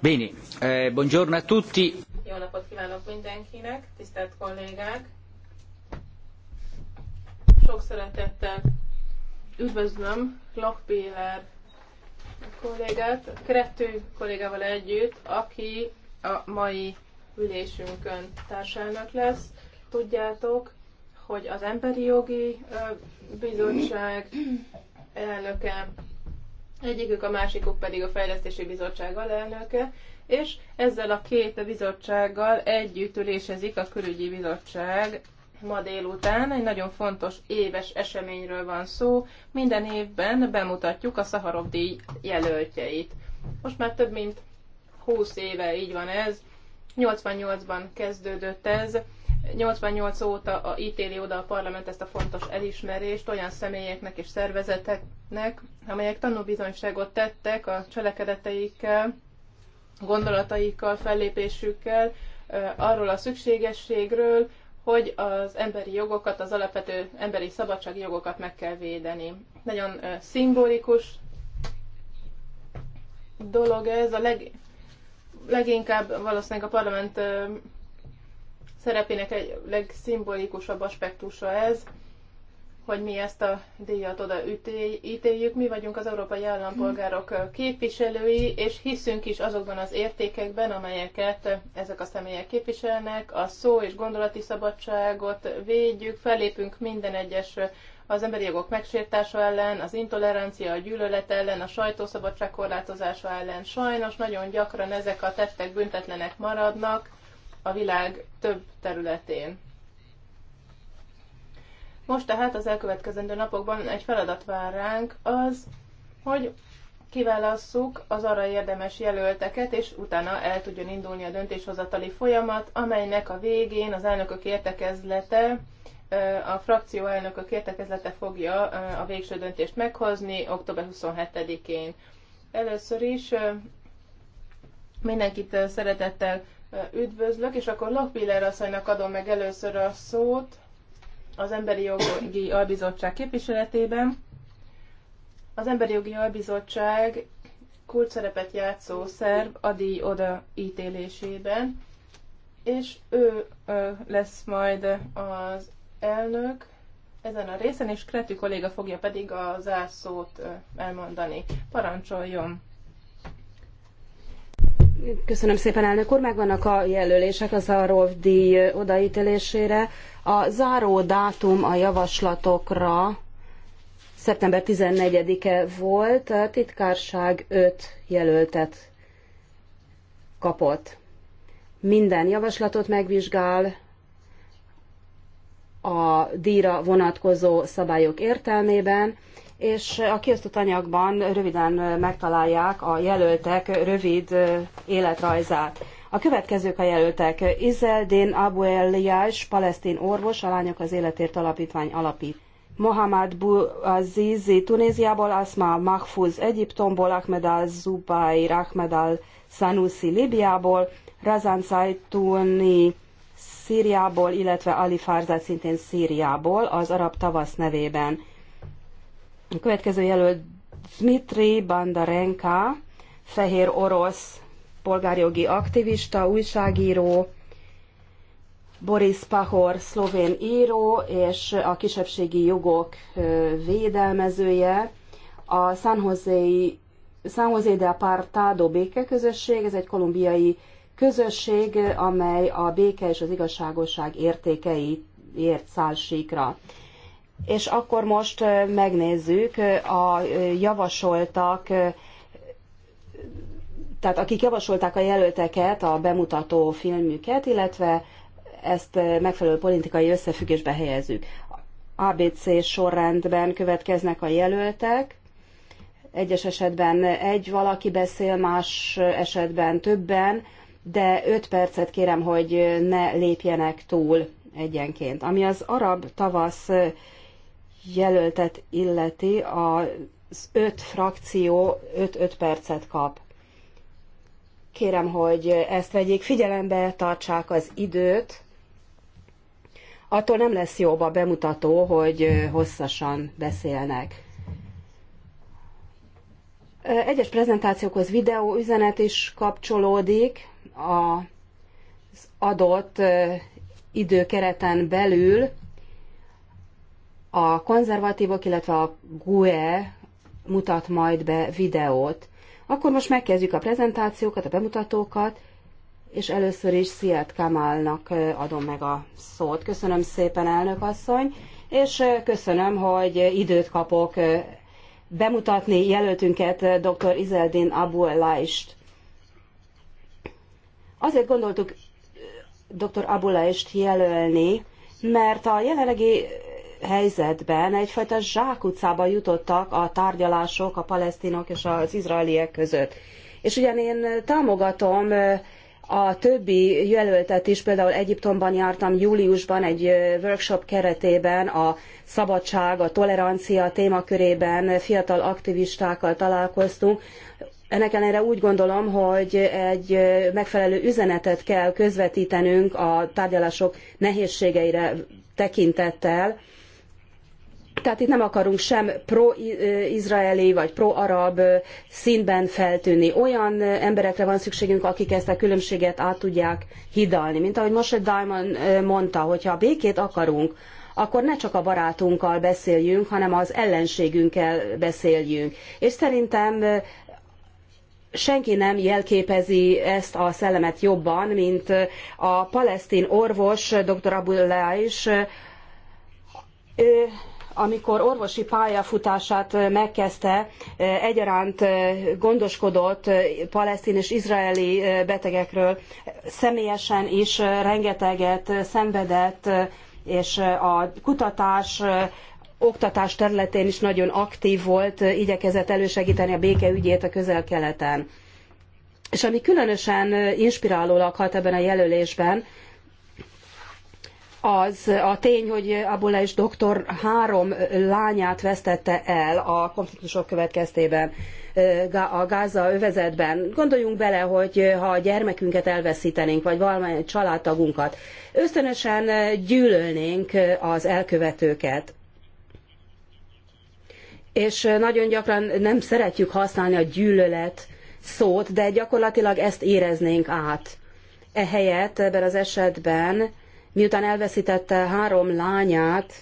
Bene, eh, buongiorno a tutti. Jó napot kívánok mindenkinek, tisztelt kollégák! Sok szeretettel üdvözlöm Lochbiller kollégát, Krető kollégával együtt, aki a mai ülésünkön társának lesz. Tudjátok, hogy az Emberi Jogi eh, Bizottság elnöke egyikük, a másikuk pedig a Fejlesztési Bizottság alelnöke, és ezzel a két bizottsággal együtt ülésezik a Külügyi Bizottság ma délután. Egy nagyon fontos éves eseményről van szó. Minden évben bemutatjuk a Szaharov díj jelöltjeit. Most már több mint 20 éve így van ez. 88-ban kezdődött ez. 88 óta a, ítéli oda a parlament ezt a fontos elismerést olyan személyeknek és szervezeteknek, amelyek tanúbizonyságot tettek a cselekedeteikkel, gondolataikkal, fellépésükkel, arról a szükségességről, hogy az emberi jogokat, az alapvető emberi szabadsági jogokat meg kell védeni. Nagyon szimbolikus dolog ez, a leg, leginkább valószínűleg a parlament szerepének egy legszimbolikusabb aspektusa ez, hogy mi ezt a díjat oda ítéljük. Mi vagyunk az európai állampolgárok képviselői, és hiszünk is azokban az értékekben, amelyeket ezek a személyek képviselnek. A szó és gondolati szabadságot védjük, fellépünk minden egyes az emberi jogok megsértása ellen, az intolerancia, a gyűlölet ellen, a sajtószabadság korlátozása ellen. Sajnos nagyon gyakran ezek a tettek büntetlenek maradnak, a világ több területén. Most tehát az elkövetkezendő napokban egy feladat vár ránk, az, hogy kiválasszuk az arra érdemes jelölteket, és utána el tudjon indulni a döntéshozatali folyamat, amelynek a végén az elnökök értekezlete, a frakció elnökök értekezlete fogja a végső döntést meghozni október 27-én. Először is mindenkit szeretettel üdvözlök, és akkor Lokpiller asszonynak adom meg először a szót az Emberi Jogi Albizottság képviseletében. Az Emberi Jogi Albizottság szerepet játszó szerv Adi Oda ítélésében, és ő lesz majd az elnök ezen a részen, és Kreti kolléga fogja pedig a zárszót elmondani. Parancsoljon! Köszönöm szépen, elnök úr. Megvannak a jelölések az Arrov díj odaítélésére. A záró dátum a javaslatokra szeptember 14-e volt, a titkárság 5 jelöltet kapott. Minden javaslatot megvizsgál, a díjra vonatkozó szabályok értelmében, és a kiosztott anyagban röviden megtalálják a jelöltek rövid életrajzát. A következők a jelöltek. Abu Abueliás, palesztin orvos, a Lányok az Életért Alapítvány alapít. Mohamed Azizi Tunéziából, Asma Mahfouz Egyiptomból, Ahmed al-Zubair, Ahmed al-Sanusi Libiából, Razan Saituni Szíriából, illetve Ali Farzad szintén Szíriából, az arab tavasz nevében. A következő jelölt Dmitri Bandarenka, fehér orosz polgárjogi aktivista, újságíró, Boris Pahor, szlovén író és a kisebbségi jogok védelmezője. A San Jose, San Jose de Apartado békeközösség, ez egy kolumbiai közösség, amely a béke és az igazságosság értékeiért száll síkra és akkor most megnézzük a javasoltak, tehát akik javasolták a jelölteket, a bemutató filmjüket, illetve ezt megfelelő politikai összefüggésbe helyezzük. ABC sorrendben következnek a jelöltek, egyes esetben egy valaki beszél, más esetben többen, de öt percet kérem, hogy ne lépjenek túl egyenként. Ami az arab tavasz jelöltet illeti, az öt frakció 5-5 percet kap. Kérem, hogy ezt vegyék figyelembe, tartsák az időt. Attól nem lesz jobb a bemutató, hogy hosszasan beszélnek. Egyes prezentációkhoz videó üzenet is kapcsolódik az adott időkereten belül, a konzervatívok, illetve a GUE mutat majd be videót. Akkor most megkezdjük a prezentációkat, a bemutatókat, és először is Sziad Kamálnak adom meg a szót. Köszönöm szépen, elnök asszony, és köszönöm, hogy időt kapok bemutatni jelöltünket, dr. Izeldin Abu Elaist. Azért gondoltuk dr. Abu Abulaist jelölni, mert a jelenlegi helyzetben egyfajta zsákutcába jutottak a tárgyalások a palesztinok és az izraeliek között. És ugyan én támogatom a többi jelöltet is, például Egyiptomban jártam júliusban egy workshop keretében a szabadság, a tolerancia témakörében fiatal aktivistákkal találkoztunk. Ennek ellenére úgy gondolom, hogy egy megfelelő üzenetet kell közvetítenünk a tárgyalások nehézségeire tekintettel, tehát itt nem akarunk sem pro-izraeli vagy pro-arab színben feltűnni. Olyan emberekre van szükségünk, akik ezt a különbséget át tudják hidalni. Mint ahogy Moshe Diamond mondta, hogy ha békét akarunk, akkor ne csak a barátunkkal beszéljünk, hanem az ellenségünkkel beszéljünk. És szerintem senki nem jelképezi ezt a szellemet jobban, mint a palesztin orvos, dr. Abullah is. Ő amikor orvosi pályafutását megkezdte, egyaránt gondoskodott palesztin és izraeli betegekről, személyesen is rengeteget szenvedett, és a kutatás, oktatás területén is nagyon aktív volt, igyekezett elősegíteni a béke ügyét a közel-keleten. És ami különösen inspiráló lakhat ebben a jelölésben, az a tény, hogy Abula és doktor három lányát vesztette el a konfliktusok következtében a Gáza övezetben. Gondoljunk bele, hogy ha a gyermekünket elveszítenénk, vagy valamely családtagunkat, ösztönösen gyűlölnénk az elkövetőket. És nagyon gyakran nem szeretjük használni a gyűlölet szót, de gyakorlatilag ezt éreznénk át. Ehelyett ebben az esetben miután elveszítette három lányát,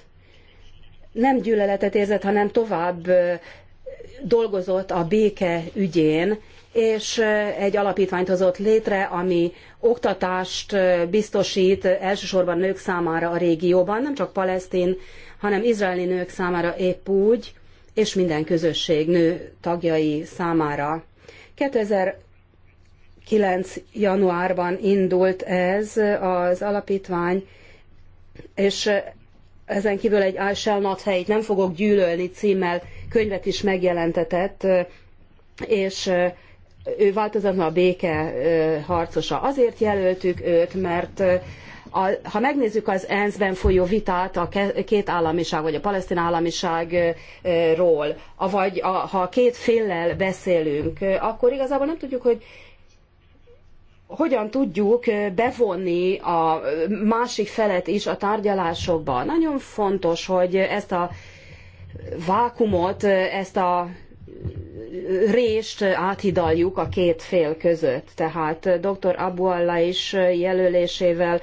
nem gyűlöletet érzett, hanem tovább dolgozott a béke ügyén, és egy alapítványt hozott létre, ami oktatást biztosít elsősorban nők számára a régióban, nem csak palesztin, hanem izraeli nők számára épp úgy, és minden közösség nő tagjai számára. 2000 9 januárban indult ez az alapítvány, és ezen kívül egy I shall not hate, nem fogok gyűlölni címmel könyvet is megjelentetett, és ő változatlan a béke harcosa. Azért jelöltük őt, mert a, ha megnézzük az ENSZ-ben folyó vitát a két államiság, vagy a palesztin államiságról, vagy a, ha két féllel beszélünk, akkor igazából nem tudjuk, hogy hogyan tudjuk bevonni a másik felet is a tárgyalásokba. Nagyon fontos, hogy ezt a vákumot, ezt a rést áthidaljuk a két fél között. Tehát dr. Abualla is jelölésével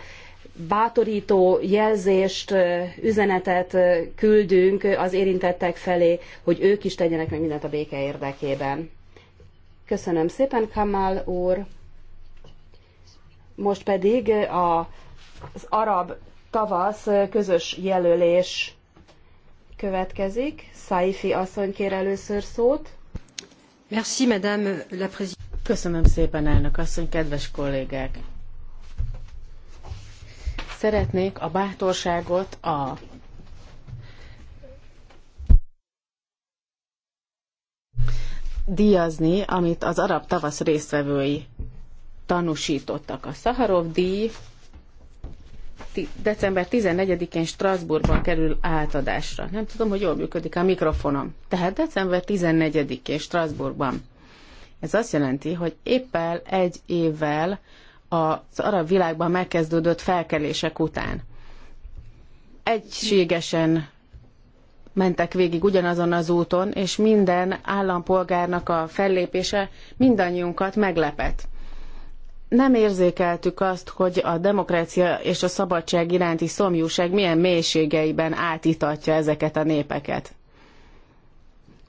bátorító jelzést, üzenetet küldünk az érintettek felé, hogy ők is tegyenek meg mindent a béke érdekében. Köszönöm szépen, Kamal úr! Most pedig eh, az arab tavasz eh, közös jelölés következik. Saifi asszony kér először szót. Merci, madame la Köszönöm szépen, elnök asszony, kedves kollégák! Szeretnék a bátorságot, a díjazni, amit az arab tavasz résztvevői tanúsítottak. A Szaharov díj december 14-én Strasbourgban kerül átadásra. Nem tudom, hogy jól működik a mikrofonom. Tehát december 14-én Strasbourgban. Ez azt jelenti, hogy éppen egy évvel az arab világban megkezdődött felkelések után. Egységesen mentek végig ugyanazon az úton, és minden állampolgárnak a fellépése mindannyiunkat meglepett nem érzékeltük azt, hogy a demokrácia és a szabadság iránti szomjúság milyen mélységeiben átitatja ezeket a népeket.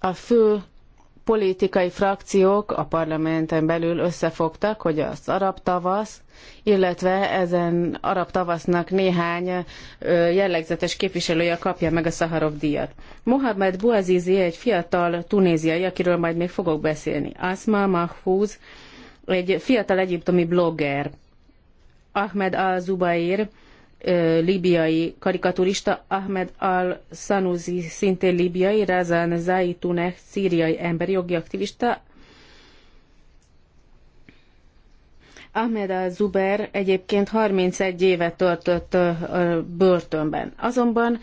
A fő politikai frakciók a parlamenten belül összefogtak, hogy az arab tavasz, illetve ezen arab tavasznak néhány jellegzetes képviselője kapja meg a Szaharov díjat. Mohamed Bouazizi egy fiatal tunéziai, akiről majd még fogok beszélni. Asma Mahfouz, egy fiatal egyiptomi blogger, Ahmed al-Zubair, libiai karikaturista, Ahmed al-Sanusi, szintén libiai, Razan Zaitunek, szíriai emberi jogi aktivista, Ahmed al-Zuber egyébként 31 évet töltött börtönben. Azonban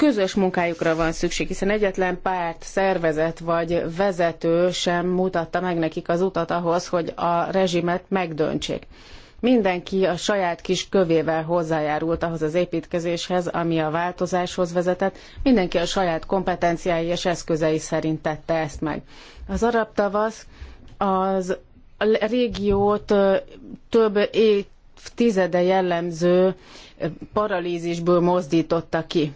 közös munkájukra van szükség, hiszen egyetlen párt, szervezet vagy vezető sem mutatta meg nekik az utat ahhoz, hogy a rezsimet megdöntsék. Mindenki a saját kis kövével hozzájárult ahhoz az építkezéshez, ami a változáshoz vezetett, mindenki a saját kompetenciái és eszközei szerint tette ezt meg. Az arab tavasz az a régiót több évtizede jellemző paralízisből mozdította ki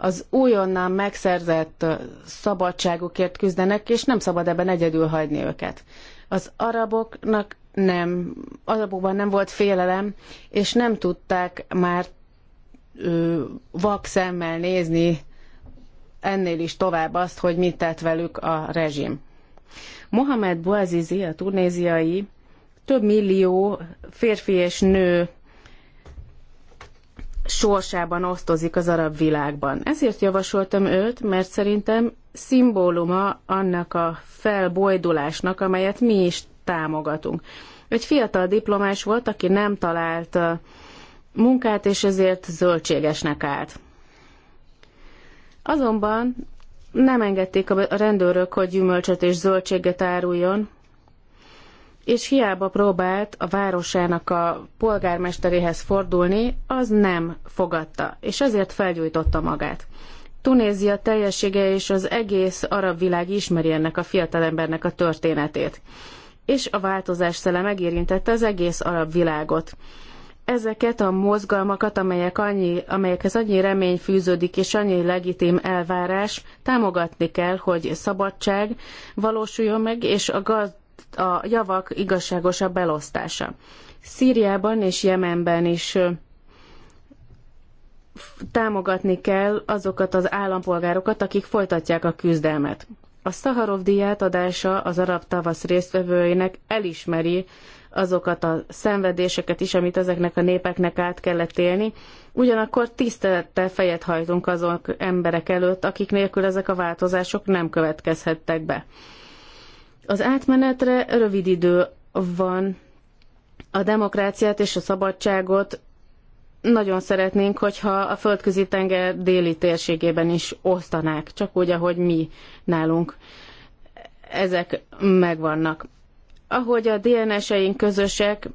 az újonnan megszerzett szabadságukért küzdenek, és nem szabad ebben egyedül hagyni őket. Az araboknak nem, arabokban nem volt félelem, és nem tudták már ö, vak szemmel nézni ennél is tovább azt, hogy mit tett velük a rezsim. Mohamed Bouazizi, a tunéziai, több millió férfi és nő sorsában osztozik az arab világban. Ezért javasoltam őt, mert szerintem szimbóluma annak a felbojdulásnak, amelyet mi is támogatunk. Egy fiatal diplomás volt, aki nem talált munkát, és ezért zöldségesnek állt. Azonban nem engedték a rendőrök, hogy gyümölcsöt és zöldséget áruljon, és hiába próbált a városának a polgármesteréhez fordulni, az nem fogadta, és ezért felgyújtotta magát. Tunézia teljessége és az egész arab világ ismeri ennek a fiatalembernek a történetét. És a változás szele megérintette az egész arab világot. Ezeket a mozgalmakat, amelyek annyi, amelyekhez annyi remény fűződik és annyi legitim elvárás, támogatni kell, hogy szabadság valósuljon meg, és a gazdaság a javak igazságosabb elosztása. Szíriában és Jemenben is támogatni kell azokat az állampolgárokat, akik folytatják a küzdelmet. A Szaharov díját adása az arab tavasz résztvevőinek elismeri azokat a szenvedéseket is, amit ezeknek a népeknek át kellett élni, ugyanakkor tisztelettel fejet hajtunk azok emberek előtt, akik nélkül ezek a változások nem következhettek be. Az átmenetre rövid idő van. A demokráciát és a szabadságot nagyon szeretnénk, hogyha a földközi tenger déli térségében is osztanák, csak úgy, ahogy mi nálunk. Ezek megvannak. Ahogy a DNS-eink közösek,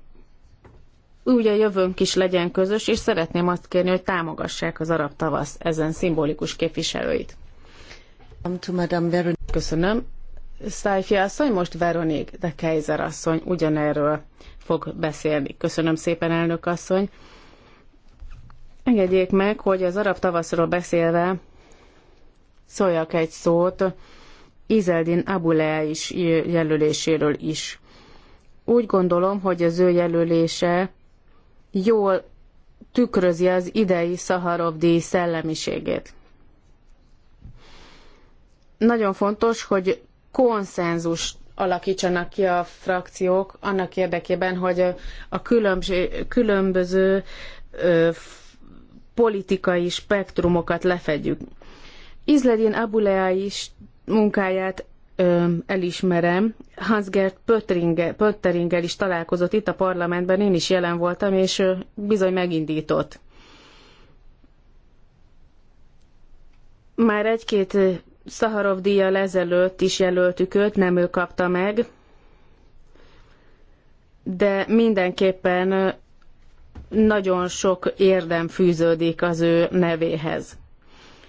úgy a jövőnk is legyen közös, és szeretném azt kérni, hogy támogassák az arab tavasz ezen szimbolikus képviselőit. Köszönöm. Szájfi asszony, most Veronik de Kejzer asszony ugyanerről fog beszélni. Köszönöm szépen, elnök asszony. Engedjék meg, hogy az arab tavaszról beszélve szóljak egy szót Izeldin Abulea is jelöléséről is. Úgy gondolom, hogy az ő jelölése jól tükrözi az idei Szaharov díj szellemiségét. Nagyon fontos, hogy konszenzus alakítsanak ki a frakciók annak érdekében, hogy a különböző politikai spektrumokat lefedjük. Izledin Abulea is munkáját elismerem. Hans-Gert Pötteringel is találkozott itt a parlamentben, én is jelen voltam, és bizony megindított. Már egy-két Szaharov díjjal ezelőtt is jelöltük őt, nem ő kapta meg, de mindenképpen nagyon sok érdem fűződik az ő nevéhez.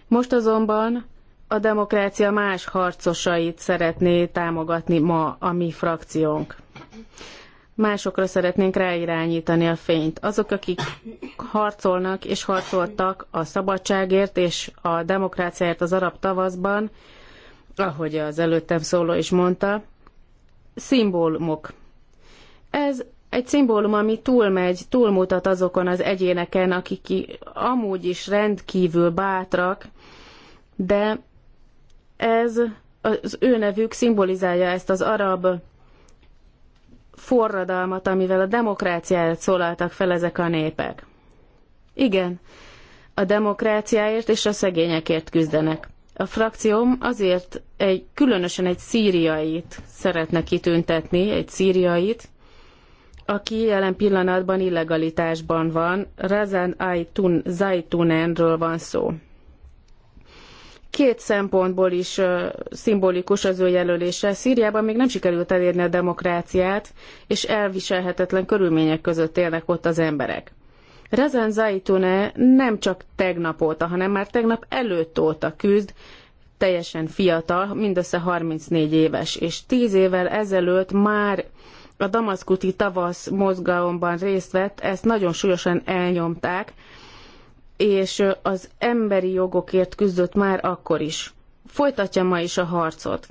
Most azonban a demokrácia más harcosait szeretné támogatni ma a mi frakciónk másokra szeretnénk ráirányítani a fényt. Azok, akik harcolnak és harcoltak a szabadságért és a demokráciáért az arab tavaszban, ahogy az előttem szóló is mondta, szimbólumok. Ez egy szimbólum, ami túlmegy, túlmutat azokon az egyéneken, akik amúgy is rendkívül bátrak, de ez az ő nevük szimbolizálja ezt az arab forradalmat, amivel a demokráciáért szólaltak fel ezek a népek. Igen, a demokráciáért és a szegényekért küzdenek. A frakcióm azért egy, különösen egy szíriait szeretne kitüntetni, egy szíriait, aki jelen pillanatban illegalitásban van, Razan Aitun Zaitunenről van szó két szempontból is szimbolikus az ő jelölése. Szíriában még nem sikerült elérni a demokráciát, és elviselhetetlen körülmények között élnek ott az emberek. Rezen Zaitune nem csak tegnap óta, hanem már tegnap előtt óta küzd, teljesen fiatal, mindössze 34 éves, és 10 évvel ezelőtt már a damaszkuti tavasz mozgalomban részt vett, ezt nagyon súlyosan elnyomták, és az emberi jogokért küzdött már akkor is. Folytatja ma is a harcot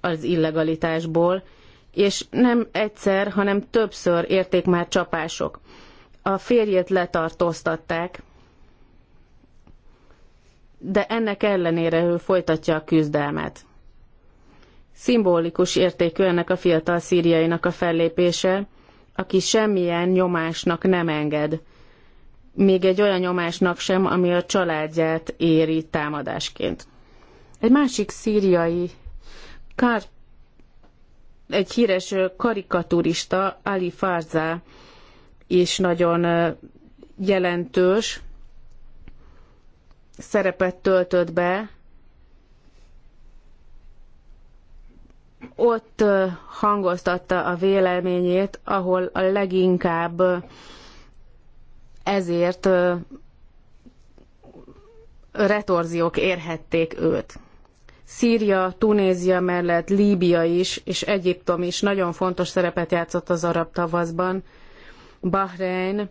az illegalitásból, és nem egyszer, hanem többször érték már csapások. A férjét letartóztatták, de ennek ellenére ő folytatja a küzdelmet. Szimbolikus értékű ennek a fiatal szíriainak a fellépése, aki semmilyen nyomásnak nem enged, még egy olyan nyomásnak sem, ami a családját éri támadásként. Egy másik szíriai kár, egy híres karikaturista, Ali Farza is nagyon jelentős szerepet töltött be. Ott hangoztatta a véleményét, ahol a leginkább ezért retorziók érhették őt. Szíria, Tunézia mellett Líbia is, és Egyiptom is nagyon fontos szerepet játszott az arab tavaszban. Bahrein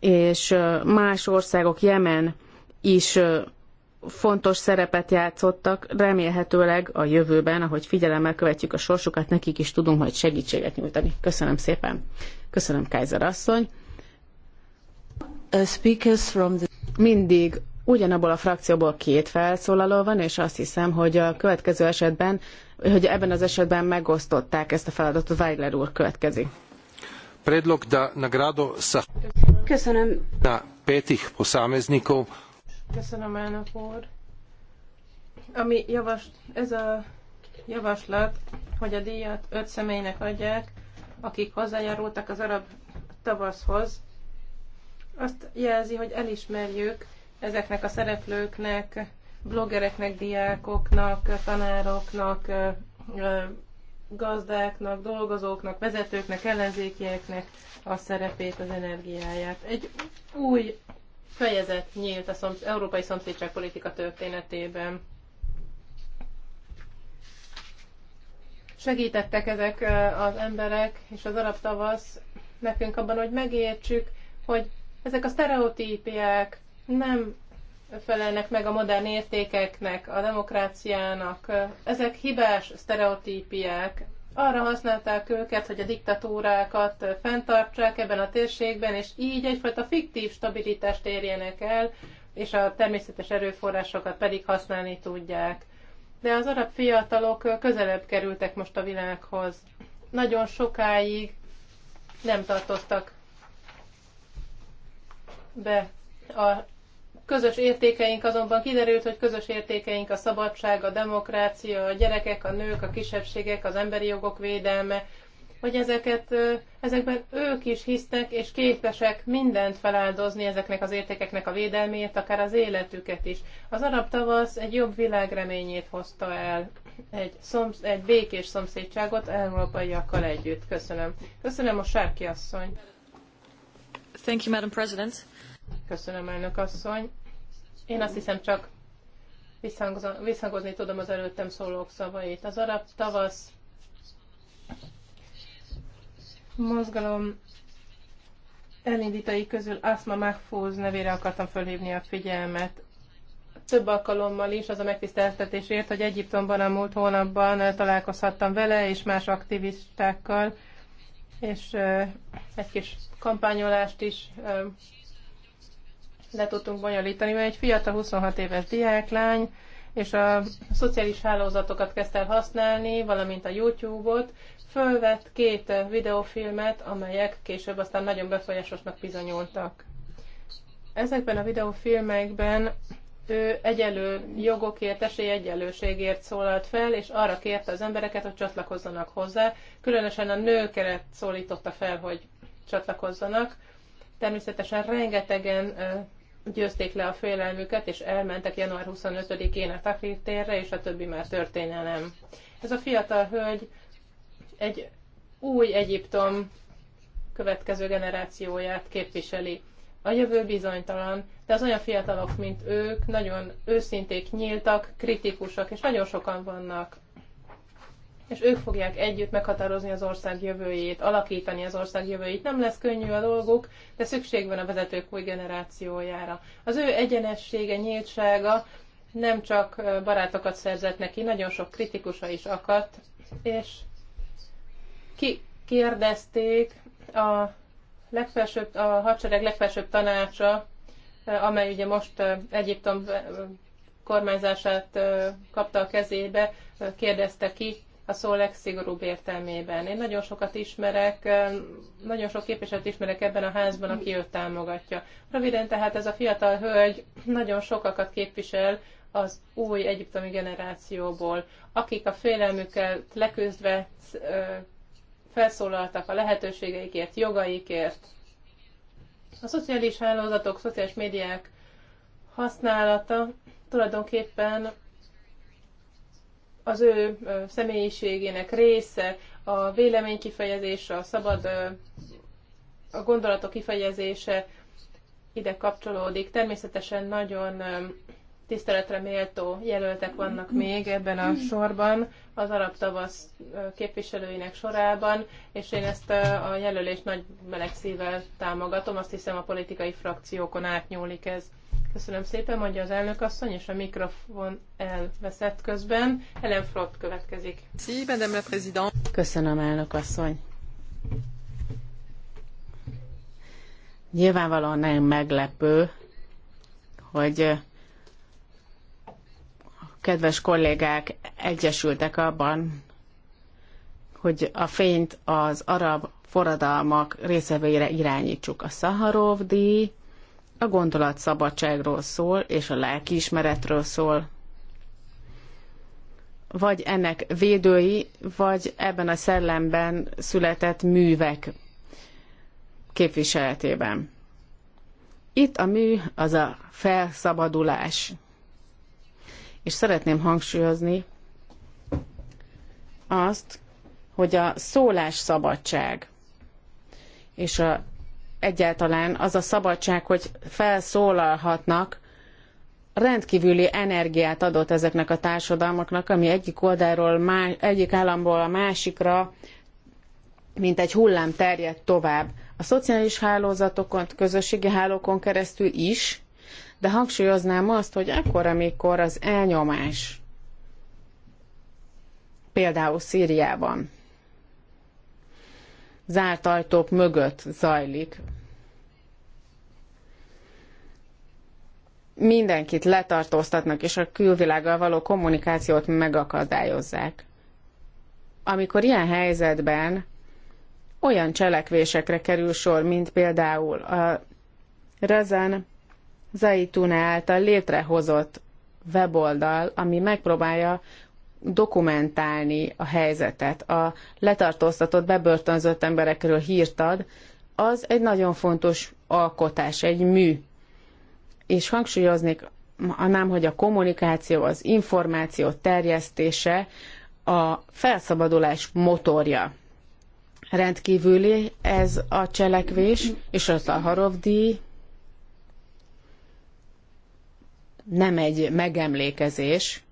és más országok, Jemen is fontos szerepet játszottak, remélhetőleg a jövőben, ahogy figyelemmel követjük a sorsukat, nekik is tudunk majd segítséget nyújtani. Köszönöm szépen. Köszönöm, Kaiser asszony. Uh, Mindig ugyanabból a frakcióból két felszólaló van, és azt hiszem, hogy a következő esetben, hogy ebben az esetben megosztották ezt a feladatot, Weiler úr következik. Predlog da nagrado sa... Köszönöm. Na petih posameznikov. Köszönöm, elnök úr. Ami javas, ez a javaslat, hogy a díjat öt személynek adják, akik hozzájárultak az arab tavaszhoz, azt jelzi, hogy elismerjük ezeknek a szereplőknek, bloggereknek, diákoknak, tanároknak, gazdáknak, dolgozóknak, vezetőknek, ellenzékieknek a szerepét, az energiáját. Egy új fejezet nyílt az szomsz- európai szomszédságpolitika történetében. Segítettek ezek az emberek és az arab tavasz nekünk abban, hogy megértsük, hogy ezek a sztereotípiák nem felelnek meg a modern értékeknek, a demokráciának. Ezek hibás sztereotípiák. Arra használták őket, hogy a diktatúrákat fenntartsák ebben a térségben, és így egyfajta fiktív stabilitást érjenek el, és a természetes erőforrásokat pedig használni tudják. De az arab fiatalok közelebb kerültek most a világhoz. Nagyon sokáig nem tartoztak be. A közös értékeink azonban kiderült, hogy közös értékeink a szabadság, a demokrácia, a gyerekek, a nők, a kisebbségek, az emberi jogok védelme, hogy ezeket, ezekben ők is hisznek, és képesek mindent feláldozni ezeknek az értékeknek a védelmét, akár az életüket is. Az arab tavasz egy jobb világ reményét hozta el, egy, szomsz, egy békés szomszédságot európaiakkal együtt. Köszönöm. Köszönöm a Sárki asszony. Thank you, Madam President. Köszönöm, elnök asszony. Én azt hiszem csak visszhangozni tudom az előttem szólók szavait. Az arab tavasz mozgalom elindítai közül Asma Mahfouz nevére akartam fölhívni a figyelmet. Több alkalommal is az a megtiszteltetésért, hogy Egyiptomban a múlt hónapban eh, találkozhattam vele és más aktivistákkal, és eh, egy kis kampányolást is eh, le tudtunk bonyolítani, mert egy fiatal 26 éves diáklány, és a szociális hálózatokat kezdte el használni, valamint a YouTube-ot, fölvett két videófilmet, amelyek később aztán nagyon befolyásosnak bizonyultak. Ezekben a videófilmekben ő egyelő jogokért, esélyegyelőségért szólalt fel, és arra kérte az embereket, hogy csatlakozzanak hozzá. Különösen a nőkeret szólította fel, hogy csatlakozzanak. Természetesen rengetegen győzték le a félelmüket, és elmentek január 25-én a Tahrir térre, és a többi már történelem. Ez a fiatal hölgy egy új Egyiptom következő generációját képviseli. A jövő bizonytalan, de az olyan fiatalok, mint ők, nagyon őszinték, nyíltak, kritikusak, és nagyon sokan vannak és ők fogják együtt meghatározni az ország jövőjét, alakítani az ország jövőjét. Nem lesz könnyű a dolguk, de szükség van a vezetők új generációjára. Az ő egyenessége, nyíltsága nem csak barátokat szerzett neki, nagyon sok kritikusa is akadt, és ki kérdezték a, legfelsőbb, a hadsereg legfelsőbb tanácsa, amely ugye most Egyiptom kormányzását kapta a kezébe, kérdezte ki a szó legszigorúbb értelmében. Én nagyon sokat ismerek, nagyon sok képviselőt ismerek ebben a házban, aki őt támogatja. Röviden tehát ez a fiatal hölgy nagyon sokakat képvisel az új egyiptomi generációból, akik a félelmükkel leküzdve felszólaltak a lehetőségeikért, jogaikért. A szociális hálózatok, szociális médiák használata tulajdonképpen az ő személyiségének része a vélemény kifejezése, a szabad a gondolatok kifejezése ide kapcsolódik. Természetesen nagyon tiszteletre méltó jelöltek vannak még ebben a sorban, az arab tavasz képviselőinek sorában, és én ezt a jelölést nagy meleg szívvel támogatom, azt hiszem a politikai frakciókon átnyúlik ez. Köszönöm szépen, mondja az elnök asszony, és a mikrofon elveszett közben. Ellen Flott következik. Sí, madame la présidente. Köszönöm, elnök asszony. Nyilvánvalóan nem meglepő, hogy a kedves kollégák egyesültek abban, hogy a fényt az arab forradalmak részeveire irányítsuk. A Szaharov díj, a gondolat szabadságról szól, és a lelkiismeretről szól. Vagy ennek védői, vagy ebben a szellemben született művek képviseletében. Itt a mű az a felszabadulás. És szeretném hangsúlyozni azt, hogy a szólás szabadság és a egyáltalán az a szabadság, hogy felszólalhatnak, rendkívüli energiát adott ezeknek a társadalmaknak, ami egyik oldalról, más, egyik államból a másikra, mint egy hullám terjed tovább. A szociális hálózatokon, közösségi hálókon keresztül is, de hangsúlyoznám azt, hogy akkor, amikor az elnyomás, például Szíriában, zárt ajtók mögött zajlik. Mindenkit letartóztatnak, és a külvilággal való kommunikációt megakadályozzák. Amikor ilyen helyzetben olyan cselekvésekre kerül sor, mint például a Razan Zaitune által létrehozott weboldal, ami megpróbálja dokumentálni a helyzetet. A letartóztatott, bebörtönzött emberekről hírt ad, az egy nagyon fontos alkotás, egy mű. És hangsúlyoznék nem, hogy a kommunikáció, az információ terjesztése a felszabadulás motorja. Rendkívüli ez a cselekvés, és az a Harovdi nem egy megemlékezés,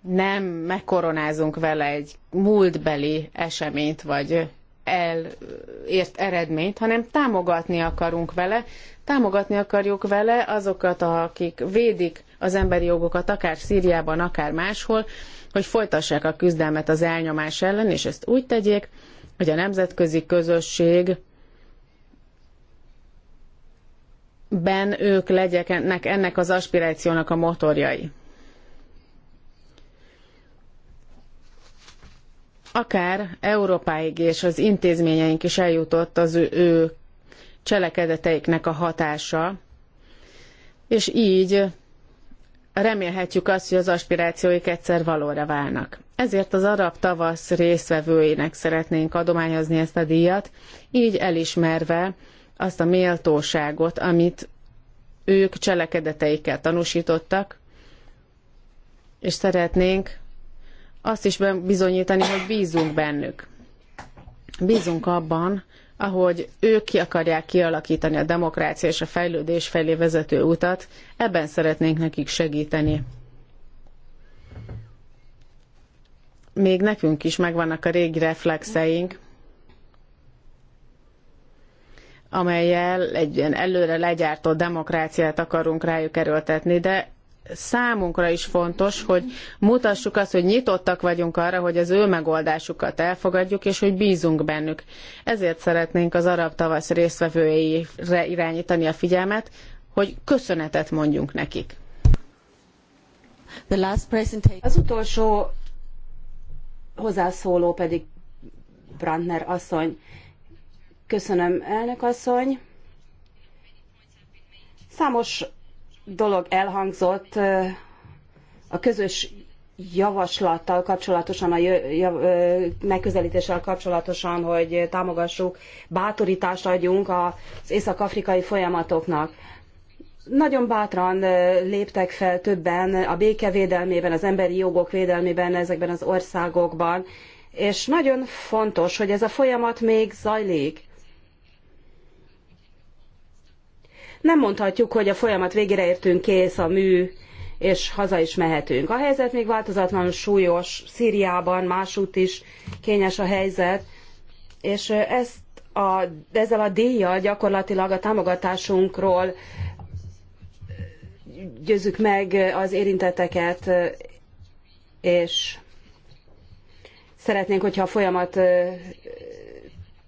nem megkoronázunk vele egy múltbeli eseményt, vagy elért eredményt, hanem támogatni akarunk vele, támogatni akarjuk vele azokat, akik védik az emberi jogokat, akár Szíriában, akár máshol, hogy folytassák a küzdelmet az elnyomás ellen, és ezt úgy tegyék, hogy a nemzetközi közösség ben ők legyenek ennek az aspirációnak a motorjai. akár Európáig és az intézményeink is eljutott az ő, ő cselekedeteiknek a hatása, és így remélhetjük azt, hogy az aspirációik egyszer valóra válnak. Ezért az arab tavasz résztvevőinek szeretnénk adományozni ezt a díjat, így elismerve azt a méltóságot, amit ők cselekedeteikkel tanúsítottak, és szeretnénk azt is bizonyítani, hogy bízunk bennük. Bízunk abban, ahogy ők ki akarják kialakítani a demokrácia és a fejlődés felé vezető utat, ebben szeretnénk nekik segíteni. Még nekünk is megvannak a régi reflexeink, amelyel egy ilyen előre legyártott demokráciát akarunk rájuk erőltetni, de számunkra is fontos, hogy mutassuk azt, hogy nyitottak vagyunk arra, hogy az ő megoldásukat elfogadjuk, és hogy bízunk bennük. Ezért szeretnénk az arab tavasz résztvevőire irányítani a figyelmet, hogy köszönetet mondjunk nekik. Az utolsó hozzászóló pedig Brandner asszony. Köszönöm, elnök asszony. Számos dolog elhangzott a közös javaslattal kapcsolatosan, a megközelítéssel kapcsolatosan, hogy támogassuk, bátorítást adjunk az észak-afrikai folyamatoknak. Nagyon bátran léptek fel többen a béke védelmében, az emberi jogok védelmében ezekben az országokban, és nagyon fontos, hogy ez a folyamat még zajlik. nem mondhatjuk, hogy a folyamat végére értünk, kész a mű, és haza is mehetünk. A helyzet még változatlanul súlyos, Szíriában másút is kényes a helyzet, és ezt a, ezzel a díjjal gyakorlatilag a támogatásunkról győzzük meg az érintetteket, és szeretnénk, hogyha a folyamat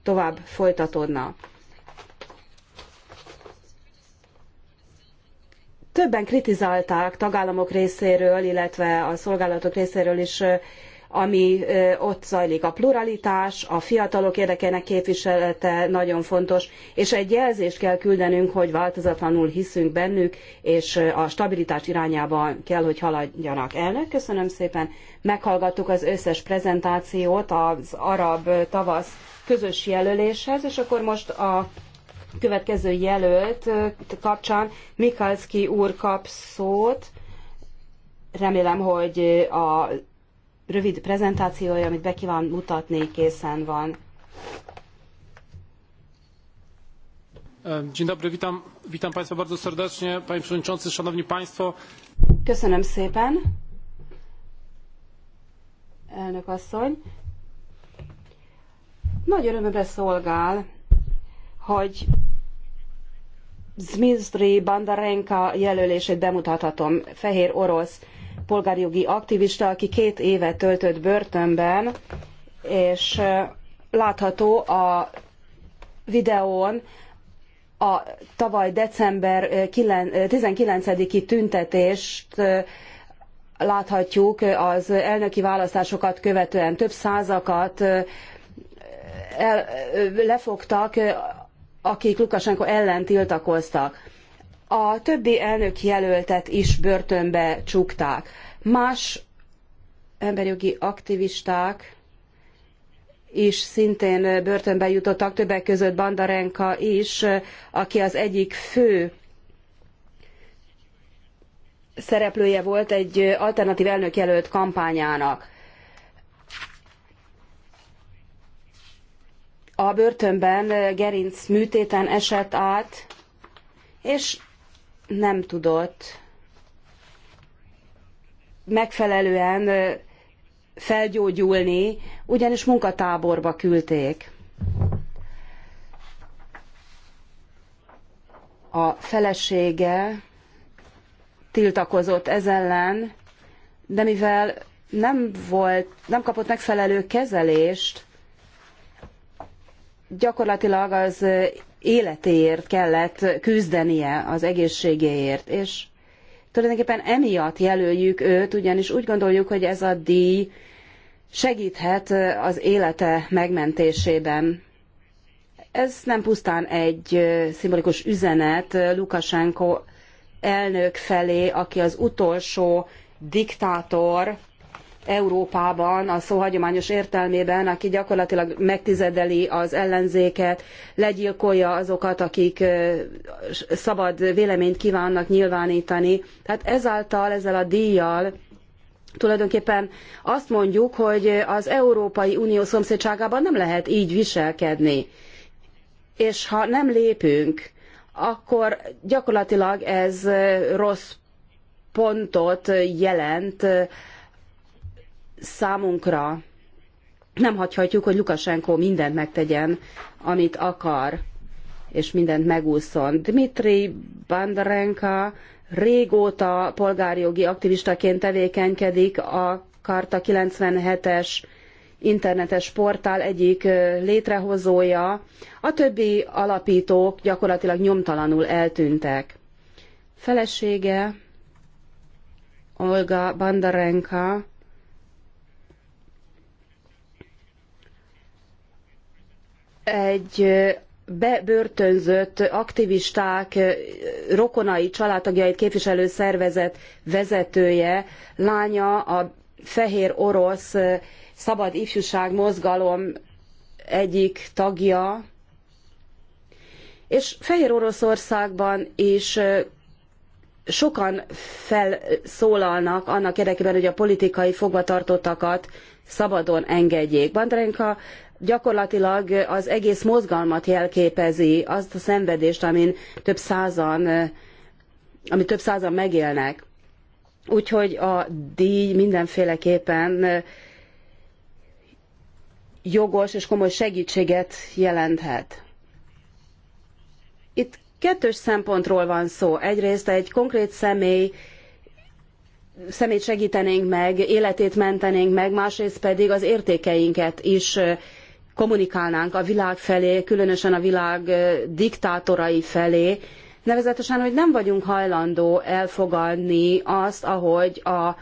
tovább folytatódna. Többen kritizálták tagállamok részéről, illetve a szolgálatok részéről is, ami ott zajlik. A pluralitás, a fiatalok érdekének képviselete nagyon fontos, és egy jelzést kell küldenünk, hogy változatlanul hiszünk bennük, és a stabilitás irányába kell, hogy haladjanak. Elnök, köszönöm szépen. Meghallgattuk az összes prezentációt az arab tavasz közös jelöléshez, és akkor most a következő jelölt kapcsán Mikalski úr kap szót. Remélem, hogy a rövid prezentációja, amit be kíván mutatni, készen van. E, dzień dobry, witam, witam Państwa bardzo serdecznie. Panie Przewodniczący, Szanowni Państwo. Köszönöm szépen. Elnök asszony. Nagy örömömre szolgál, hogy Zmizdri Bandarenka jelölését bemutathatom, fehér orosz polgárjogi aktivista, aki két évet töltött börtönben, és látható a videón a tavaly december 19-i tüntetést láthatjuk az elnöki választásokat követően több százakat el, lefogtak akik Lukasenko ellen tiltakoztak. A többi elnök jelöltet is börtönbe csukták. Más emberjogi aktivisták is szintén börtönbe jutottak, többek között Bandarenka is, aki az egyik fő szereplője volt egy alternatív elnökjelölt kampányának. a börtönben gerinc műtéten esett át, és nem tudott megfelelően felgyógyulni, ugyanis munkatáborba küldték. A felesége tiltakozott ez ellen, de mivel nem volt, nem kapott megfelelő kezelést, gyakorlatilag az életéért kellett küzdenie, az egészségéért, és tulajdonképpen emiatt jelöljük őt, ugyanis úgy gondoljuk, hogy ez a díj segíthet az élete megmentésében. Ez nem pusztán egy szimbolikus üzenet Lukasenko elnök felé, aki az utolsó diktátor, Európában, a szó hagyományos értelmében, aki gyakorlatilag megtizedeli az ellenzéket, legyilkolja azokat, akik szabad véleményt kívánnak nyilvánítani. Tehát ezáltal, ezzel a díjjal tulajdonképpen azt mondjuk, hogy az Európai Unió szomszédságában nem lehet így viselkedni. És ha nem lépünk, akkor gyakorlatilag ez rossz pontot jelent számunkra nem hagyhatjuk, hogy Lukasenko mindent megtegyen, amit akar, és mindent megúszon. Dmitri Bandarenka régóta polgárjogi aktivistaként tevékenykedik a Karta 97-es internetes portál egyik létrehozója, a többi alapítók gyakorlatilag nyomtalanul eltűntek. Felesége Olga Bandarenka egy bebörtönzött aktivisták rokonai családtagjait képviselő szervezet vezetője, lánya a fehér orosz szabad ifjúság mozgalom egyik tagja, és Fehér Oroszországban is sokan felszólalnak annak érdekében, hogy a politikai fogvatartottakat szabadon engedjék. Bandrenka gyakorlatilag az egész mozgalmat jelképezi, azt a szenvedést, amin több százan, eh, amit több százan megélnek. Úgyhogy a díj mindenféleképpen eh, jogos és komoly segítséget jelenthet. Itt kettős szempontról van szó. Egyrészt egy konkrét személy szemét segítenénk meg, életét mentenénk meg, másrészt pedig az értékeinket is eh, kommunikálnánk a világ felé, különösen a világ diktátorai felé, nevezetesen, hogy nem vagyunk hajlandó elfogadni azt, ahogy a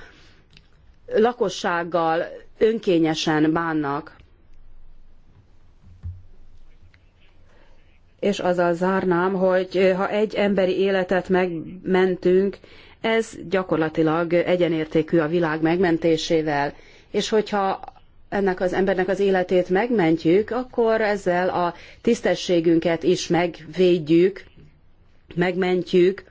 lakossággal önkényesen bánnak. És azzal zárnám, hogy ha egy emberi életet megmentünk, ez gyakorlatilag egyenértékű a világ megmentésével. És hogyha ennek az embernek az életét megmentjük, akkor ezzel a tisztességünket is megvédjük, megmentjük,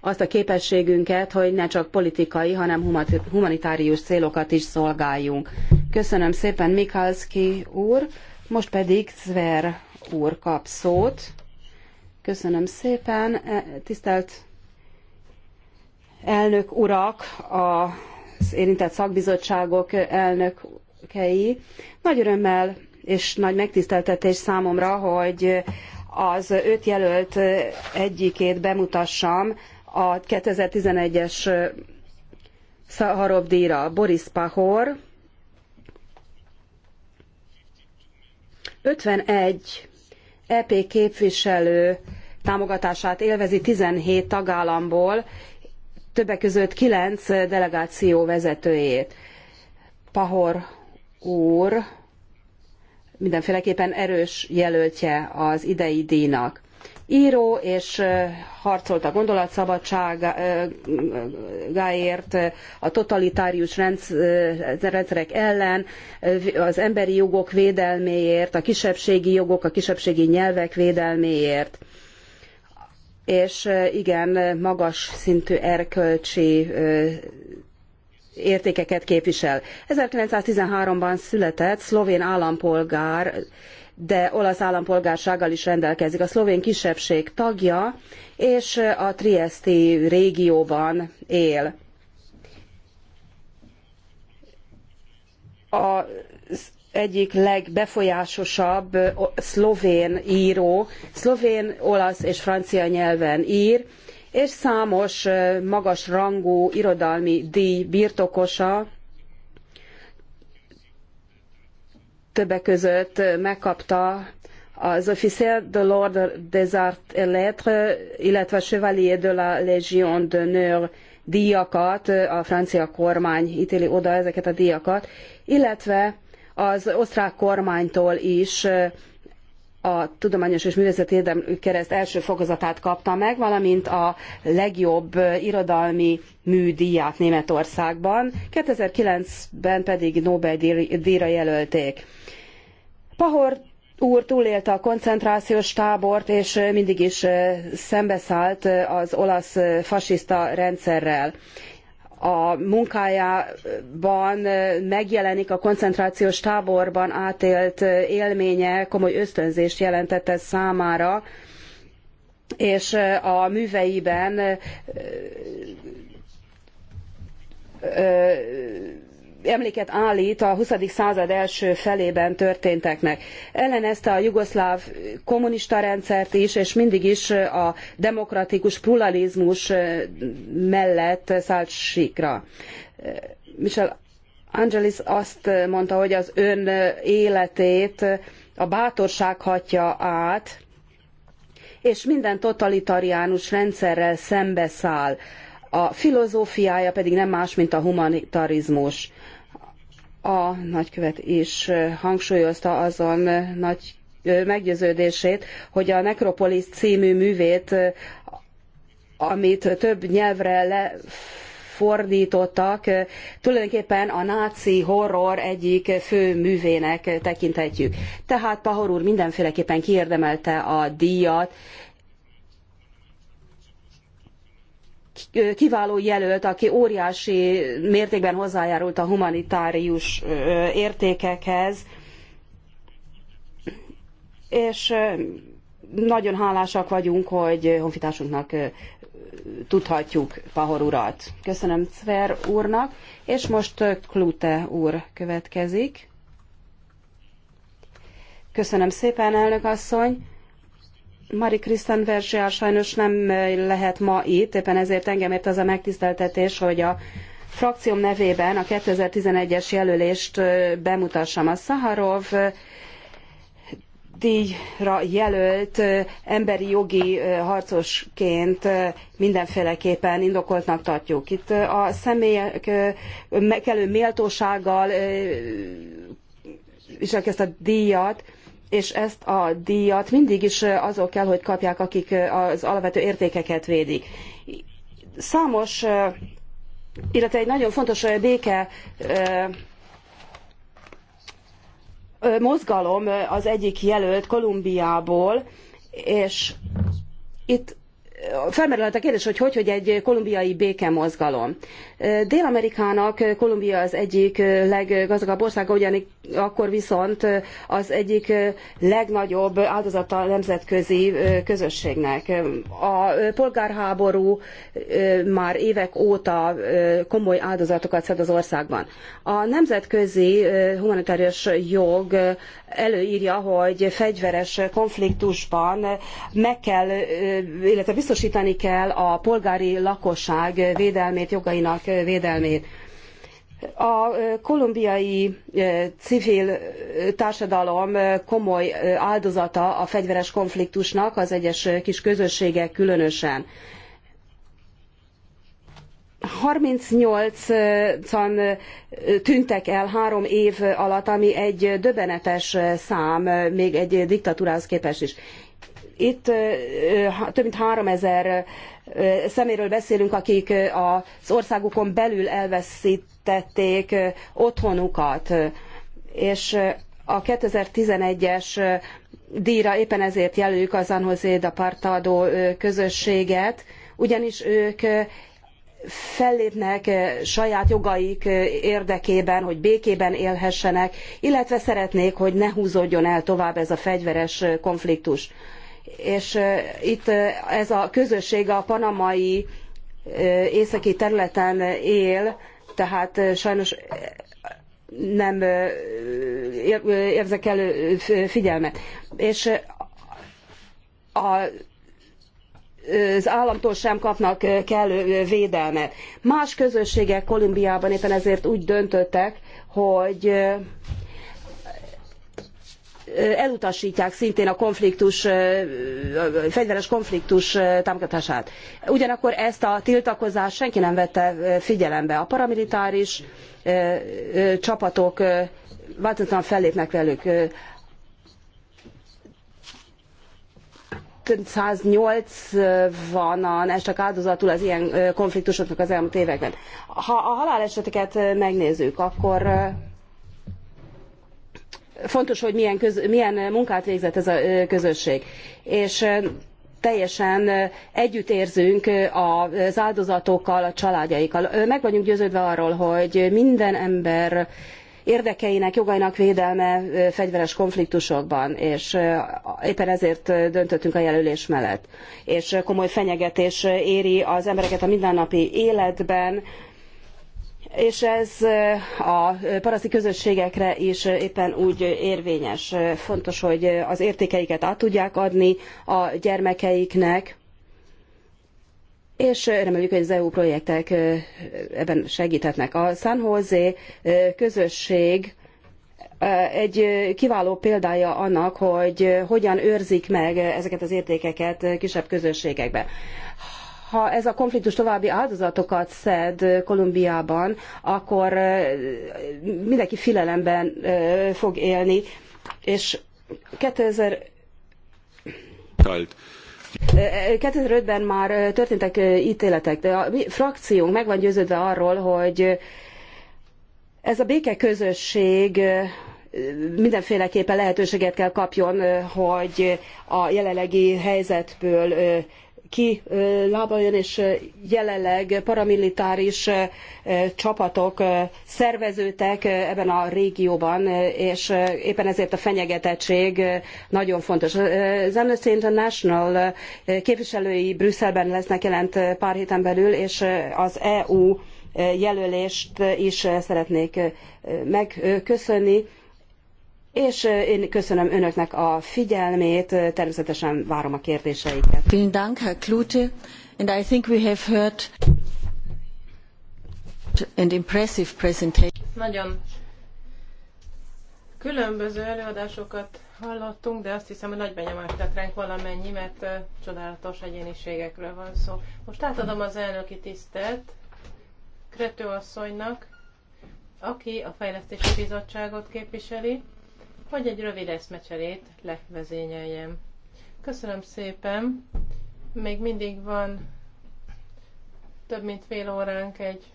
azt a képességünket, hogy ne csak politikai, hanem humanitárius célokat is szolgáljunk. Köszönöm szépen Mikalski úr, most pedig Zver úr kap szót. Köszönöm szépen, e, tisztelt elnök urak, az érintett szakbizottságok elnök elnökei. Nagy örömmel és nagy megtiszteltetés számomra, hogy az öt jelölt egyikét bemutassam a 2011-es Szaharov díjra, Boris Pahor, 51 EP képviselő támogatását élvezi 17 tagállamból, többek között 9 delegáció vezetőjét. Pahor úr mindenféleképpen erős jelöltje az idei díjnak. Író és harcolt a gondolatszabadságáért, a totalitárius rendszerek ellen, az emberi jogok védelméért, a kisebbségi jogok, a kisebbségi nyelvek védelméért és igen, magas szintű erkölcsi értékeket képvisel. 1913-ban született szlovén állampolgár, de olasz állampolgársággal is rendelkezik. A szlovén kisebbség tagja, és a Triesti régióban él. Az egyik legbefolyásosabb szlovén író, szlovén, olasz és francia nyelven ír, és számos magas rangú irodalmi díj birtokosa, többek között megkapta az Officier de l'Ordre des Arts et Lettres, illetve Chevalier de la Légion d'honneur díjakat, a francia kormány ítéli oda ezeket a díjakat, illetve az osztrák kormánytól is a Tudományos és Művészeti Érdemlő Kereszt első fokozatát kapta meg, valamint a legjobb irodalmi műdíját Németországban, 2009-ben pedig Nobel-díjra jelölték. Pahor úr túlélte a koncentrációs tábort, és mindig is eh, szembeszállt eh, az olasz eh, fasiszta rendszerrel a munkájában megjelenik a koncentrációs táborban átélt élménye, komoly ösztönzést jelentett ez számára, és a műveiben emléket állít a 20. század első felében történteknek. Ellenezte a jugoszláv kommunista rendszert is, és mindig is a demokratikus pluralizmus mellett szállt síkra. Michel Angelis azt mondta, hogy az ön életét a bátorság hatja át, és minden totalitáriánus rendszerrel szembeszáll a filozófiája pedig nem más, mint a humanitarizmus. A nagykövet is hangsúlyozta azon nagy meggyőződését, hogy a Necropolis című művét, amit több nyelvre le fordítottak, tulajdonképpen a náci horror egyik fő művének tekinthetjük. Tehát Pahor úr mindenféleképpen kiérdemelte a díjat, kiváló jelölt, aki óriási mértékben hozzájárult a humanitárius értékekhez, és nagyon hálásak vagyunk, hogy honfitársunknak tudhatjuk Pahor urat. Köszönöm Cver úrnak, és most Klute úr következik. Köszönöm szépen, elnök asszony. Mari Krisztán Verzsia sajnos nem lehet ma itt, éppen ezért engem ért az a megtiszteltetés, hogy a frakcióm nevében a 2011-es jelölést bemutassam a Szaharov díjra jelölt emberi jogi harcosként mindenféleképpen indokoltnak tartjuk. Itt a személyek megkelő méltósággal is ezt a díjat, és ezt a díjat mindig is azok kell, hogy kapják, akik az alapvető értékeket védik. Számos, illetve egy nagyon fontos béke mozgalom az egyik jelölt Kolumbiából, és itt felmerülhet a kérdés, hogy hogy, hogy egy kolumbiai békemozgalom. Dél-Amerikának Kolumbia az egyik leggazdagabb országa, ugyanakkor viszont az egyik legnagyobb áldozata a nemzetközi közösségnek. A polgárháború már évek óta komoly áldozatokat szed az országban. A nemzetközi humanitárius jog előírja, hogy fegyveres konfliktusban meg kell, illetve biztosítani kell a polgári lakosság védelmét jogainak védelmét. A kolumbiai civil társadalom komoly áldozata a fegyveres konfliktusnak, az egyes kis közösségek különösen. 38-an tűntek el három év alatt, ami egy döbbenetes szám, még egy diktatúrához képest is. Itt több mint 3000 szeméről beszélünk, akik az országukon belül elveszítették otthonukat. És a 2011-es díjra éppen ezért jelöljük az San José da Partado közösséget, ugyanis ők fellépnek saját jogaik érdekében, hogy békében élhessenek, illetve szeretnék, hogy ne húzódjon el tovább ez a fegyveres konfliktus és itt ez a közösség a panamai északi területen él, tehát sajnos nem érzek elő figyelmet. És a az államtól sem kapnak kellő védelmet. Más közösségek Kolumbiában éppen ezért úgy döntöttek, hogy elutasítják szintén a konfliktus, fegyveres konfliktus támogatását. Ugyanakkor ezt a tiltakozást senki nem vette figyelembe. A paramilitáris csapatok változatlan fellépnek velük. 180-an estek áldozatul az ilyen konfliktusoknak az elmúlt években. Ha a haláleseteket megnézzük, akkor fontos, hogy milyen, köz, milyen munkát végzett ez a közösség. És teljesen együttérzünk az áldozatokkal, a családjaikkal. Meg vagyunk győződve arról, hogy minden ember érdekeinek, jogainak védelme fegyveres konfliktusokban, és éppen ezért döntöttünk a jelölés mellett. És komoly fenyegetés éri az embereket a mindennapi életben, és ez a paraszti közösségekre is éppen úgy érvényes. Fontos, hogy az értékeiket át tudják adni a gyermekeiknek, és reméljük, hogy az EU projektek ebben segíthetnek. A San Jose közösség egy kiváló példája annak, hogy hogyan őrzik meg ezeket az értékeket kisebb közösségekben ha ez a konfliktus további áldozatokat szed Kolumbiában, akkor mindenki filelemben fog élni, és 2000 2005-ben már történtek ítéletek, de a mi frakciónk meg van győződve arról, hogy ez a békeközösség mindenféleképpen lehetőséget kell kapjon, hogy a jelenlegi helyzetből ki kilábaljon, és jelenleg paramilitáris csapatok szerveződtek ebben a régióban, és éppen ezért a fenyegetettség nagyon fontos. Az Amnesty International képviselői Brüsszelben lesznek jelent pár héten belül, és az EU jelölést is szeretnék megköszönni és én köszönöm önöknek a figyelmét, természetesen várom a kérdéseiket. Vielen Dank, Herr Klute. And I think we have heard an impressive presentation. Nagyon különböző előadásokat hallottunk, de azt hiszem, hogy nagy benyomást tett ránk valamennyi, mert csodálatos egyéniségekről van szó. Most átadom az elnöki tisztet Krető asszonynak, aki a Fejlesztési Bizottságot képviseli hogy egy rövid eszmecserét levezényeljem. Köszönöm szépen! Még mindig van több mint fél óránk egy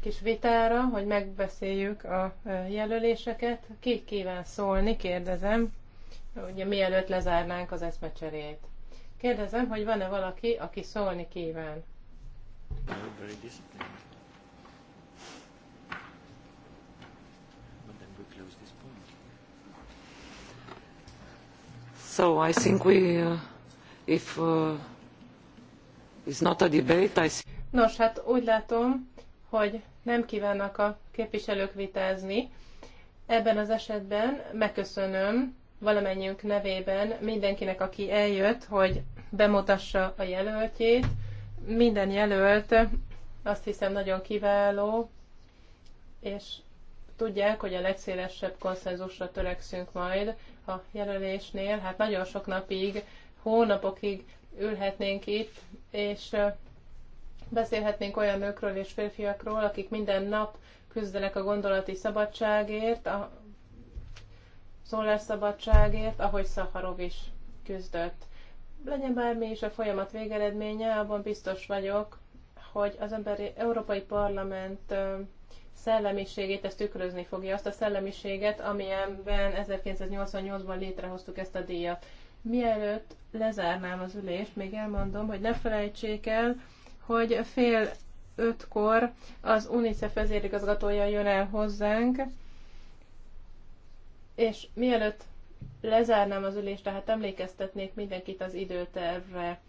kis vitára, hogy megbeszéljük a e, jelöléseket. Ki kíván szólni, kérdezem, ugye mielőtt lezárnánk az eszmecserét. Kérdezem, hogy van-e valaki, aki szólni kíván. Very disciplined. So I think we, uh, if uh, it's not a debate, I think... Nos, hát úgy látom, hogy nem kívánnak a képviselők vitázni. Ebben az esetben megköszönöm valamennyiünk nevében mindenkinek, aki eljött, hogy bemutassa a jelöltjét. Minden jelölt azt hiszem nagyon kiváló, és tudják, hogy a legszélesebb konszenzusra törekszünk majd a jelölésnél. Hát nagyon sok napig, hónapokig ülhetnénk itt, és beszélhetnénk olyan nőkről és férfiakról, akik minden nap küzdenek a gondolati szabadságért, a szólásszabadságért, ahogy Szaharov is küzdött. Legyen bármi is a folyamat végeredménye, abban biztos vagyok, hogy az emberi Európai Parlament szellemiségét, ez tükrözni fogja azt a szellemiséget, amilyenben 1988-ban létrehoztuk ezt a díjat. Mielőtt lezárnám az ülést, még elmondom, hogy ne felejtsék el, hogy fél ötkor az UNICEF vezérigazgatója jön el hozzánk, és mielőtt lezárnám az ülést, tehát emlékeztetnék mindenkit az időtervre.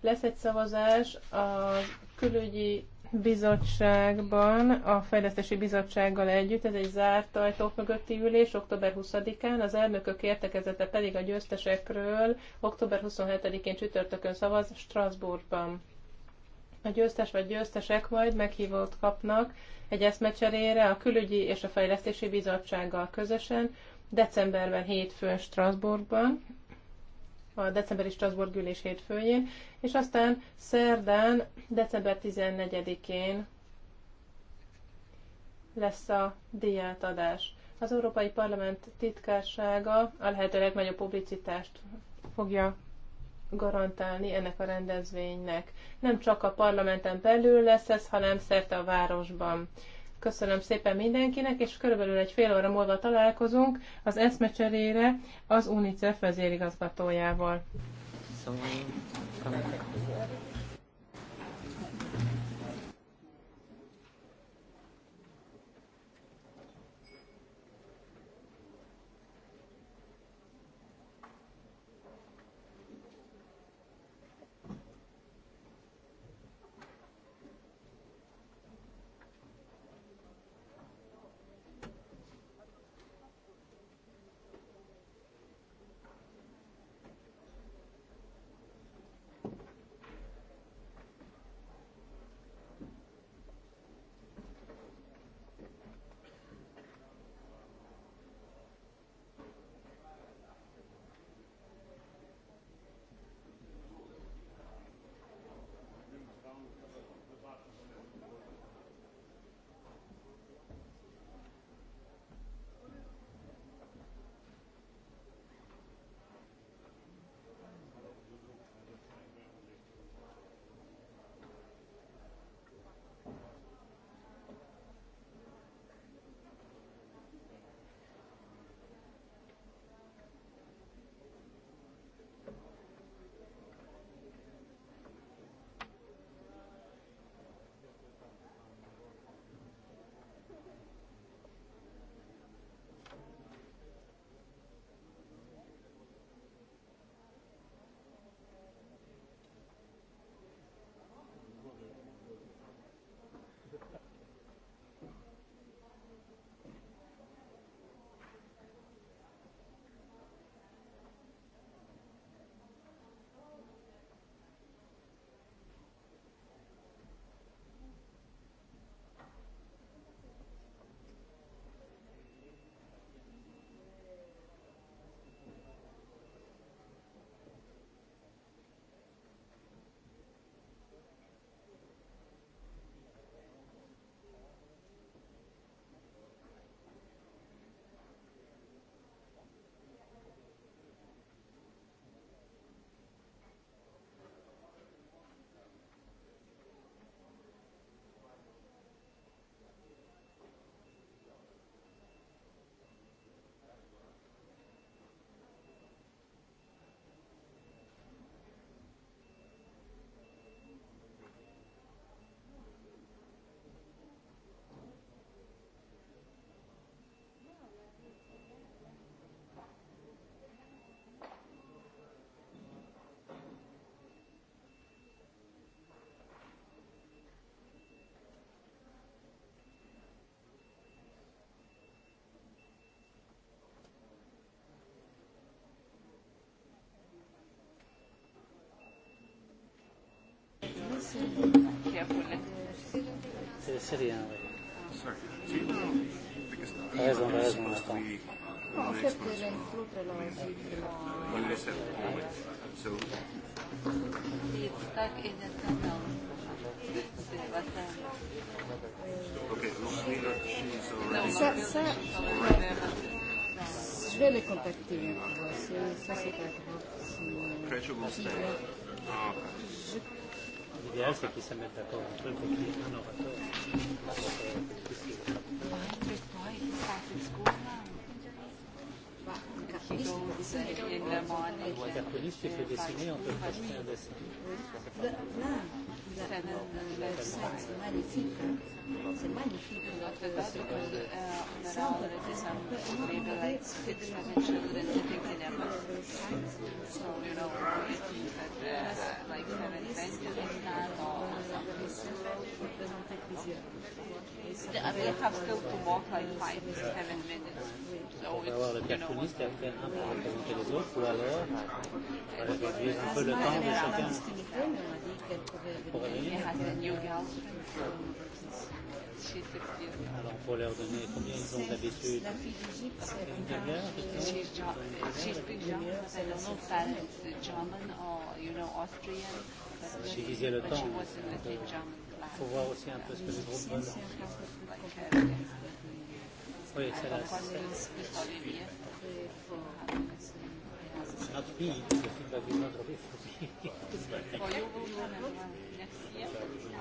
Lesz egy szavazás a külügyi bizottságban, a fejlesztési bizottsággal együtt, ez egy zárt ajtók mögötti ülés, október 20-án, az elnökök értekezete pedig a győztesekről október 27-én csütörtökön szavaz Strasbourgban. A győztes vagy győztesek majd meghívót kapnak egy eszmecserére a külügyi és a fejlesztési bizottsággal közösen decemberben hétfőn Strasbourgban, a decemberi Strasbourg gyűlés hétfőjén, és aztán szerdán, december 14-én lesz a díjátadás. Az Európai Parlament titkársága a lehető legnagyobb publicitást fogja garantálni ennek a rendezvénynek. Nem csak a parlamenten belül lesz ez, hanem szerte a városban. Köszönöm szépen mindenkinek, és körülbelül egy fél óra múlva találkozunk az eszmecserére az UNICEF vezérigazgatójával. Szóval... C'est syrien, oui. T'as raison, t'as raison, je vais les contacter l'idéal, c'est qu'ils se mettent d'accord entre eux pour qu'il y ait un orateur. Ou un dessiner, on peut projeter dessin le site, magnifique. C'est magnifique. Ça, on peut le faire un peu. On peut regarder ce que déjà So, you know, if you address like have an event in Nano or something. I will have still to walk like five, seven minutes. So it's, you know, what... Pour avoir un peu le temps de chacun. Pour redonner. Alors on peut leur donner combien ils ont d'habitude Une demi-heure J'ai visé le temps. Il faut voir aussi un peu ce que les groupes veulent. Oui, c'est la Not me, the feedback is not for me. Köszönöm.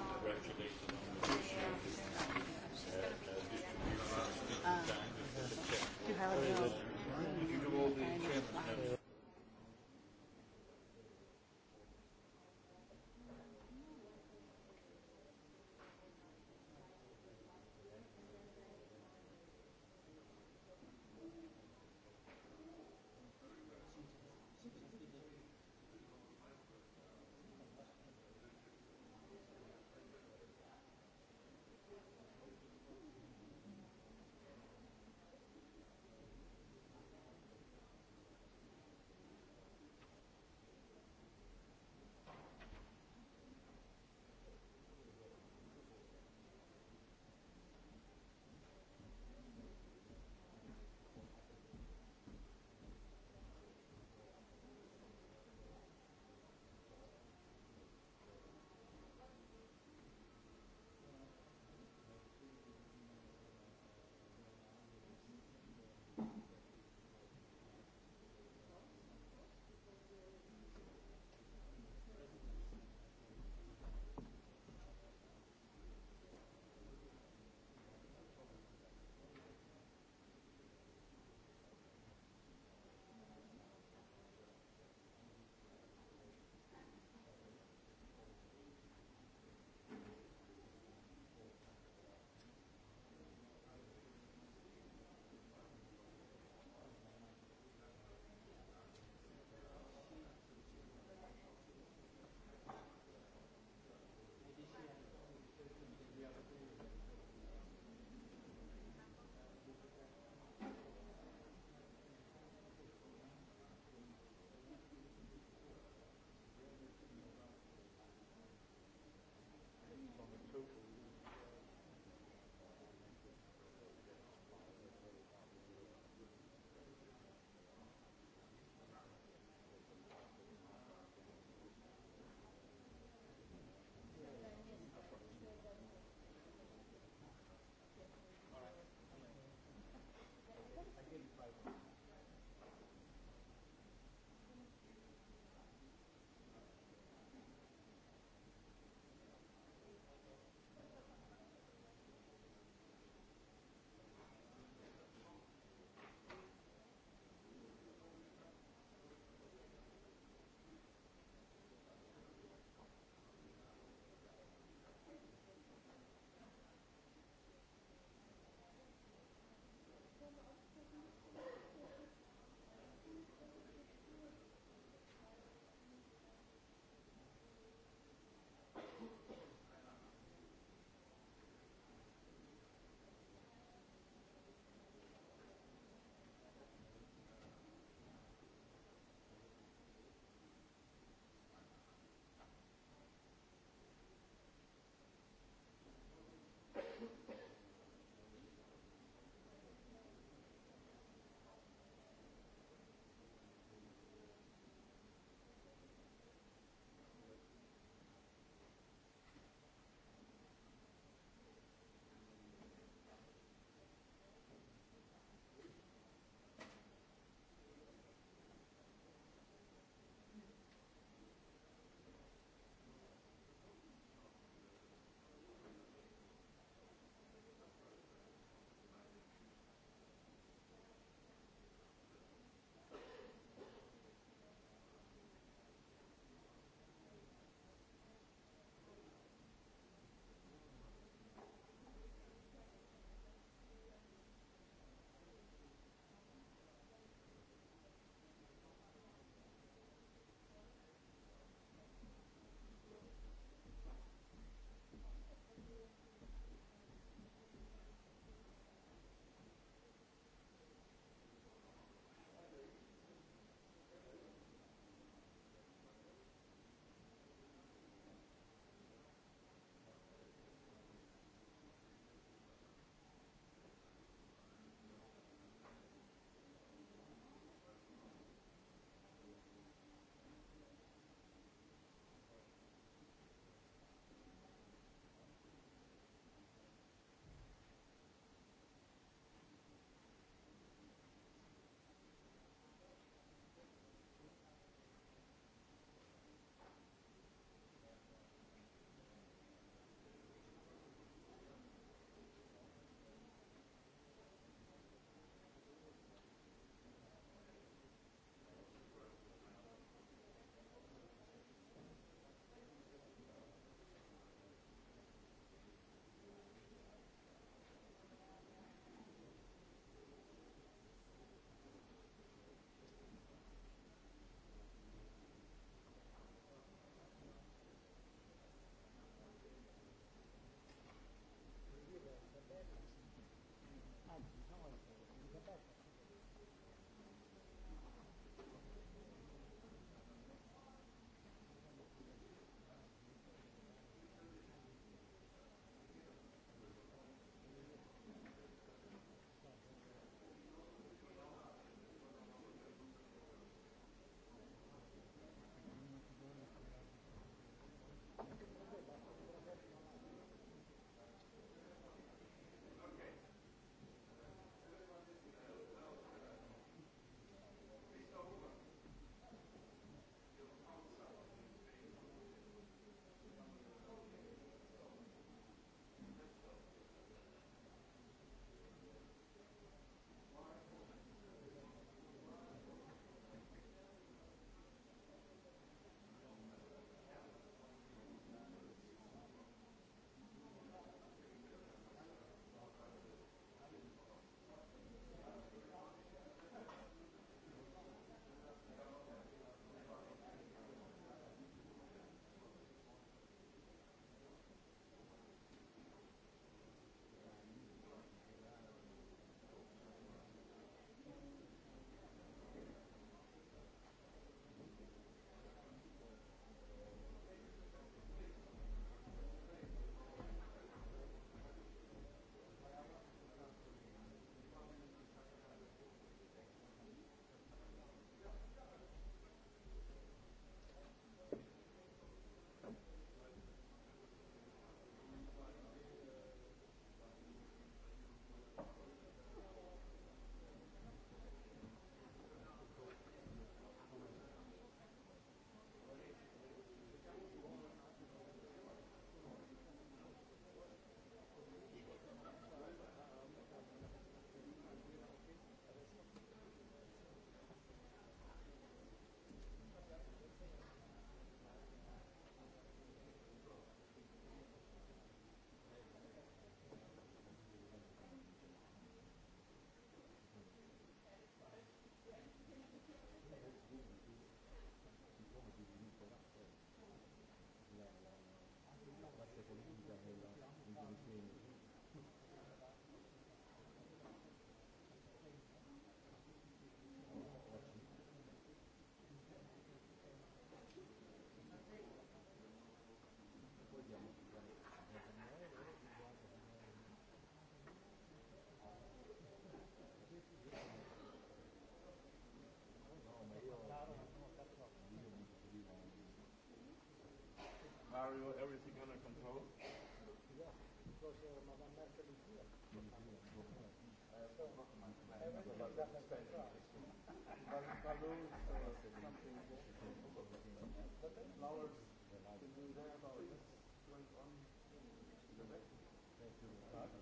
scenario, everything under control?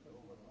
Thank you.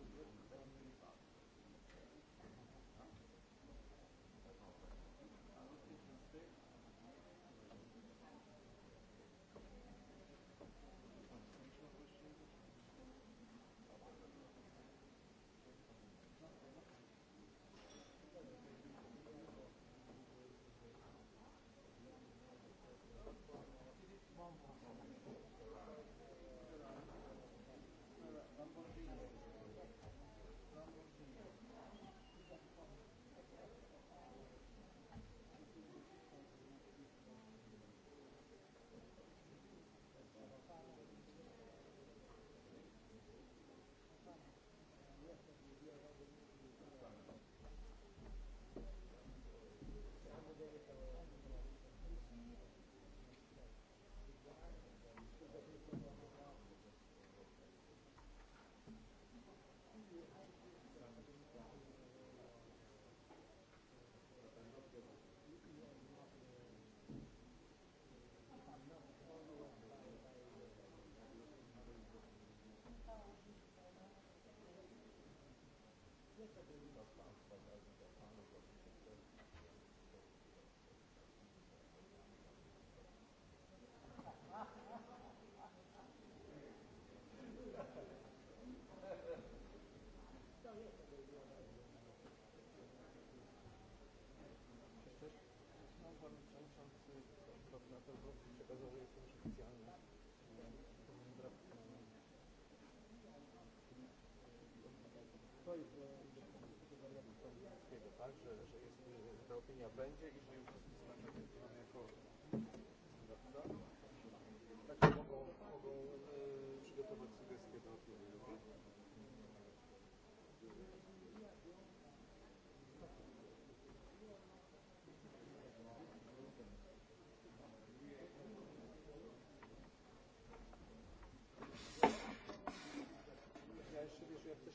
To jest będzie i że ją po jako prawda?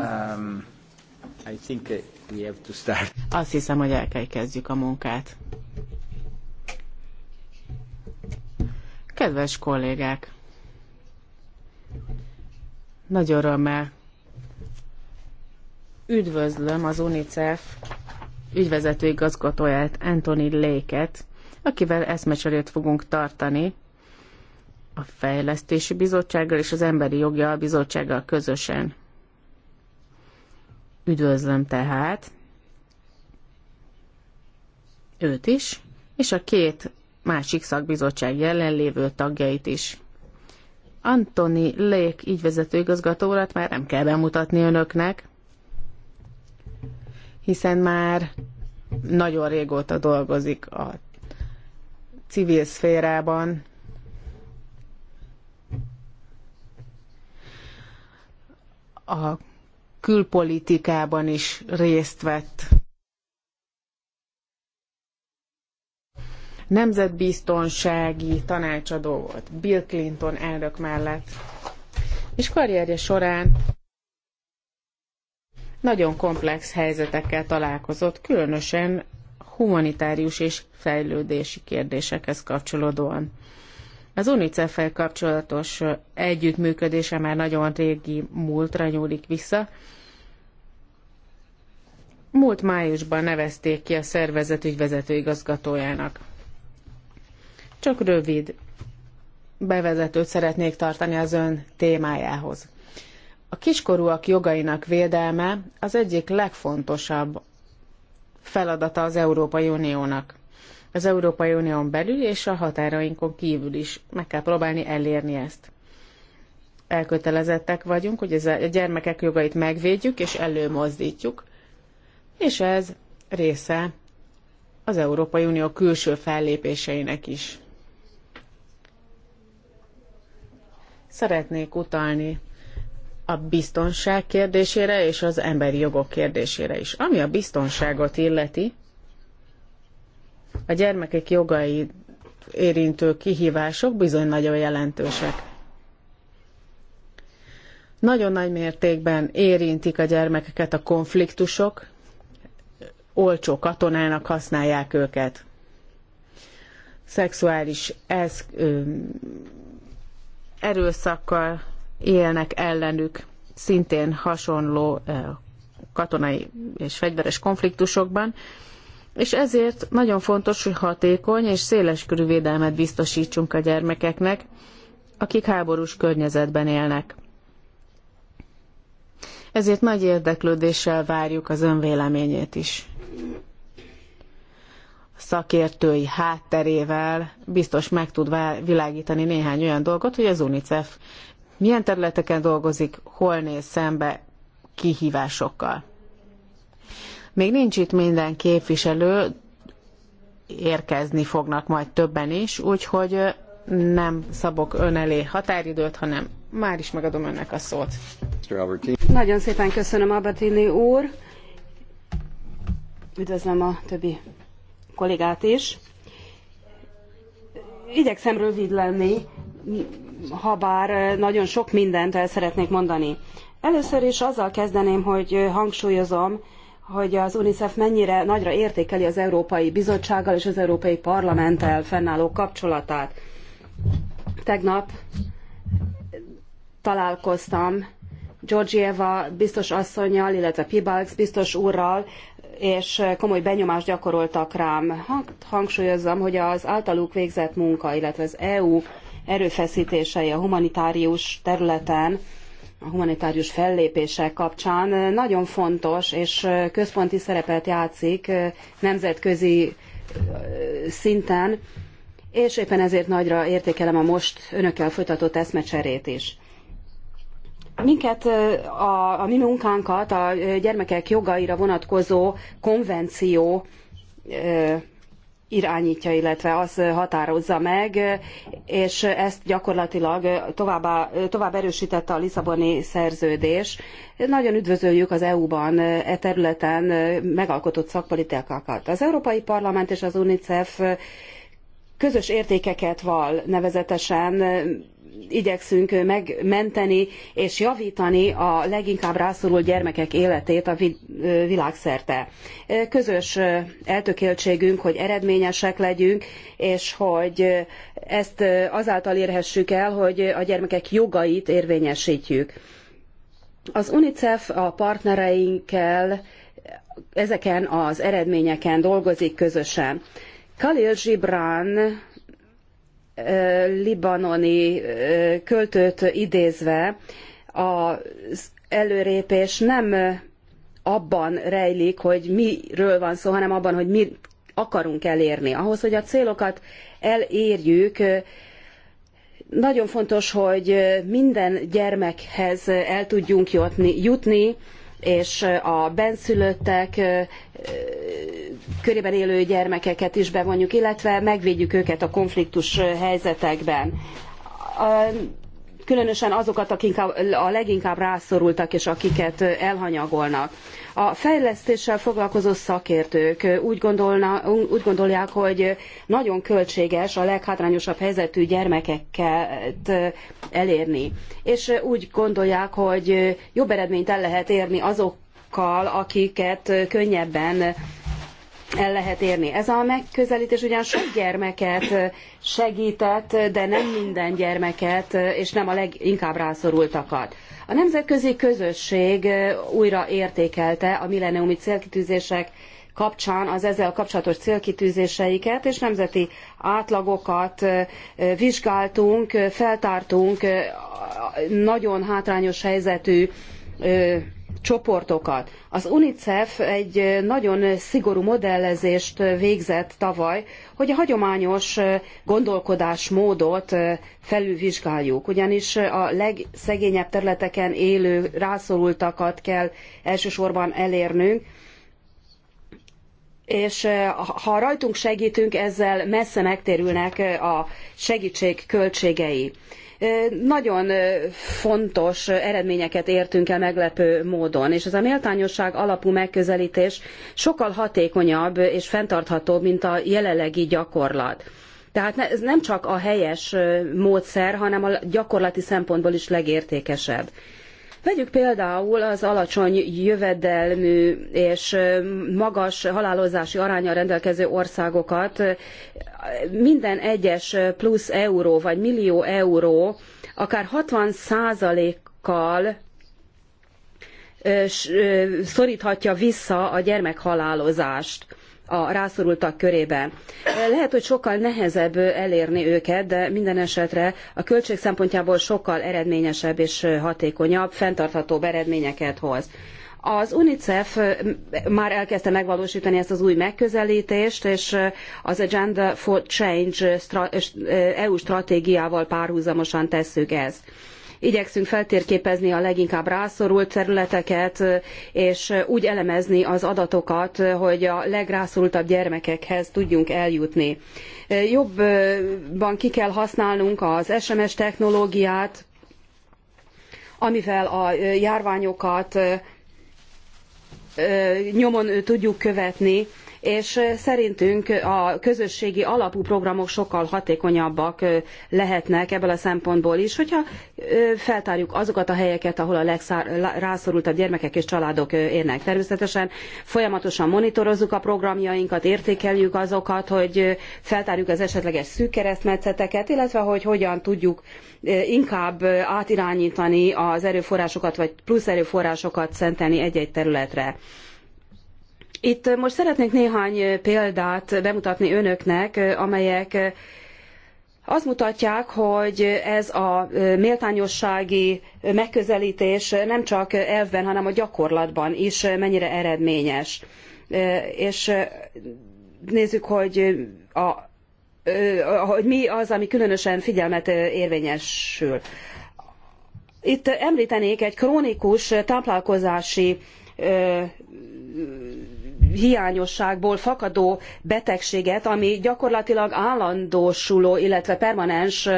Um, I think uh, we have to start. Azt hiszem, hogy el kell kezdjük a munkát. Kedves kollégák! Nagy örömmel üdvözlöm az UNICEF ügyvezető igazgatóját, Anthony Léket, akivel eszmecserét fogunk tartani a Fejlesztési Bizottsággal és az Emberi Jogi Albizottsággal közösen. Üdvözlöm tehát őt is, és a két másik szakbizottság jelenlévő tagjait is. Antoni Lék így vezető igazgatórat már nem kell bemutatni önöknek, hiszen már nagyon régóta dolgozik a civil szférában. A külpolitikában is részt vett. Nemzetbiztonsági tanácsadó volt Bill Clinton elnök mellett, és karrierje során nagyon komplex helyzetekkel találkozott, különösen humanitárius és fejlődési kérdésekhez kapcsolódóan. Az unicef kapcsolatos együttműködése már nagyon régi múltra nyúlik vissza. Múlt májusban nevezték ki a szervezet ügyvezető igazgatójának. Csak rövid bevezetőt szeretnék tartani az ön témájához. A kiskorúak jogainak védelme az egyik legfontosabb feladata az Európai Uniónak az Európai Unión belül és a határainkon kívül is. Meg kell próbálni elérni ezt. Elkötelezettek vagyunk, hogy ez a gyermekek jogait megvédjük és előmozdítjuk, és ez része az Európai Unió külső fellépéseinek is. Szeretnék utalni a biztonság kérdésére és az emberi jogok kérdésére is. Ami a biztonságot illeti, a gyermekek jogai érintő kihívások bizony nagyon jelentősek. Nagyon nagy mértékben érintik a gyermekeket a konfliktusok, olcsó katonának használják őket. Szexuális ez, ö, erőszakkal élnek ellenük, szintén hasonló ö, katonai és fegyveres konfliktusokban és ezért nagyon fontos, hogy hatékony és széleskörű védelmet biztosítsunk a gyermekeknek, akik háborús környezetben élnek. Ezért nagy érdeklődéssel várjuk az önvéleményét is. Szakértői hátterével biztos meg tud világítani néhány olyan dolgot, hogy az UNICEF milyen területeken dolgozik, hol néz szembe kihívásokkal. Még nincs itt minden képviselő, érkezni fognak majd többen is, úgyhogy nem szabok ön elé határidőt, hanem már is megadom önnek a szót. Nagyon szépen köszönöm, Albertini úr. Üdvözlöm a többi kollégát is. Igyekszem rövid lenni, ha bár nagyon sok mindent el szeretnék mondani. Először is azzal kezdeném, hogy hangsúlyozom, hogy az UNICEF mennyire nagyra értékeli az Európai Bizottsággal és az Európai Parlamenttel fennálló kapcsolatát. Tegnap találkoztam Georgieva biztos asszonyjal, illetve Pibalks biztos úrral, és komoly benyomást gyakoroltak rám. Hát, hangsúlyozzam, hogy az általuk végzett munka, illetve az EU erőfeszítései a humanitárius területen a humanitárius fellépések kapcsán nagyon fontos és központi szerepet játszik nemzetközi szinten, és éppen ezért nagyra értékelem a most önökkel folytatott eszmecserét is. Minket a, a mi munkánkat a gyermekek jogaira vonatkozó konvenció irányítja, illetve az határozza meg, és ezt gyakorlatilag továbbá, tovább erősítette a Lisszaboni szerződés. Nagyon üdvözöljük az EU-ban e területen megalkotott szakpolitikákat. Az Európai Parlament és az UNICEF közös értékeket val, nevezetesen igyekszünk megmenteni és javítani a leginkább rászoruló gyermekek életét a világszerte. Közös eltökéltségünk, hogy eredményesek legyünk, és hogy ezt azáltal érhessük el, hogy a gyermekek jogait érvényesítjük. Az UNICEF a partnereinkkel ezeken az eredményeken dolgozik közösen. Khalil Gibran libanoni költőt idézve, az előrépés nem abban rejlik, hogy miről van szó, hanem abban, hogy mit akarunk elérni. Ahhoz, hogy a célokat elérjük, nagyon fontos, hogy minden gyermekhez el tudjunk jutni, jutni és a benszülöttek körében élő gyermekeket is bevonjuk, illetve megvédjük őket a konfliktus helyzetekben. Különösen azokat, akik a leginkább rászorultak, és akiket elhanyagolnak. A fejlesztéssel foglalkozó szakértők úgy, gondolna, úgy gondolják, hogy nagyon költséges a leghátrányosabb helyzetű gyermekeket elérni. És úgy gondolják, hogy jobb eredményt el lehet érni azokkal, akiket könnyebben el lehet érni. Ez a megközelítés ugyan sok gyermeket segített, de nem minden gyermeket, és nem a leginkább rászorultakat. A nemzetközi közösség újra értékelte a milleniumi célkitűzések kapcsán az ezzel kapcsolatos célkitűzéseiket és nemzeti átlagokat vizsgáltunk, feltártunk nagyon hátrányos helyzetű csoportokat. Az UNICEF egy nagyon szigorú modellezést végzett tavaly, hogy a hagyományos gondolkodásmódot felülvizsgáljuk, ugyanis a legszegényebb területeken élő rászorultakat kell elsősorban elérnünk, és ha rajtunk segítünk, ezzel messze megtérülnek a segítség költségei. Nagyon fontos eredményeket értünk el meglepő módon, és ez a méltányosság alapú megközelítés sokkal hatékonyabb és fenntarthatóbb, mint a jelenlegi gyakorlat. Tehát ez nem csak a helyes módszer, hanem a gyakorlati szempontból is legértékesebb. Vegyük például az alacsony jövedelmű és magas halálozási aránya rendelkező országokat. Minden egyes plusz euró vagy millió euró akár 60 százalékkal szoríthatja vissza a gyermekhalálozást a rászorultak körébe. Lehet, hogy sokkal nehezebb elérni őket, de minden esetre a költség szempontjából sokkal eredményesebb és hatékonyabb, fenntarthatóbb eredményeket hoz. Az UNICEF már elkezdte megvalósítani ezt az új megközelítést, és az Agenda for Change EU e stratégiával párhuzamosan tesszük ezt. Igyekszünk feltérképezni a leginkább rászorult területeket, és úgy elemezni az adatokat, hogy a legrászorultabb gyermekekhez tudjunk eljutni. Jobban ki kell használnunk az SMS technológiát, amivel a járványokat nyomon tudjuk követni, és szerintünk a közösségi alapú programok sokkal hatékonyabbak lehetnek ebből a szempontból is, hogyha feltárjuk azokat a helyeket, ahol a legrászorultabb gyermekek és családok érnek. Természetesen folyamatosan monitorozzuk a programjainkat, értékeljük azokat, hogy feltárjuk az esetleges szűk keresztmetszeteket, illetve hogy hogyan tudjuk inkább átirányítani az erőforrásokat, vagy plusz erőforrásokat szentelni egy-egy területre. Itt most szeretnék néhány példát bemutatni önöknek, amelyek azt mutatják, hogy ez a méltányossági megközelítés nem csak elvben, hanem a gyakorlatban is mennyire eredményes. És nézzük, hogy, a, hogy mi az, ami különösen figyelmet érvényesül. Itt említenék egy krónikus táplálkozási hiányosságból fakadó betegséget, ami gyakorlatilag állandósuló, illetve permanens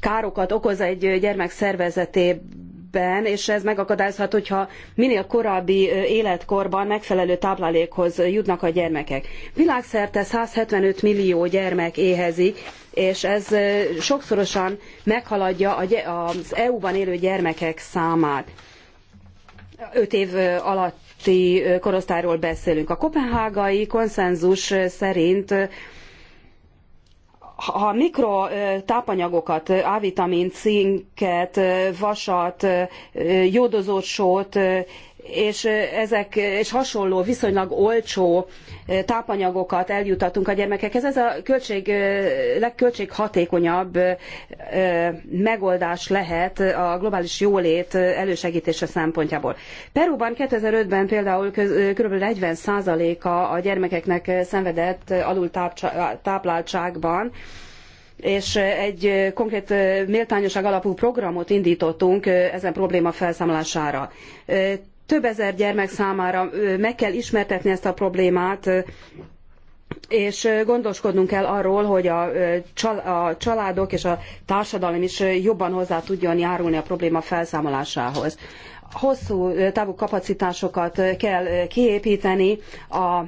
károkat okoz egy gyermek szervezetében, és ez megakadályozhat, hogyha minél korábbi életkorban megfelelő táplálékhoz jutnak a gyermekek. Világszerte 175 millió gyermek éhezik, és ez sokszorosan meghaladja az EU-ban élő gyermekek számát. 5 év alatt közötti korosztályról beszélünk. A kopenhágai konszenzus szerint ha mikro tápanyagokat, A-vitamin cinket, vasat, jódozott sót és ezek és hasonló viszonylag olcsó tápanyagokat eljutatunk a gyermekekhez. Ez a költség, legköltséghatékonyabb megoldás lehet a globális jólét elősegítése szempontjából. Peruban 2005-ben például kb. 40%-a a gyermekeknek szenvedett alultápláltságban, és egy konkrét méltányoság alapú programot indítottunk ezen probléma felszámolására több ezer gyermek számára meg kell ismertetni ezt a problémát, és gondoskodnunk kell arról, hogy a, családok és a társadalom is jobban hozzá tudjon járulni a probléma felszámolásához. Hosszú távú kapacitásokat kell kiépíteni a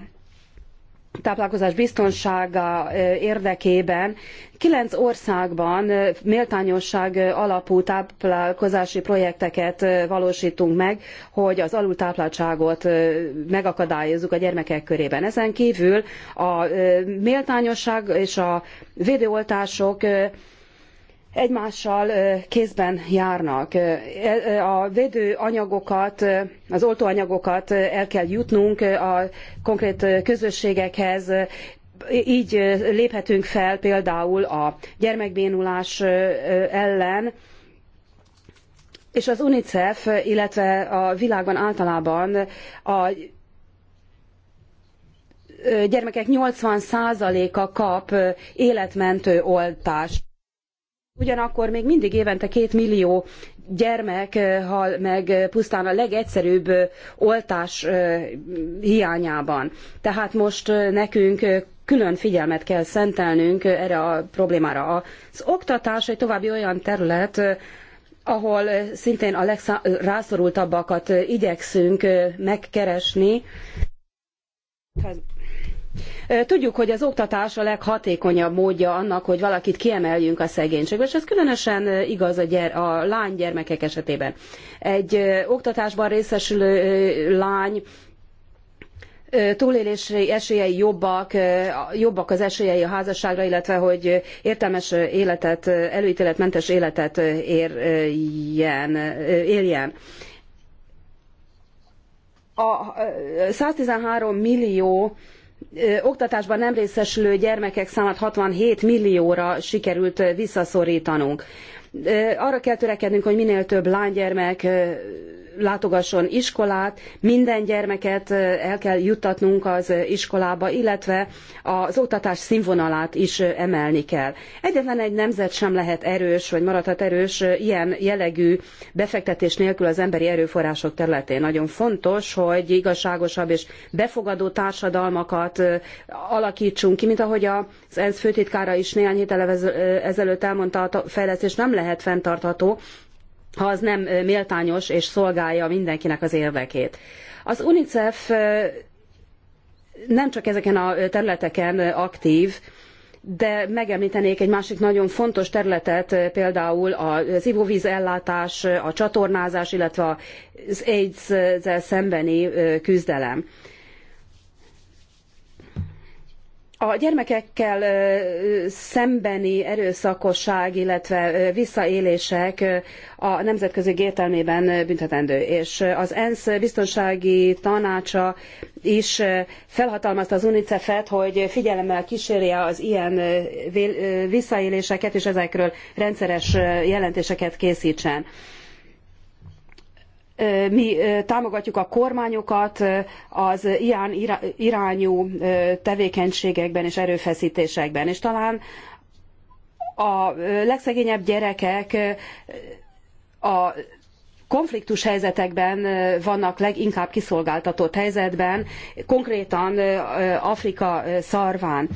táplálkozás biztonsága érdekében kilenc országban méltányosság alapú táplálkozási projekteket valósítunk meg, hogy az alultápláltságot megakadályozzuk a gyermekek körében. Ezen kívül a méltányosság és a védőoltások egymással kézben járnak. E, a védőanyagokat, az oltóanyagokat el kell jutnunk a konkrét közösségekhez, így léphetünk fel például a gyermekbénulás ellen, és az UNICEF, illetve a világban általában a gyermekek 80%-a kap életmentő oltást. Ugyanakkor még mindig évente két millió gyermek eh, hal meg eh, pusztán a legegyszerűbb eh, oltás hiányában. Tehát most nekünk külön figyelmet kell szentelnünk erre a problémára. Az oktatás egy további olyan terület, ahol szintén a legrászorultabbakat igyekszünk megkeresni. Tudjuk, hogy az oktatás a leghatékonyabb módja annak, hogy valakit kiemeljünk a szegénységből, és ez különösen igaz a, gyere, a lánygyermekek esetében. Egy oktatásban részesülő lány túlélési esélyei jobbak, jobbak az esélyei a házasságra, illetve hogy értelmes életet, előítéletmentes életet érjen, éljen. A 113 millió oktatásban nem részesülő gyermekek számát 67 millióra sikerült visszaszorítanunk. Arra kell törekednünk, hogy minél több lánygyermek látogasson iskolát, minden gyermeket el kell juttatnunk az iskolába, illetve az oktatás színvonalát is emelni kell. Egyetlen egy nemzet sem lehet erős, vagy maradhat erős ilyen jellegű befektetés nélkül az emberi erőforrások területén. Nagyon fontos, hogy igazságosabb és befogadó társadalmakat alakítsunk ki, mint ahogy az ENSZ főtitkára is néhány héttel ezelőtt elmondta, a fejlesztés nem lehet fenntartható, ha az nem méltányos és szolgálja mindenkinek az érdekét. Az UNICEF nem csak ezeken a területeken aktív, de megemlítenék egy másik nagyon fontos területet, például az ivóvíz ellátás, a csatornázás, illetve az AIDS-zel szembeni küzdelem. A gyermekekkel szembeni erőszakosság, illetve visszaélések a nemzetközi értelmében büntetendő, és az ENSZ biztonsági tanácsa is felhatalmazta az UNICEF-et, hogy figyelemmel kísérje az ilyen visszaéléseket, és ezekről rendszeres jelentéseket készítsen mi támogatjuk a kormányokat az ilyen irányú tevékenységekben és erőfeszítésekben. És talán a legszegényebb gyerekek a konfliktus helyzetekben vannak leginkább kiszolgáltatott helyzetben, konkrétan Afrika szarván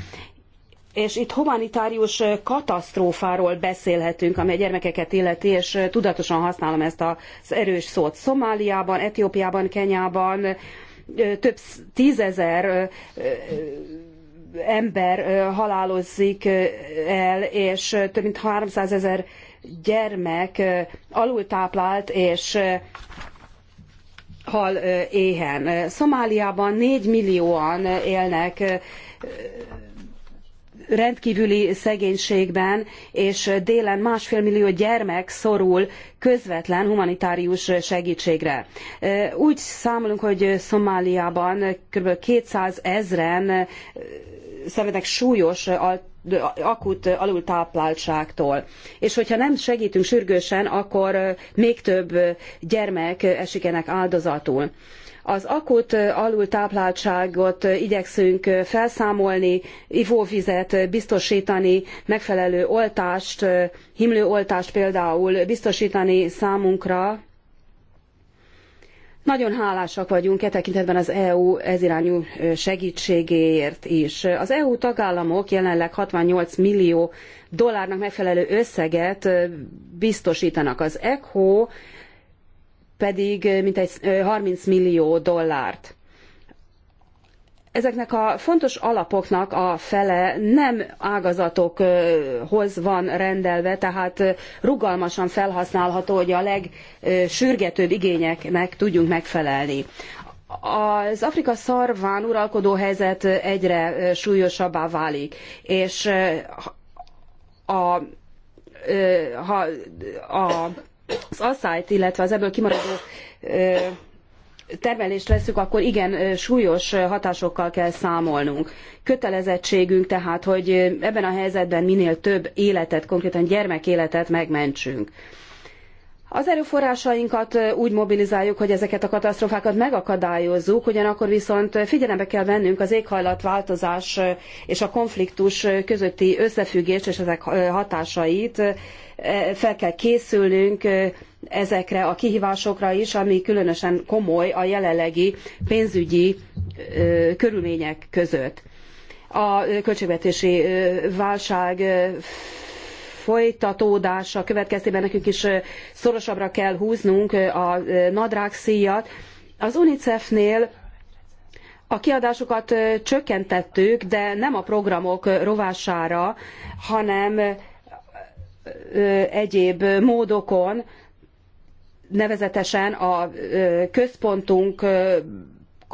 és itt humanitárius katasztrófáról beszélhetünk, ami a gyermekeket illeti, és tudatosan használom ezt az erős szót. Szomáliában, Etiópiában, Kenyában több tízezer ember halálozik el, és több mint 300 ezer gyermek alultáplált és hal éhen. Szomáliában 4 millióan élnek rendkívüli szegénységben, és délen másfél millió gyermek szorul közvetlen humanitárius segítségre. Úgy számolunk, hogy Szomáliában kb. 200 ezren szenvednek súlyos akut alultápláltságtól. És hogyha nem segítünk sürgősen, akkor még több gyermek esik ennek áldozatul. Az akut alultápláltságot igyekszünk felszámolni, ivóvizet biztosítani, megfelelő oltást, himlőoltást például biztosítani számunkra. Nagyon hálásak vagyunk e tekintetben az EU ezirányú segítségéért is. Az EU tagállamok jelenleg 68 millió dollárnak megfelelő összeget biztosítanak. Az ECHO pedig mintegy 30 millió dollárt. Ezeknek a fontos alapoknak a fele nem ágazatokhoz van rendelve, tehát rugalmasan felhasználható, hogy a legsürgetőbb igényeknek tudjunk megfelelni. Az Afrika szarván uralkodó helyzet egyre súlyosabbá válik, és a, ha a az asszályt, illetve az ebből kimaradó termelést leszük akkor igen súlyos hatásokkal kell számolnunk. Kötelezettségünk tehát, hogy ebben a helyzetben minél több életet, konkrétan gyermekéletet megmentsünk. Az erőforrásainkat úgy mobilizáljuk, hogy ezeket a katasztrófákat megakadályozzuk, ugyanakkor viszont figyelembe kell vennünk az éghajlatváltozás és a konfliktus közötti összefüggést és ezek hatásait. Fel kell készülnünk ezekre a kihívásokra is, ami különösen komoly a jelenlegi pénzügyi körülmények között. A költségvetési válság folytatódása következtében nekünk is szorosabbra kell húznunk a nadrág szíjat. Az UNICEF-nél a kiadásokat csökkentettük, de nem a programok rovására, hanem egyéb módokon, nevezetesen a központunk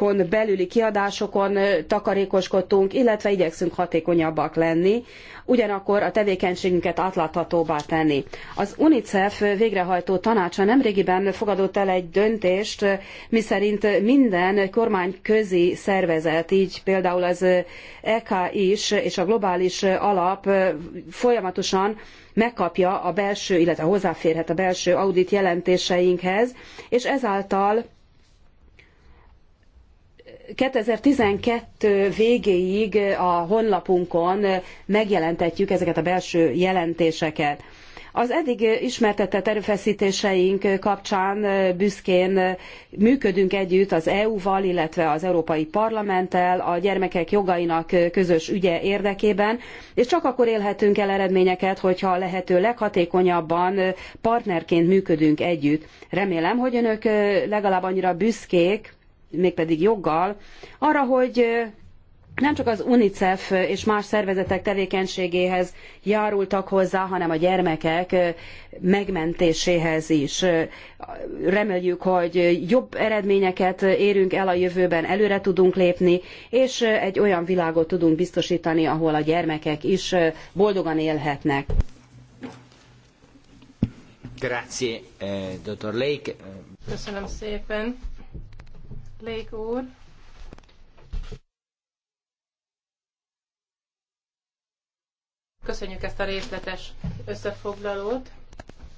kon belüli kiadásokon takarékoskodtunk, illetve igyekszünk hatékonyabbak lenni, ugyanakkor a tevékenységünket átláthatóbbá tenni. Az UNICEF végrehajtó tanácsa nemrégiben fogadott el egy döntést, miszerint minden kormányközi szervezet, így például az EK is és a globális alap folyamatosan megkapja a belső, illetve hozzáférhet a belső audit jelentéseinkhez, és ezáltal 2012 végéig a honlapunkon megjelentetjük ezeket a belső jelentéseket. Az eddig ismertetett erőfeszítéseink kapcsán büszkén működünk együtt az EU-val, illetve az Európai Parlamenttel a gyermekek jogainak közös ügye érdekében, és csak akkor élhetünk el eredményeket, hogyha a lehető leghatékonyabban partnerként működünk együtt. Remélem, hogy önök legalább annyira büszkék, mégpedig joggal, arra, hogy nem csak az UNICEF és más szervezetek tevékenységéhez járultak hozzá, hanem a gyermekek megmentéséhez is. Reméljük, hogy jobb eredményeket érünk el a jövőben, előre tudunk lépni, és egy olyan világot tudunk biztosítani, ahol a gyermekek is boldogan élhetnek. Grazie, eh, dr. Lake. Köszönöm szépen. Lék úr. Köszönjük ezt a részletes összefoglalót.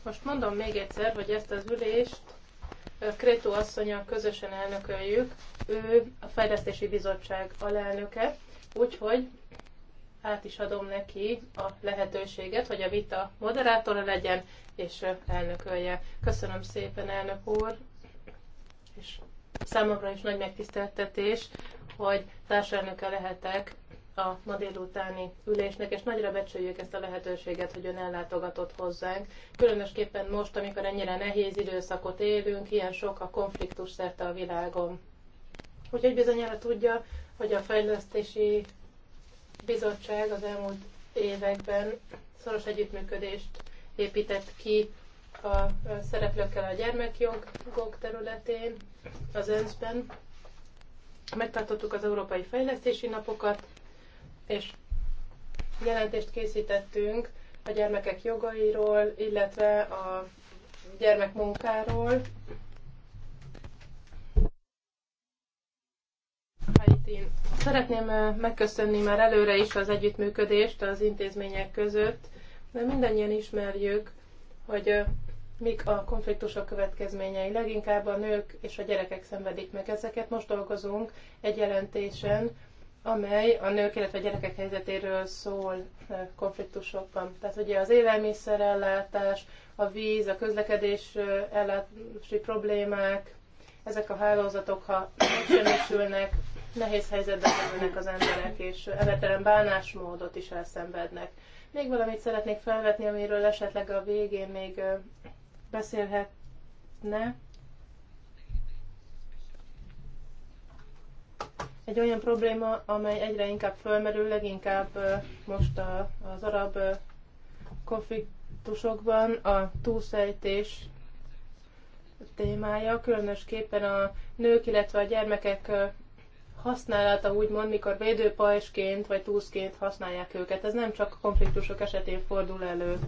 Most mondom még egyszer, hogy ezt az ülést Krétó asszonyal közösen elnököljük. Ő a Fejlesztési Bizottság alelnöke, úgyhogy át is adom neki a lehetőséget, hogy a vita moderátora legyen és elnökölje. Köszönöm szépen, elnök úr, és Számomra is nagy megtiszteltetés, hogy társelnöke lehetek a ma délutáni ülésnek, és nagyra becsüljük ezt a lehetőséget, hogy ön ellátogatott hozzánk. Különösképpen most, amikor ennyire nehéz időszakot élünk, ilyen sok a konfliktus szerte a világon. Úgyhogy bizonyára tudja, hogy a fejlesztési bizottság az elmúlt években szoros együttműködést épített ki a szereplőkkel a gyermekjogok területén, az ENSZ-ben. Megtartottuk az Európai Fejlesztési Napokat, és jelentést készítettünk a gyermekek jogairól, illetve a gyermekmunkáról. Haitin. Szeretném eh, megköszönni már előre is az együttműködést az intézmények között, mert mindannyian ismerjük, hogy eh, mik a konfliktusok következményei. Leginkább a nők és a gyerekek szenvedik meg ezeket. Most dolgozunk egy jelentésen, amely a nők, illetve a gyerekek helyzetéről szól eh, konfliktusokban. Tehát ugye az élelmiszerellátás, a víz, a közlekedés eh, ellátási problémák, ezek a hálózatok, ha megsemmisülnek, nehéz helyzetbe kerülnek az emberek, és evetelen bánásmódot is elszenvednek. Még valamit szeretnék felvetni, amiről esetleg a végén még eh, beszélhetne egy olyan probléma, amely egyre inkább fölmerül, leginkább most az arab konfliktusokban a túlszejtés témája, különösképpen a nők, illetve a gyermekek használata úgymond, mikor védőpajsként vagy túszként használják őket. Ez nem csak konfliktusok esetén fordul elő.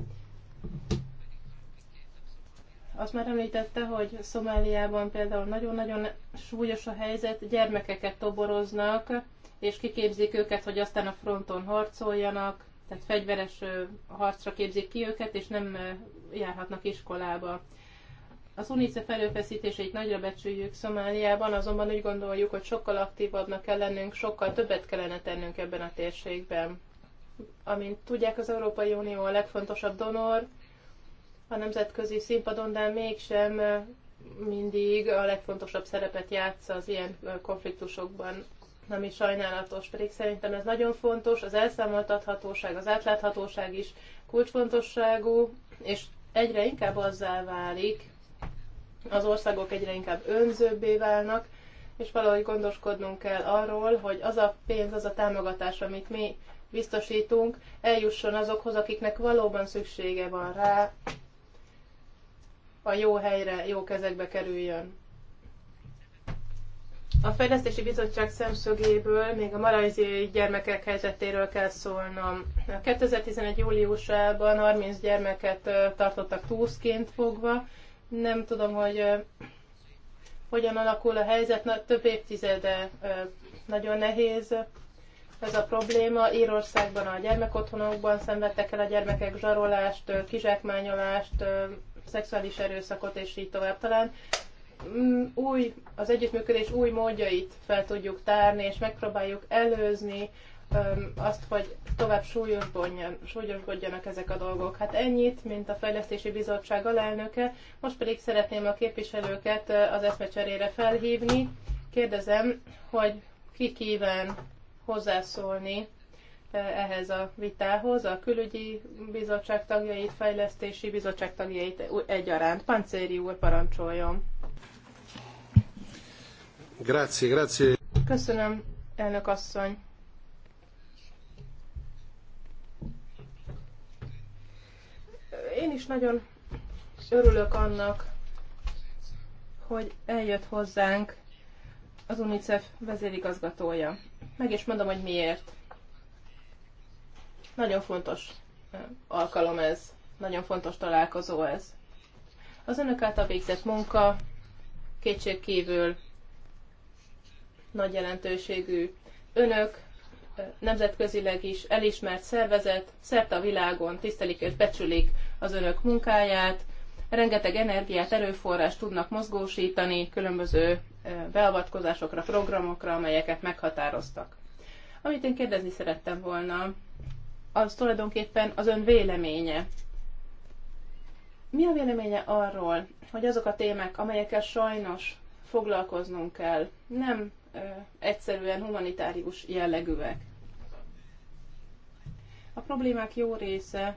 Azt már említette, hogy Szomáliában például nagyon-nagyon súlyos a helyzet, gyermekeket toboroznak, és kiképzik őket, hogy aztán a fronton harcoljanak, tehát fegyveres harcra képzik ki őket, és nem járhatnak iskolába. Az UNICEF erőfeszítéseit nagyra becsüljük Szomáliában, azonban úgy gondoljuk, hogy sokkal aktívabbnak kell lennünk, sokkal többet kellene tennünk ebben a térségben. Amint tudják, az Európai Unió a legfontosabb donor, a nemzetközi színpadon, de mégsem mindig a legfontosabb szerepet játsza az ilyen konfliktusokban, ami sajnálatos, pedig szerintem ez nagyon fontos, az elszámoltathatóság, az átláthatóság is kulcsfontosságú, és egyre inkább azzá válik, az országok egyre inkább önzőbbé válnak, és valahogy gondoskodnunk kell arról, hogy az a pénz, az a támogatás, amit mi biztosítunk, eljusson azokhoz, akiknek valóban szüksége van rá, a jó helyre, jó kezekbe kerüljön. A Fejlesztési Bizottság szemszögéből még a malajziai gyermekek helyzetéről kell szólnom. 2011. júliusában 30 gyermeket tartottak túszként fogva. Nem tudom, hogy hogyan alakul a helyzet, Na, több évtizede nagyon nehéz ez a probléma. Írországban a gyermekotthonokban szenvedtek el a gyermekek zsarolást, kizsákmányolást, szexuális erőszakot, és így tovább. Talán mm, új, az együttműködés új módjait fel tudjuk tárni, és megpróbáljuk előzni azt, hogy tovább súlyosbodjanak ezek a dolgok. Hát ennyit, mint a Fejlesztési Bizottság alelnöke. Most pedig szeretném a képviselőket az eszmecserére felhívni. Kérdezem, hogy ki kíván hozzászólni ehhez a vitához, a külügyi bizottság tagjait, fejlesztési bizottság tagjait egyaránt. Pancéri úr, parancsoljon! Grazie, grazie. Köszönöm, elnök asszony. Én is nagyon örülök annak, hogy eljött hozzánk az UNICEF vezérigazgatója. Meg is mondom, hogy miért. Nagyon fontos alkalom ez, nagyon fontos találkozó ez. Az önök által végzett munka kétségkívül nagy jelentőségű. Önök nemzetközileg is elismert szervezet, szerte a világon tisztelik és becsülik az önök munkáját, rengeteg energiát, erőforrást tudnak mozgósítani különböző beavatkozásokra, programokra, amelyeket meghatároztak. Amit én kérdezni szerettem volna, az tulajdonképpen az ön véleménye. Mi a véleménye arról, hogy azok a témák, amelyekkel sajnos foglalkoznunk kell, nem ö, egyszerűen humanitárius jellegűek? A problémák jó része,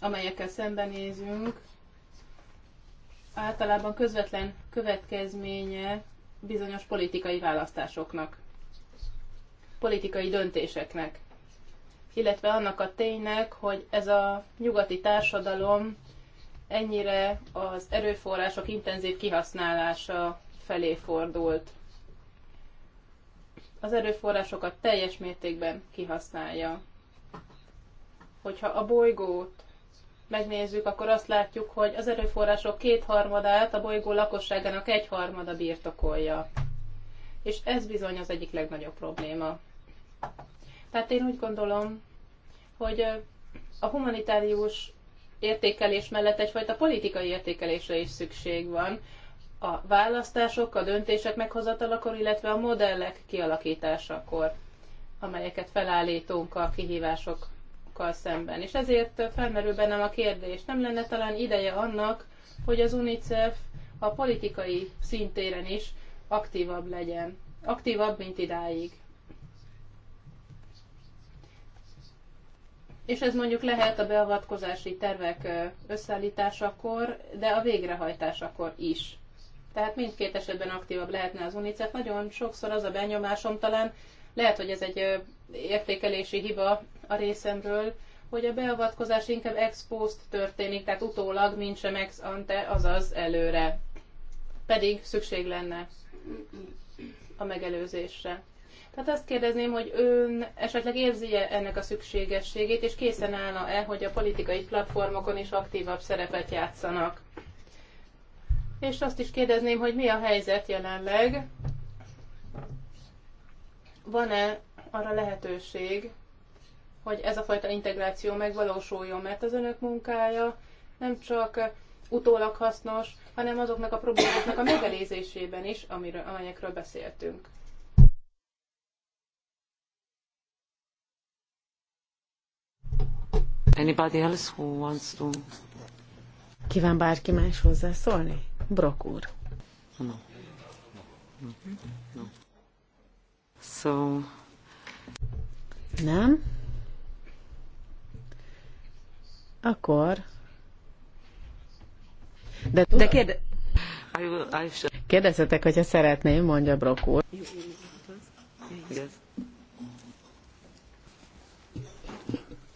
amelyekkel szembenézünk, általában közvetlen következménye bizonyos politikai választásoknak, politikai döntéseknek illetve annak a ténynek, hogy ez a nyugati társadalom ennyire az erőforrások intenzív kihasználása felé fordult. Az erőforrásokat teljes mértékben kihasználja. Hogyha a bolygót megnézzük, akkor azt látjuk, hogy az erőforrások kétharmadát a bolygó lakosságának egyharmada birtokolja. És ez bizony az egyik legnagyobb probléma. Tehát én úgy gondolom, hogy a humanitárius értékelés mellett egyfajta politikai értékelésre is szükség van. A választások, a döntések meghozatalakor, illetve a modellek kialakításakor, amelyeket felállítunk a kihívásokkal szemben. És ezért felmerül bennem a kérdés, nem lenne talán ideje annak, hogy az UNICEF a politikai szintéren is aktívabb legyen. Aktívabb, mint idáig. és ez mondjuk lehet a beavatkozási tervek összeállításakor, de a végrehajtásakor is. Tehát mindkét esetben aktívabb lehetne az UNICEF. Nagyon sokszor az a benyomásom talán, lehet, hogy ez egy értékelési hiba a részemről, hogy a beavatkozás inkább ex post történik, tehát utólag, mint sem ex ante, azaz előre. Pedig szükség lenne a megelőzésre. Tehát azt kérdezném, hogy ön esetleg érzi -e ennek a szükségességét, és készen állna-e, hogy a politikai platformokon is aktívabb szerepet játszanak? És azt is kérdezném, hogy mi a helyzet jelenleg? Van-e arra lehetőség, hogy ez a fajta integráció megvalósuljon, mert az önök munkája nem csak utólag hasznos, hanem azoknak a problémáknak a megelézésében is, amiről, amelyekről beszéltünk. Anybody else who wants to... Kíván bárki más hozzászólni? Brok úr. No. no. no. So... Nem? Akkor... De, de kérde... Kérdezzetek, hogyha szeretném, mondja Brok úr.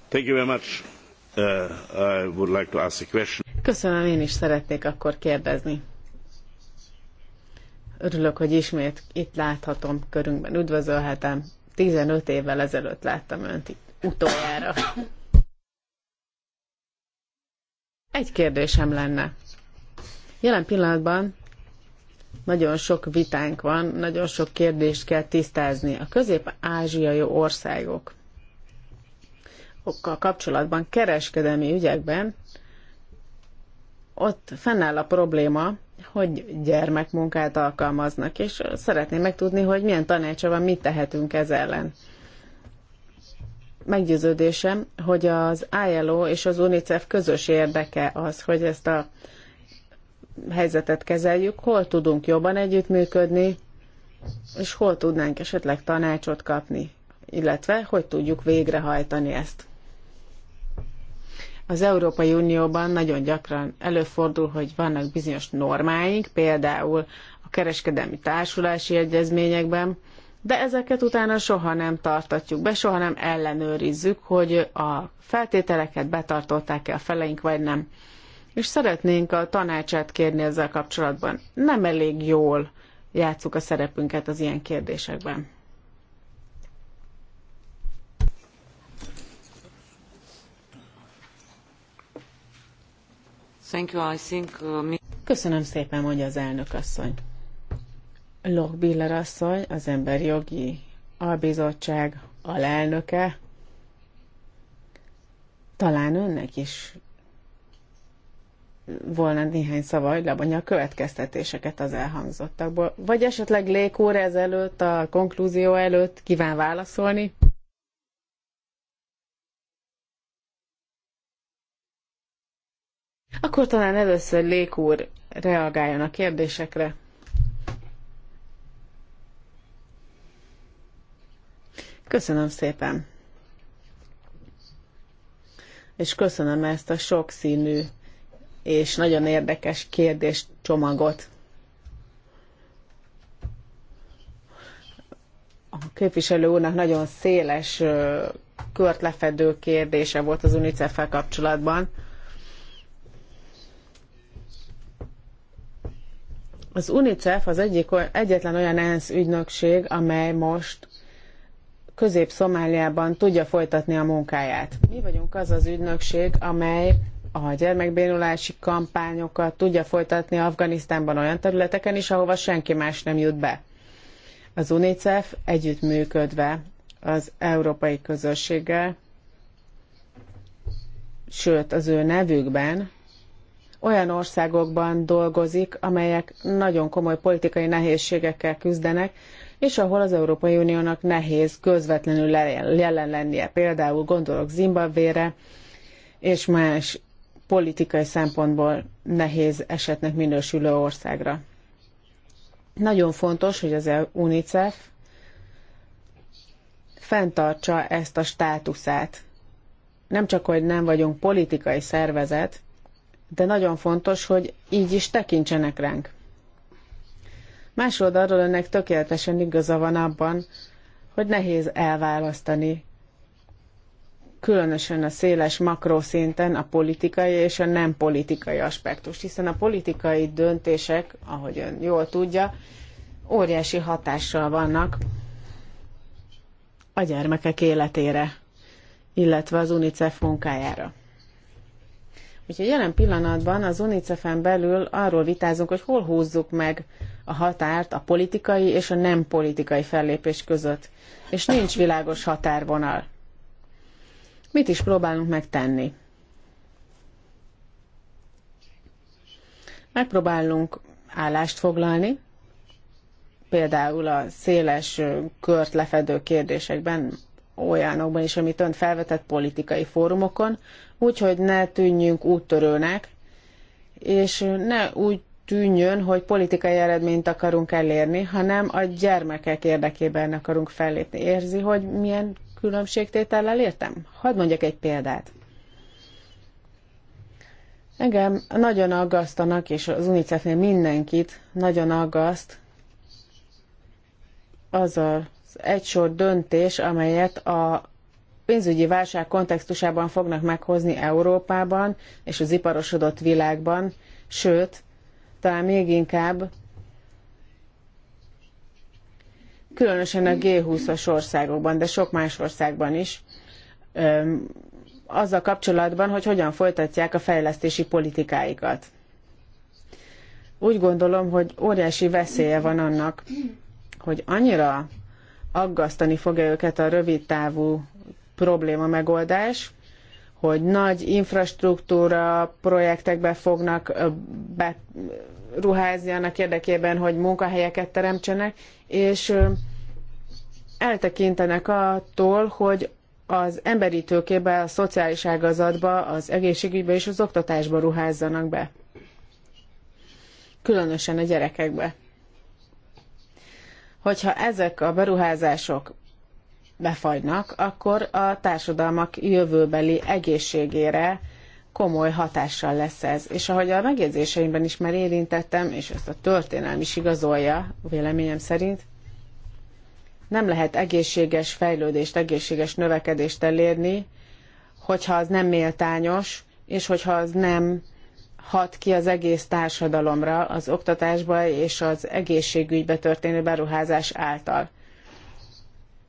Thank you very much. Uh, would like to ask a question. Köszönöm, én is szeretnék akkor kérdezni. Örülök, hogy ismét itt láthatom, körünkben üdvözölhetem. 15 évvel ezelőtt láttam önt itt utoljára. Egy kérdésem lenne. Jelen pillanatban nagyon sok vitánk van, nagyon sok kérdést kell tisztázni. A közép-ázsiai országok okkal kapcsolatban kereskedelmi ügyekben ott fennáll a probléma, hogy gyermekmunkát alkalmaznak, és szeretném megtudni, hogy milyen tanácsa van, mit tehetünk ez ellen. Meggyőződésem, hogy az ILO és az UNICEF közös érdeke az, hogy ezt a helyzetet kezeljük, hol tudunk jobban együttműködni, és hol tudnánk esetleg tanácsot kapni, illetve hogy tudjuk végrehajtani ezt. Az Európai Unióban nagyon gyakran előfordul, hogy vannak bizonyos normáink, például a kereskedelmi társulási egyezményekben, de ezeket utána soha nem tartatjuk be, soha nem ellenőrizzük, hogy a feltételeket betartották-e a feleink, vagy nem. És szeretnénk a tanácsát kérni ezzel kapcsolatban. Nem elég jól játsszuk a szerepünket az ilyen kérdésekben. Uh, Köszönöm szépen, mondja az elnök asszony. Lochbiller asszony, az Emberi Jogi Albizottság alelnöke. Talán önnek is volna néhány szava, hogy lebonja a következtetéseket az elhangzottakból. Vagy esetleg lékóra ezelőtt, a konklúzió előtt kíván válaszolni? Akkor talán először Lék úr reagáljon a kérdésekre. Köszönöm szépen. És köszönöm ezt a sokszínű és nagyon érdekes kérdés csomagot. A képviselő úrnak nagyon széles kört lefedő kérdése volt az UNICEF-fel kapcsolatban Az UNICEF az egyik egyetlen olyan ENSZ ügynökség, amely most Közép-Szomáliában tudja folytatni a munkáját. Mi vagyunk az az ügynökség, amely a gyermekbénulási kampányokat tudja folytatni Afganisztánban olyan területeken is, ahova senki más nem jut be. Az UNICEF együttműködve az európai közösséggel, sőt az ő nevükben olyan országokban dolgozik, amelyek nagyon komoly politikai nehézségekkel küzdenek, és ahol az Európai Uniónak nehéz közvetlenül jelen lennie. Például gondolok Zimbabvére, és más politikai szempontból nehéz esetnek minősülő országra. Nagyon fontos, hogy az UNICEF fenntartsa ezt a státuszát. Nem csak, hogy nem vagyunk politikai szervezet, de nagyon fontos, hogy így is tekintsenek ránk. Más oldalról önnek tökéletesen igaza van abban, hogy nehéz elválasztani, különösen a széles makroszinten a politikai és a nem politikai aspektus, hiszen a politikai döntések, ahogy ön jól tudja, óriási hatással vannak a gyermekek életére, illetve az UNICEF munkájára. Úgyhogy jelen pillanatban az UNICEF-en belül arról vitázunk, hogy hol húzzuk meg a határt a politikai és a nem politikai fellépés között. És nincs világos határvonal. Mit is próbálunk megtenni? Megpróbálunk állást foglalni, például a széles kört lefedő kérdésekben olyanokban is, amit ön felvetett politikai fórumokon, úgyhogy ne tűnjünk úttörőnek, és ne úgy tűnjön, hogy politikai eredményt akarunk elérni, hanem a gyermekek érdekében akarunk fellépni. Érzi, hogy milyen különbségtétellel értem? Hadd mondjak egy példát. Engem nagyon aggasztanak, és az UNICEF-nél mindenkit nagyon aggaszt az a egy sor döntés, amelyet a pénzügyi válság kontextusában fognak meghozni Európában és az iparosodott világban, sőt, talán még inkább különösen a G20-as országokban, de sok más országban is, öm, azzal kapcsolatban, hogy hogyan folytatják a fejlesztési politikáikat. Úgy gondolom, hogy óriási veszélye van annak, hogy annyira aggasztani fogja őket a rövid távú probléma megoldás, hogy nagy infrastruktúra projektekbe fognak beruházni annak érdekében, hogy munkahelyeket teremtsenek, és eltekintenek attól, hogy az emberi tőkébe, a szociális ágazatba, az egészségügybe és az oktatásba ruházzanak be. Különösen a gyerekekbe hogyha ezek a beruházások befagynak, akkor a társadalmak jövőbeli egészségére komoly hatással lesz ez. És ahogy a megjegyzéseimben is már érintettem, és ezt a történelm is igazolja, véleményem szerint, nem lehet egészséges fejlődést, egészséges növekedést elérni, hogyha az nem méltányos, és hogyha az nem hat ki az egész társadalomra az oktatásba és az egészségügybe történő beruházás által.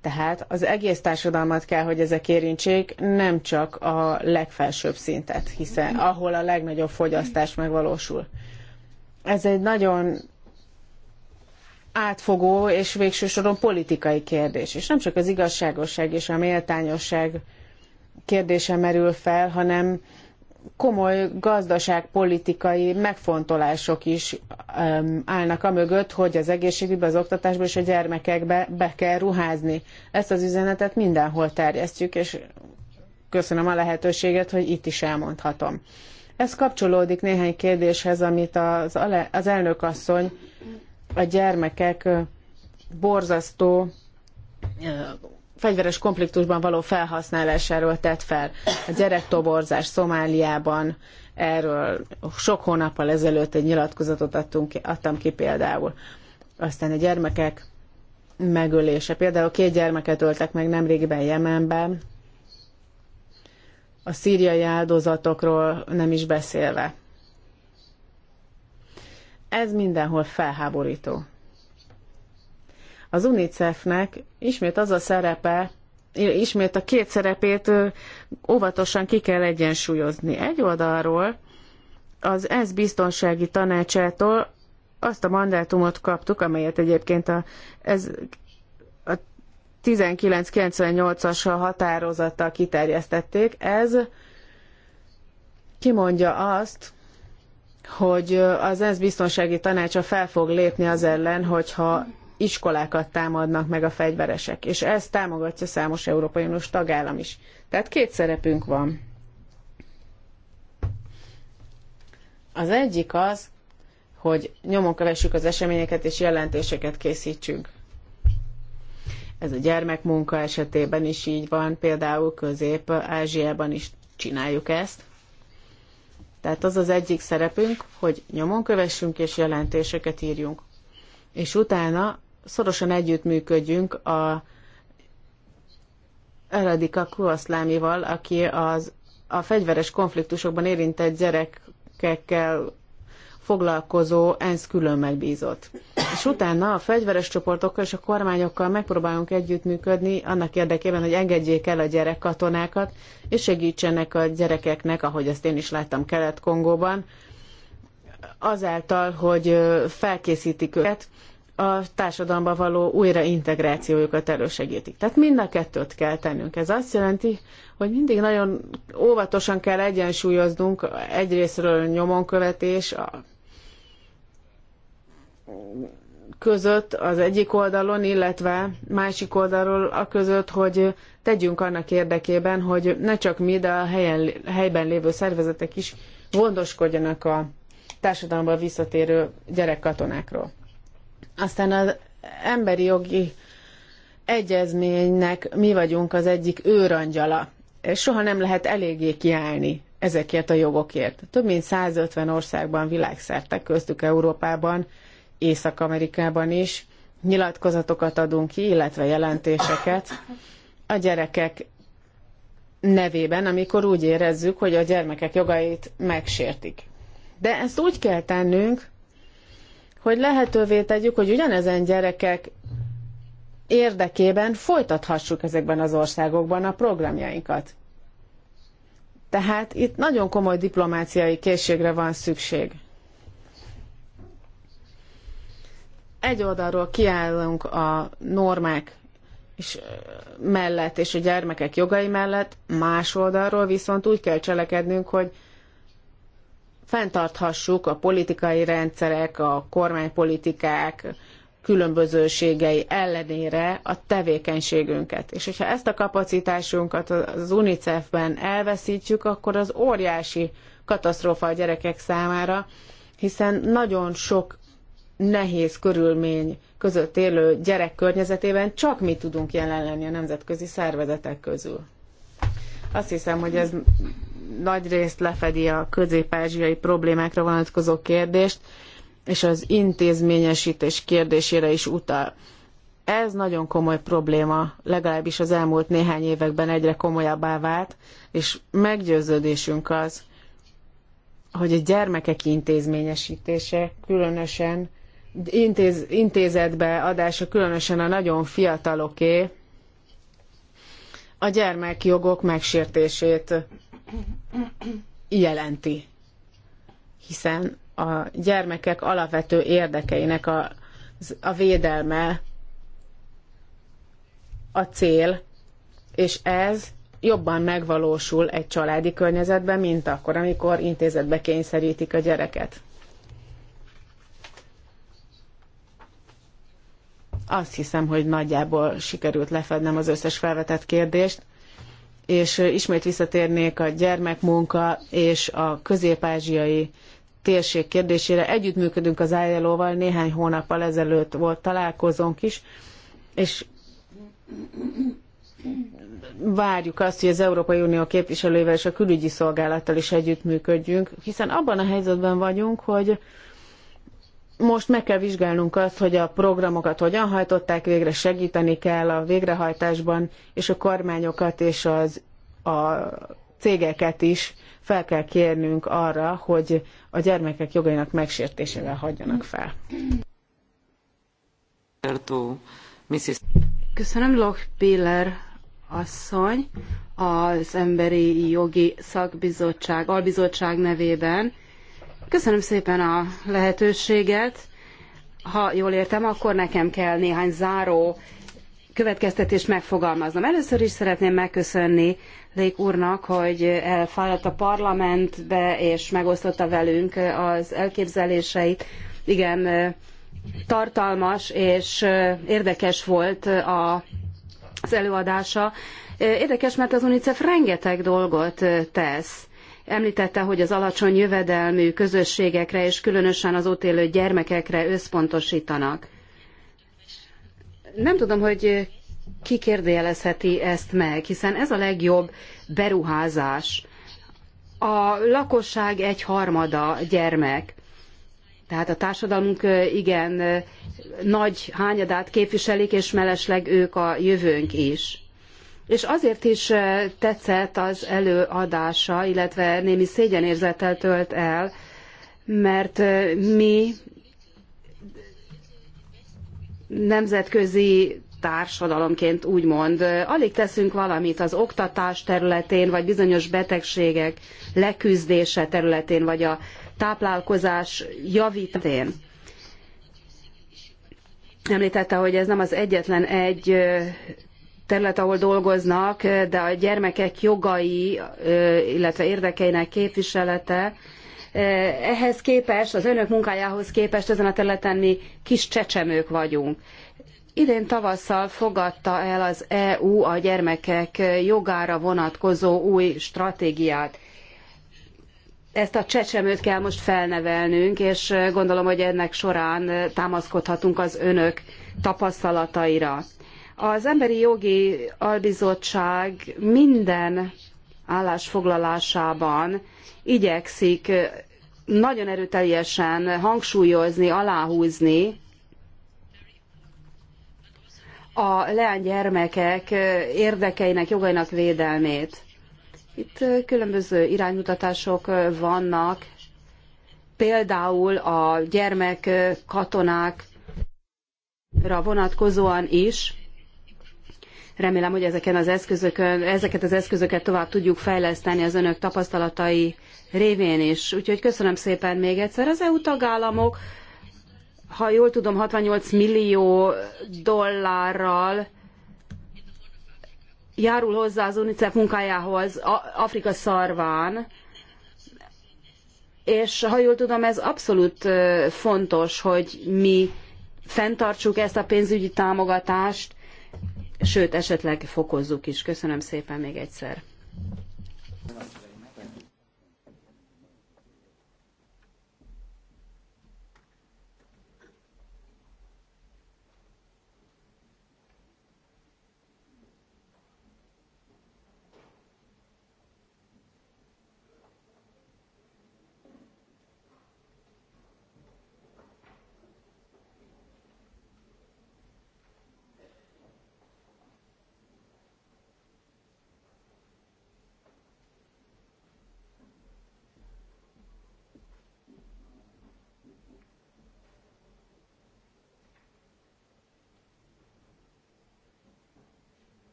Tehát az egész társadalmat kell, hogy ezek érintsék, nem csak a legfelsőbb szintet, hiszen ahol a legnagyobb fogyasztás megvalósul. Ez egy nagyon átfogó és végső soron politikai kérdés. És nem csak az igazságosság és a méltányosság kérdése merül fel, hanem komoly gazdaságpolitikai megfontolások is állnak a mögött, hogy az egészségügybe, az oktatásba és a gyermekekbe be kell ruházni. Ezt az üzenetet mindenhol terjesztjük, és köszönöm a lehetőséget, hogy itt is elmondhatom. Ez kapcsolódik néhány kérdéshez, amit az, az elnök asszony a gyermekek borzasztó fegyveres konfliktusban való felhasználásáról tett fel. A gyerektoborzás Szomáliában, erről sok hónappal ezelőtt egy nyilatkozatot adtunk ki, adtam ki például. Aztán a gyermekek megölése. Például két gyermeket öltek meg nemrégiben Jemenben, a szíriai áldozatokról nem is beszélve. Ez mindenhol felháborító. Az UNICEF-nek ismét az a szerepe, ismét a két szerepét óvatosan ki kell egyensúlyozni. Egy oldalról az ENSZ biztonsági tanácsától azt a mandátumot kaptuk, amelyet egyébként a, ez, a 1998-as határozattal kiterjesztették. Ez kimondja azt, hogy az ENSZ biztonsági tanácsa fel fog lépni az ellen, hogyha iskolákat támadnak meg a fegyveresek, és ezt támogatja számos Európai Uniós tagállam is. Tehát két szerepünk van. Az egyik az, hogy nyomon kövessük az eseményeket és jelentéseket készítsünk. Ez a gyermekmunka esetében is így van, például Közép-Ázsiában is csináljuk ezt. Tehát az az egyik szerepünk, hogy nyomon kövessünk és jelentéseket írjunk. És utána szorosan együttműködjünk a Eladika Kuaszlámival, aki az, a fegyveres konfliktusokban érintett gyerekekkel foglalkozó ENSZ külön megbízott. És utána a fegyveres csoportokkal és a kormányokkal megpróbálunk együttműködni annak érdekében, hogy engedjék el a gyerekkatonákat, és segítsenek a gyerekeknek, ahogy azt én is láttam Kelet-Kongóban, azáltal, hogy felkészítik őket a társadalomba való újraintegrációjukat elősegítik. Tehát mind a kettőt kell tennünk. Ez azt jelenti, hogy mindig nagyon óvatosan kell egyensúlyoznunk egyrésztről nyomonkövetés a között az egyik oldalon, illetve másik oldalról a között, hogy tegyünk annak érdekében, hogy ne csak mi, de a helyen, helyben lévő szervezetek is gondoskodjanak a társadalomban visszatérő gyerekkatonákról. Aztán az emberi jogi egyezménynek mi vagyunk az egyik őrangyala. Soha nem lehet eléggé kiállni ezekért a jogokért. Több mint 150 országban világszerte, köztük Európában, Észak-Amerikában is nyilatkozatokat adunk ki, illetve jelentéseket a gyerekek nevében, amikor úgy érezzük, hogy a gyermekek jogait megsértik. De ezt úgy kell tennünk, hogy lehetővé tegyük, hogy ugyanezen gyerekek érdekében folytathassuk ezekben az országokban a programjainkat. Tehát itt nagyon komoly diplomáciai készségre van szükség. Egy oldalról kiállunk a normák és mellett és a gyermekek jogai mellett, más oldalról viszont úgy kell cselekednünk, hogy fenntarthassuk a politikai rendszerek, a kormánypolitikák különbözőségei ellenére a tevékenységünket. És hogyha ezt a kapacitásunkat az UNICEF-ben elveszítjük, akkor az óriási katasztrófa a gyerekek számára, hiszen nagyon sok nehéz körülmény között élő gyerek környezetében csak mi tudunk jelen lenni a nemzetközi szervezetek közül. Azt hiszem, hogy ez nagy részt lefedi a közép-ázsiai problémákra vonatkozó kérdést, és az intézményesítés kérdésére is utal. Ez nagyon komoly probléma, legalábbis az elmúlt néhány években egyre komolyabbá vált, és meggyőződésünk az, hogy a gyermekek intézményesítése különösen intéz, intézetbe adása különösen a nagyon fiataloké a gyermekjogok megsértését jelenti. Hiszen a gyermekek alapvető érdekeinek a, a védelme a cél, és ez jobban megvalósul egy családi környezetben, mint akkor, amikor intézetbe kényszerítik a gyereket. Azt hiszem, hogy nagyjából sikerült lefednem az összes felvetett kérdést és ismét visszatérnék a gyermekmunka és a közép-ázsiai térség kérdésére. Együttműködünk az ILO-val, néhány hónappal ezelőtt volt találkozónk is, és várjuk azt, hogy az Európai Unió képviselőivel és a külügyi szolgálattal is együttműködjünk, hiszen abban a helyzetben vagyunk, hogy most meg kell vizsgálnunk azt, hogy a programokat hogyan hajtották végre, segíteni kell a végrehajtásban, és a kormányokat és az, a cégeket is fel kell kérnünk arra, hogy a gyermekek jogainak megsértésével hagyjanak fel. Köszönöm, Loch Piller asszony, az Emberi Jogi Szakbizottság, Albizottság nevében. Köszönöm szépen a lehetőséget. Ha jól értem, akkor nekem kell néhány záró következtetést megfogalmaznom. Először is szeretném megköszönni Lék úrnak, hogy elfáradt a parlamentbe, és megosztotta velünk az elképzeléseit. Igen, tartalmas és érdekes volt a, az előadása. Érdekes, mert az UNICEF rengeteg dolgot tesz. Említette, hogy az alacsony jövedelmű közösségekre és különösen az ott élő gyermekekre összpontosítanak. Nem tudom, hogy ki kérdőjelezheti ezt meg, hiszen ez a legjobb beruházás. A lakosság egy harmada gyermek. Tehát a társadalmunk igen nagy hányadát képviselik, és mellesleg ők a jövőnk is. És azért is eh, tetszett az előadása, illetve némi szégyenérzettel tölt el, mert eh, mi nemzetközi társadalomként úgymond eh, alig teszünk valamit az oktatás területén, vagy bizonyos betegségek leküzdése területén, vagy a táplálkozás javítén. Említette, hogy ez nem az egyetlen egy terület, ahol dolgoznak, de a gyermekek jogai, illetve érdekeinek képviselete, ehhez képest, az önök munkájához képest ezen a területen mi kis csecsemők vagyunk. Idén tavasszal fogadta el az EU a gyermekek jogára vonatkozó új stratégiát. Ezt a csecsemőt kell most felnevelnünk, és gondolom, hogy ennek során támaszkodhatunk az önök tapasztalataira. Az Emberi Jogi Albizottság minden állásfoglalásában igyekszik nagyon erőteljesen hangsúlyozni, aláhúzni a leánygyermekek érdekeinek, jogainak védelmét. Itt különböző iránymutatások vannak, például a gyermek katonákra vonatkozóan is, Remélem, hogy ezeken az eszközökön, ezeket az eszközöket tovább tudjuk fejleszteni az önök tapasztalatai révén is. Úgyhogy köszönöm szépen még egyszer. Az EU tagállamok, ha jól tudom, 68 millió dollárral járul hozzá az UNICEF munkájához Afrika szarván, és ha jól tudom, ez abszolút fontos, hogy mi fenntartsuk ezt a pénzügyi támogatást, sőt, esetleg fokozzuk is. Köszönöm szépen még egyszer.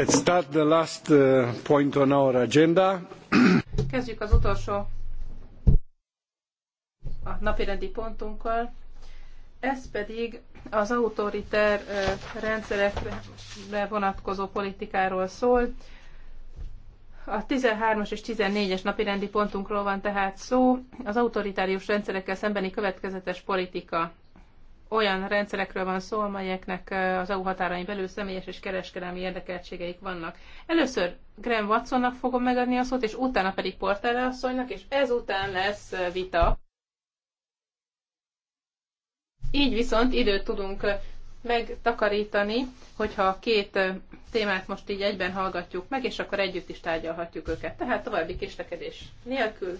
Let's start the last uh, point on our agenda. Kezdjük az utolsó a napirendi pontunkkal. Ez pedig az autoriter uh, rendszerekre vonatkozó politikáról szól. A 13-as és 14-es napirendi pontunkról van tehát szó, az autoritárius rendszerekkel szembeni következetes politika olyan rendszerekről van szó, amelyeknek az EU határain belül személyes és kereskedelmi érdekeltségeik vannak. Először Graham Watsonnak fogom megadni a szót, és utána pedig Porter asszonynak, és ezután lesz vita. Így viszont időt tudunk megtakarítani, hogyha a két témát most így egyben hallgatjuk meg, és akkor együtt is tárgyalhatjuk őket. Tehát további késlekedés nélkül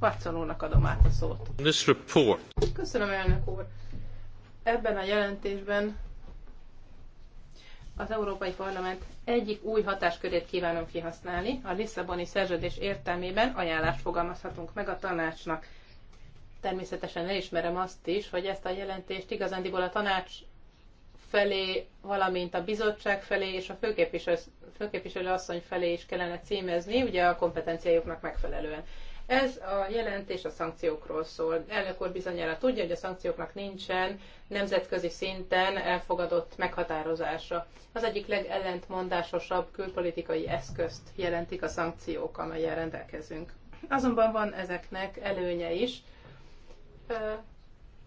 Watson úrnak adom át a szót. This report. Köszönöm, elnök úr. Ebben a jelentésben az Európai Parlament egyik új hatáskörét kívánom kihasználni. A Lisszaboni szerződés értelmében ajánlást fogalmazhatunk meg a tanácsnak. Természetesen elismerem azt is, hogy ezt a jelentést igazándiból a tanács felé, valamint a bizottság felé és a főképviselő, főképviselő asszony felé is kellene címezni, ugye a kompetenciájuknak megfelelően. Ez a jelentés a szankciókról szól. Elnök úr bizonyára tudja, hogy a szankcióknak nincsen nemzetközi szinten elfogadott meghatározása. Az egyik legellentmondásosabb külpolitikai eszközt jelentik a szankciók, amelyen rendelkezünk. Azonban van ezeknek előnye is.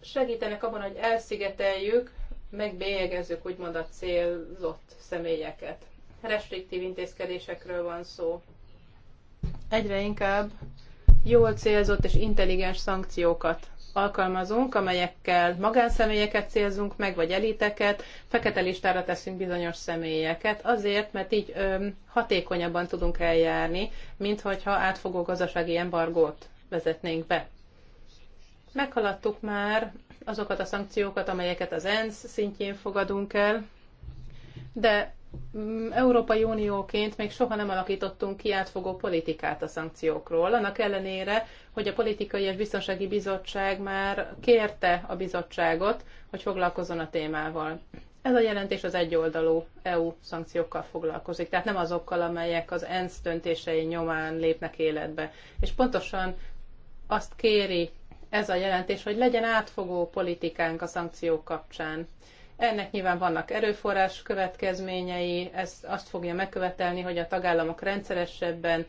Segítenek abban, hogy elszigeteljük, megbélyegezzük úgymond a célzott személyeket. Restriktív intézkedésekről van szó. Egyre inkább jól célzott és intelligens szankciókat alkalmazunk, amelyekkel magánszemélyeket célzunk meg, vagy eliteket, fekete listára teszünk bizonyos személyeket, azért, mert így ö, hatékonyabban tudunk eljárni, mint hogyha átfogó gazdasági embargót vezetnénk be. Meghaladtuk már azokat a szankciókat, amelyeket az ENSZ szintjén fogadunk el, de Mm, Európai Unióként még soha nem alakítottunk ki átfogó politikát a szankciókról, annak ellenére, hogy a Politikai és Biztonsági Bizottság már kérte a bizottságot, hogy foglalkozzon a témával. Ez a jelentés az egyoldalú EU szankciókkal foglalkozik, tehát nem azokkal, amelyek az ENSZ döntései nyomán lépnek életbe. És pontosan azt kéri ez a jelentés, hogy legyen átfogó politikánk a szankciók kapcsán. Ennek nyilván vannak erőforrás következményei, ez azt fogja megkövetelni, hogy a tagállamok rendszeresebben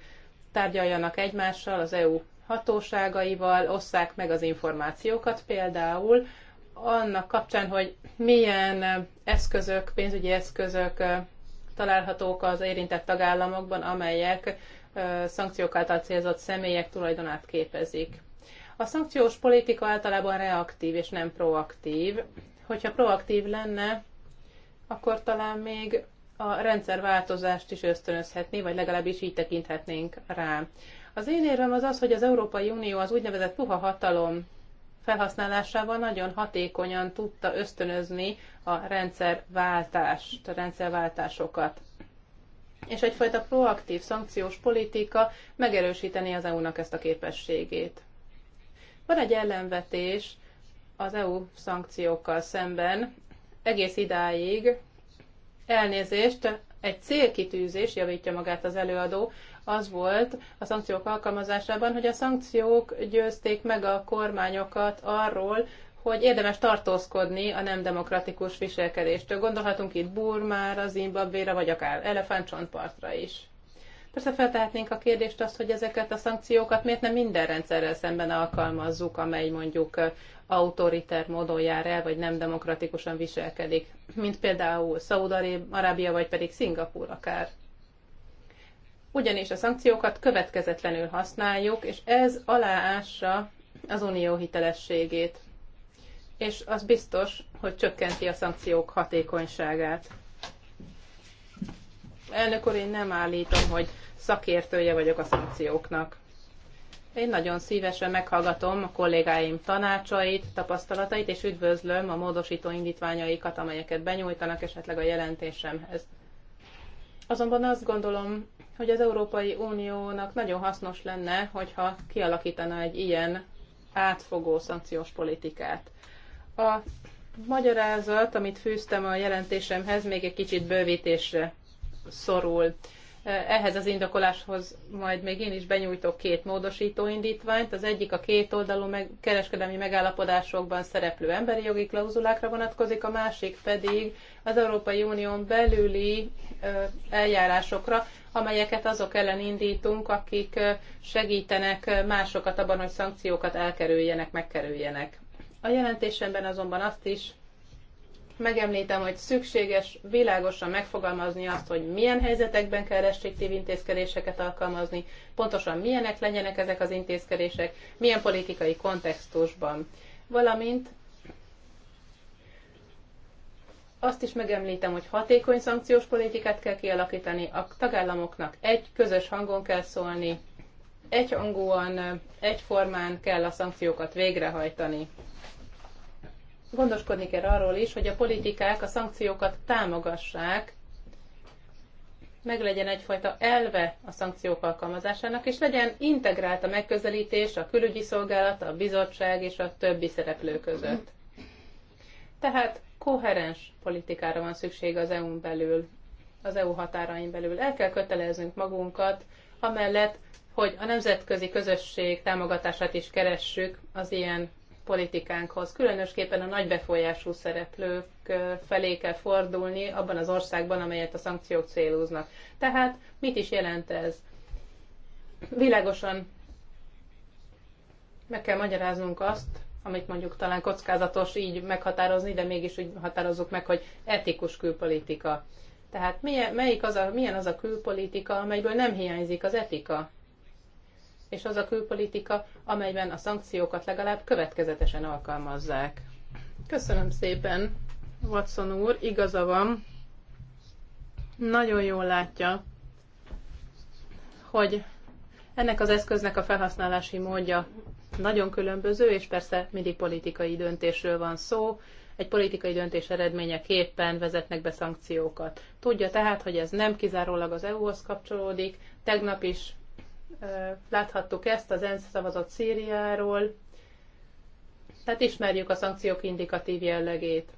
tárgyaljanak egymással, az EU hatóságaival, osszák meg az információkat például, annak kapcsán, hogy milyen eszközök, pénzügyi eszközök találhatók az érintett tagállamokban, amelyek szankciók által célzott személyek tulajdonát képezik. A szankciós politika általában reaktív és nem proaktív, hogyha proaktív lenne, akkor talán még a rendszerváltozást is ösztönözhetné, vagy legalábbis így tekinthetnénk rá. Az én érvem az az, hogy az Európai Unió az úgynevezett puha hatalom felhasználásával nagyon hatékonyan tudta ösztönözni a rendszerváltást, a rendszerváltásokat. És egyfajta proaktív szankciós politika megerősíteni az EU-nak ezt a képességét. Van egy ellenvetés, az EU szankciókkal szemben egész idáig elnézést, egy célkitűzés, javítja magát az előadó, az volt a szankciók alkalmazásában, hogy a szankciók győzték meg a kormányokat arról, hogy érdemes tartózkodni a nem demokratikus viselkedéstől. Gondolhatunk itt Burmára, Zimbabvéra, vagy akár elefántcsontpartra is. Persze feltehetnénk a kérdést azt, hogy ezeket a szankciókat miért nem minden rendszerrel szemben alkalmazzuk, amely mondjuk autoriter módon jár el, vagy nem demokratikusan viselkedik, mint például Szaúd-Arábia, vagy pedig Szingapúr akár. Ugyanis a szankciókat következetlenül használjuk, és ez aláássa az unió hitelességét. És az biztos, hogy csökkenti a szankciók hatékonyságát. Elnök úr, én nem állítom, hogy szakértője vagyok a szankcióknak. Én nagyon szívesen meghallgatom a kollégáim tanácsait, tapasztalatait, és üdvözlöm a módosító indítványaikat, amelyeket benyújtanak esetleg a jelentésemhez. Azonban azt gondolom, hogy az Európai Uniónak nagyon hasznos lenne, hogyha kialakítana egy ilyen átfogó szankciós politikát. A magyarázat, amit fűztem a jelentésemhez, még egy kicsit bővítésre szorul. Ehhez az indokoláshoz majd még én is benyújtok két módosító indítványt. Az egyik a két oldalú meg, kereskedelmi megállapodásokban szereplő emberi jogi klauzulákra vonatkozik, a másik pedig az Európai Unión belüli eljárásokra, amelyeket azok ellen indítunk, akik segítenek másokat abban, hogy szankciókat elkerüljenek, megkerüljenek. A jelentésemben azonban azt is megemlítem, hogy szükséges világosan megfogalmazni azt, hogy milyen helyzetekben kell restriktív intézkedéseket alkalmazni, pontosan milyenek legyenek ezek az intézkedések, milyen politikai kontextusban. Valamint azt is megemlítem, hogy hatékony szankciós politikát kell kialakítani, a tagállamoknak egy közös hangon kell szólni, egy hangúan, egyformán kell a szankciókat végrehajtani gondoskodni kell arról is, hogy a politikák a szankciókat támogassák, meg legyen egyfajta elve a szankciók alkalmazásának, és legyen integrált a megközelítés a külügyi szolgálat, a bizottság és a többi szereplő között. Tehát koherens politikára van szükség az EU-n belül, az EU határain belül. El kell köteleznünk magunkat, amellett, hogy a nemzetközi közösség támogatását is keressük az ilyen politikánkhoz. Különösképpen a nagy befolyású szereplők felé kell fordulni abban az országban, amelyet a szankciók célúznak. Tehát mit is jelent ez? Világosan meg kell magyaráznunk azt, amit mondjuk talán kockázatos így meghatározni, de mégis úgy határozzuk meg, hogy etikus külpolitika. Tehát milyen, melyik az a, milyen az a külpolitika, amelyből nem hiányzik az etika? és az a külpolitika, amelyben a szankciókat legalább következetesen alkalmazzák. Köszönöm szépen, Watson úr, igaza van. Nagyon jól látja, hogy ennek az eszköznek a felhasználási módja nagyon különböző, és persze mindig politikai döntésről van szó. Egy politikai döntés eredményeképpen vezetnek be szankciókat. Tudja tehát, hogy ez nem kizárólag az EU-hoz kapcsolódik. Tegnap is Láthattuk ezt, az ENSZ szavazott Szíriáról, tehát ismerjük a szankciók indikatív jellegét.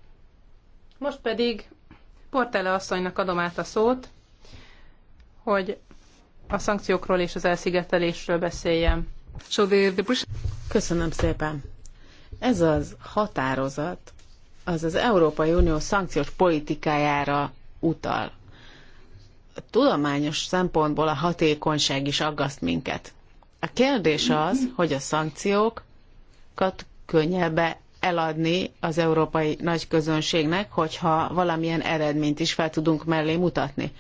Most pedig Portele asszonynak adom át a szót, hogy a szankciókról és az elszigetelésről beszéljem. Köszönöm szépen. Ez az határozat, az az Európai Unió szankciós politikájára utal tudományos szempontból a hatékonyság is aggaszt minket. A kérdés az, hogy a szankciókat könnyebb eladni az európai nagy közönségnek, hogyha valamilyen eredményt is fel tudunk mellé mutatni.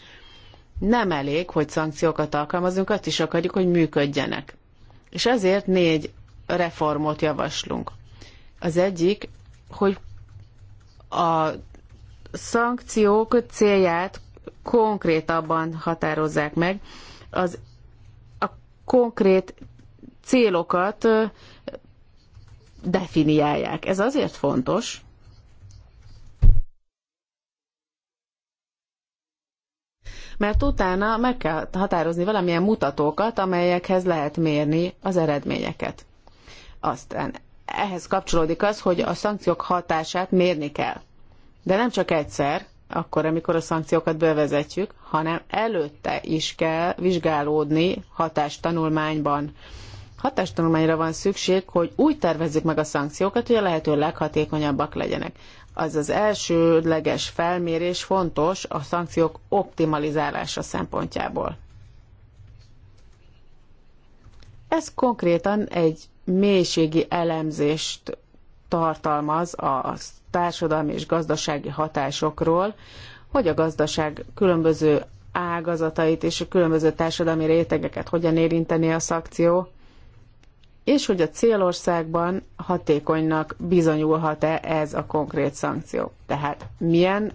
Nem elég, hogy szankciókat alkalmazunk, azt is akarjuk, hogy működjenek. És ezért négy reformot javaslunk. Az egyik, hogy a szankciók célját konkrétabban határozzák meg. Az a konkrét célokat definiálják. Ez azért fontos, mert utána meg kell határozni valamilyen mutatókat, amelyekhez lehet mérni az eredményeket. Aztán ehhez kapcsolódik az, hogy a szankciók hatását mérni kell. De nem csak egyszer, akkor, amikor a szankciókat bevezetjük, hanem előtte is kell vizsgálódni hatástanulmányban. Hatástanulmányra van szükség, hogy úgy tervezzük meg a szankciókat, hogy a lehető leghatékonyabbak legyenek. Az az elsődleges felmérés fontos a szankciók optimalizálása szempontjából. Ez konkrétan egy mélységi elemzést tartalmaz a társadalmi és gazdasági hatásokról, hogy a gazdaság különböző ágazatait és a különböző társadalmi rétegeket hogyan érinteni a szakció, és hogy a célországban hatékonynak bizonyulhat-e ez a konkrét szankció. Tehát milyen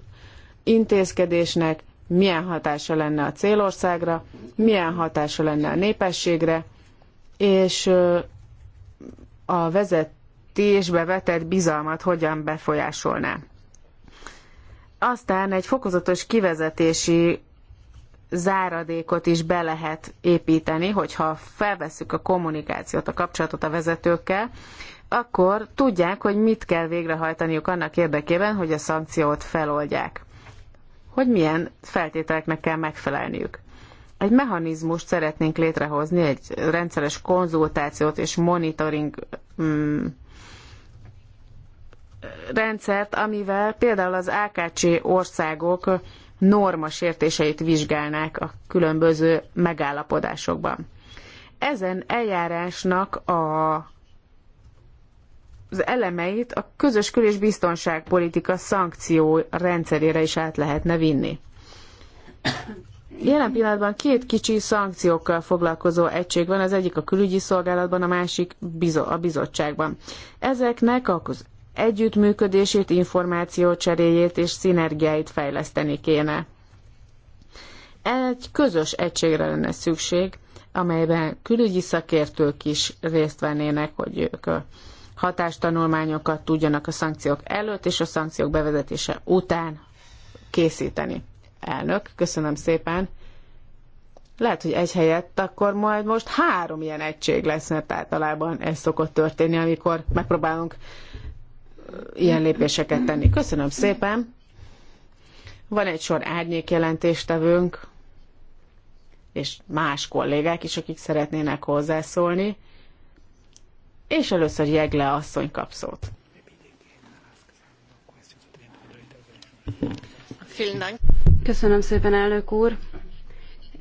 intézkedésnek milyen hatása lenne a célországra, milyen hatása lenne a népességre, és a vezet költségvetésbe vetett bizalmat hogyan befolyásolná. Aztán egy fokozatos kivezetési záradékot is be lehet építeni, hogyha felveszük a kommunikációt, a kapcsolatot a vezetőkkel, akkor tudják, hogy mit kell végrehajtaniuk annak érdekében, hogy a szankciót feloldják. Hogy milyen feltételeknek kell megfelelniük. Egy mechanizmust szeretnénk létrehozni, egy rendszeres konzultációt és monitoring mm, rendszert, amivel például az AKC országok norma sértéseit vizsgálnák a különböző megállapodásokban. Ezen eljárásnak a, az elemeit a közös kül- és biztonságpolitika szankció rendszerére is át lehetne vinni. Jelen pillanatban két kicsi szankciókkal foglalkozó egység van, az egyik a külügyi szolgálatban, a másik a bizottságban. Ezeknek az együttműködését, információcseréjét és szinergiáit fejleszteni kéne. Egy közös egységre lenne szükség, amelyben külügyi szakértők is részt vennének, hogy ők a hatástanulmányokat tudjanak a szankciók előtt és a szankciók bevezetése után készíteni. Elnök, köszönöm szépen. Lehet, hogy egy helyett akkor majd most három ilyen egység lesz, mert általában ez szokott történni, amikor megpróbálunk ilyen lépéseket tenni. Köszönöm szépen! Van egy sor árnyék jelentéstevőnk, és más kollégák is, akik szeretnének hozzászólni. És először Jegle asszony kap szót. Köszönöm szépen, elnök úr,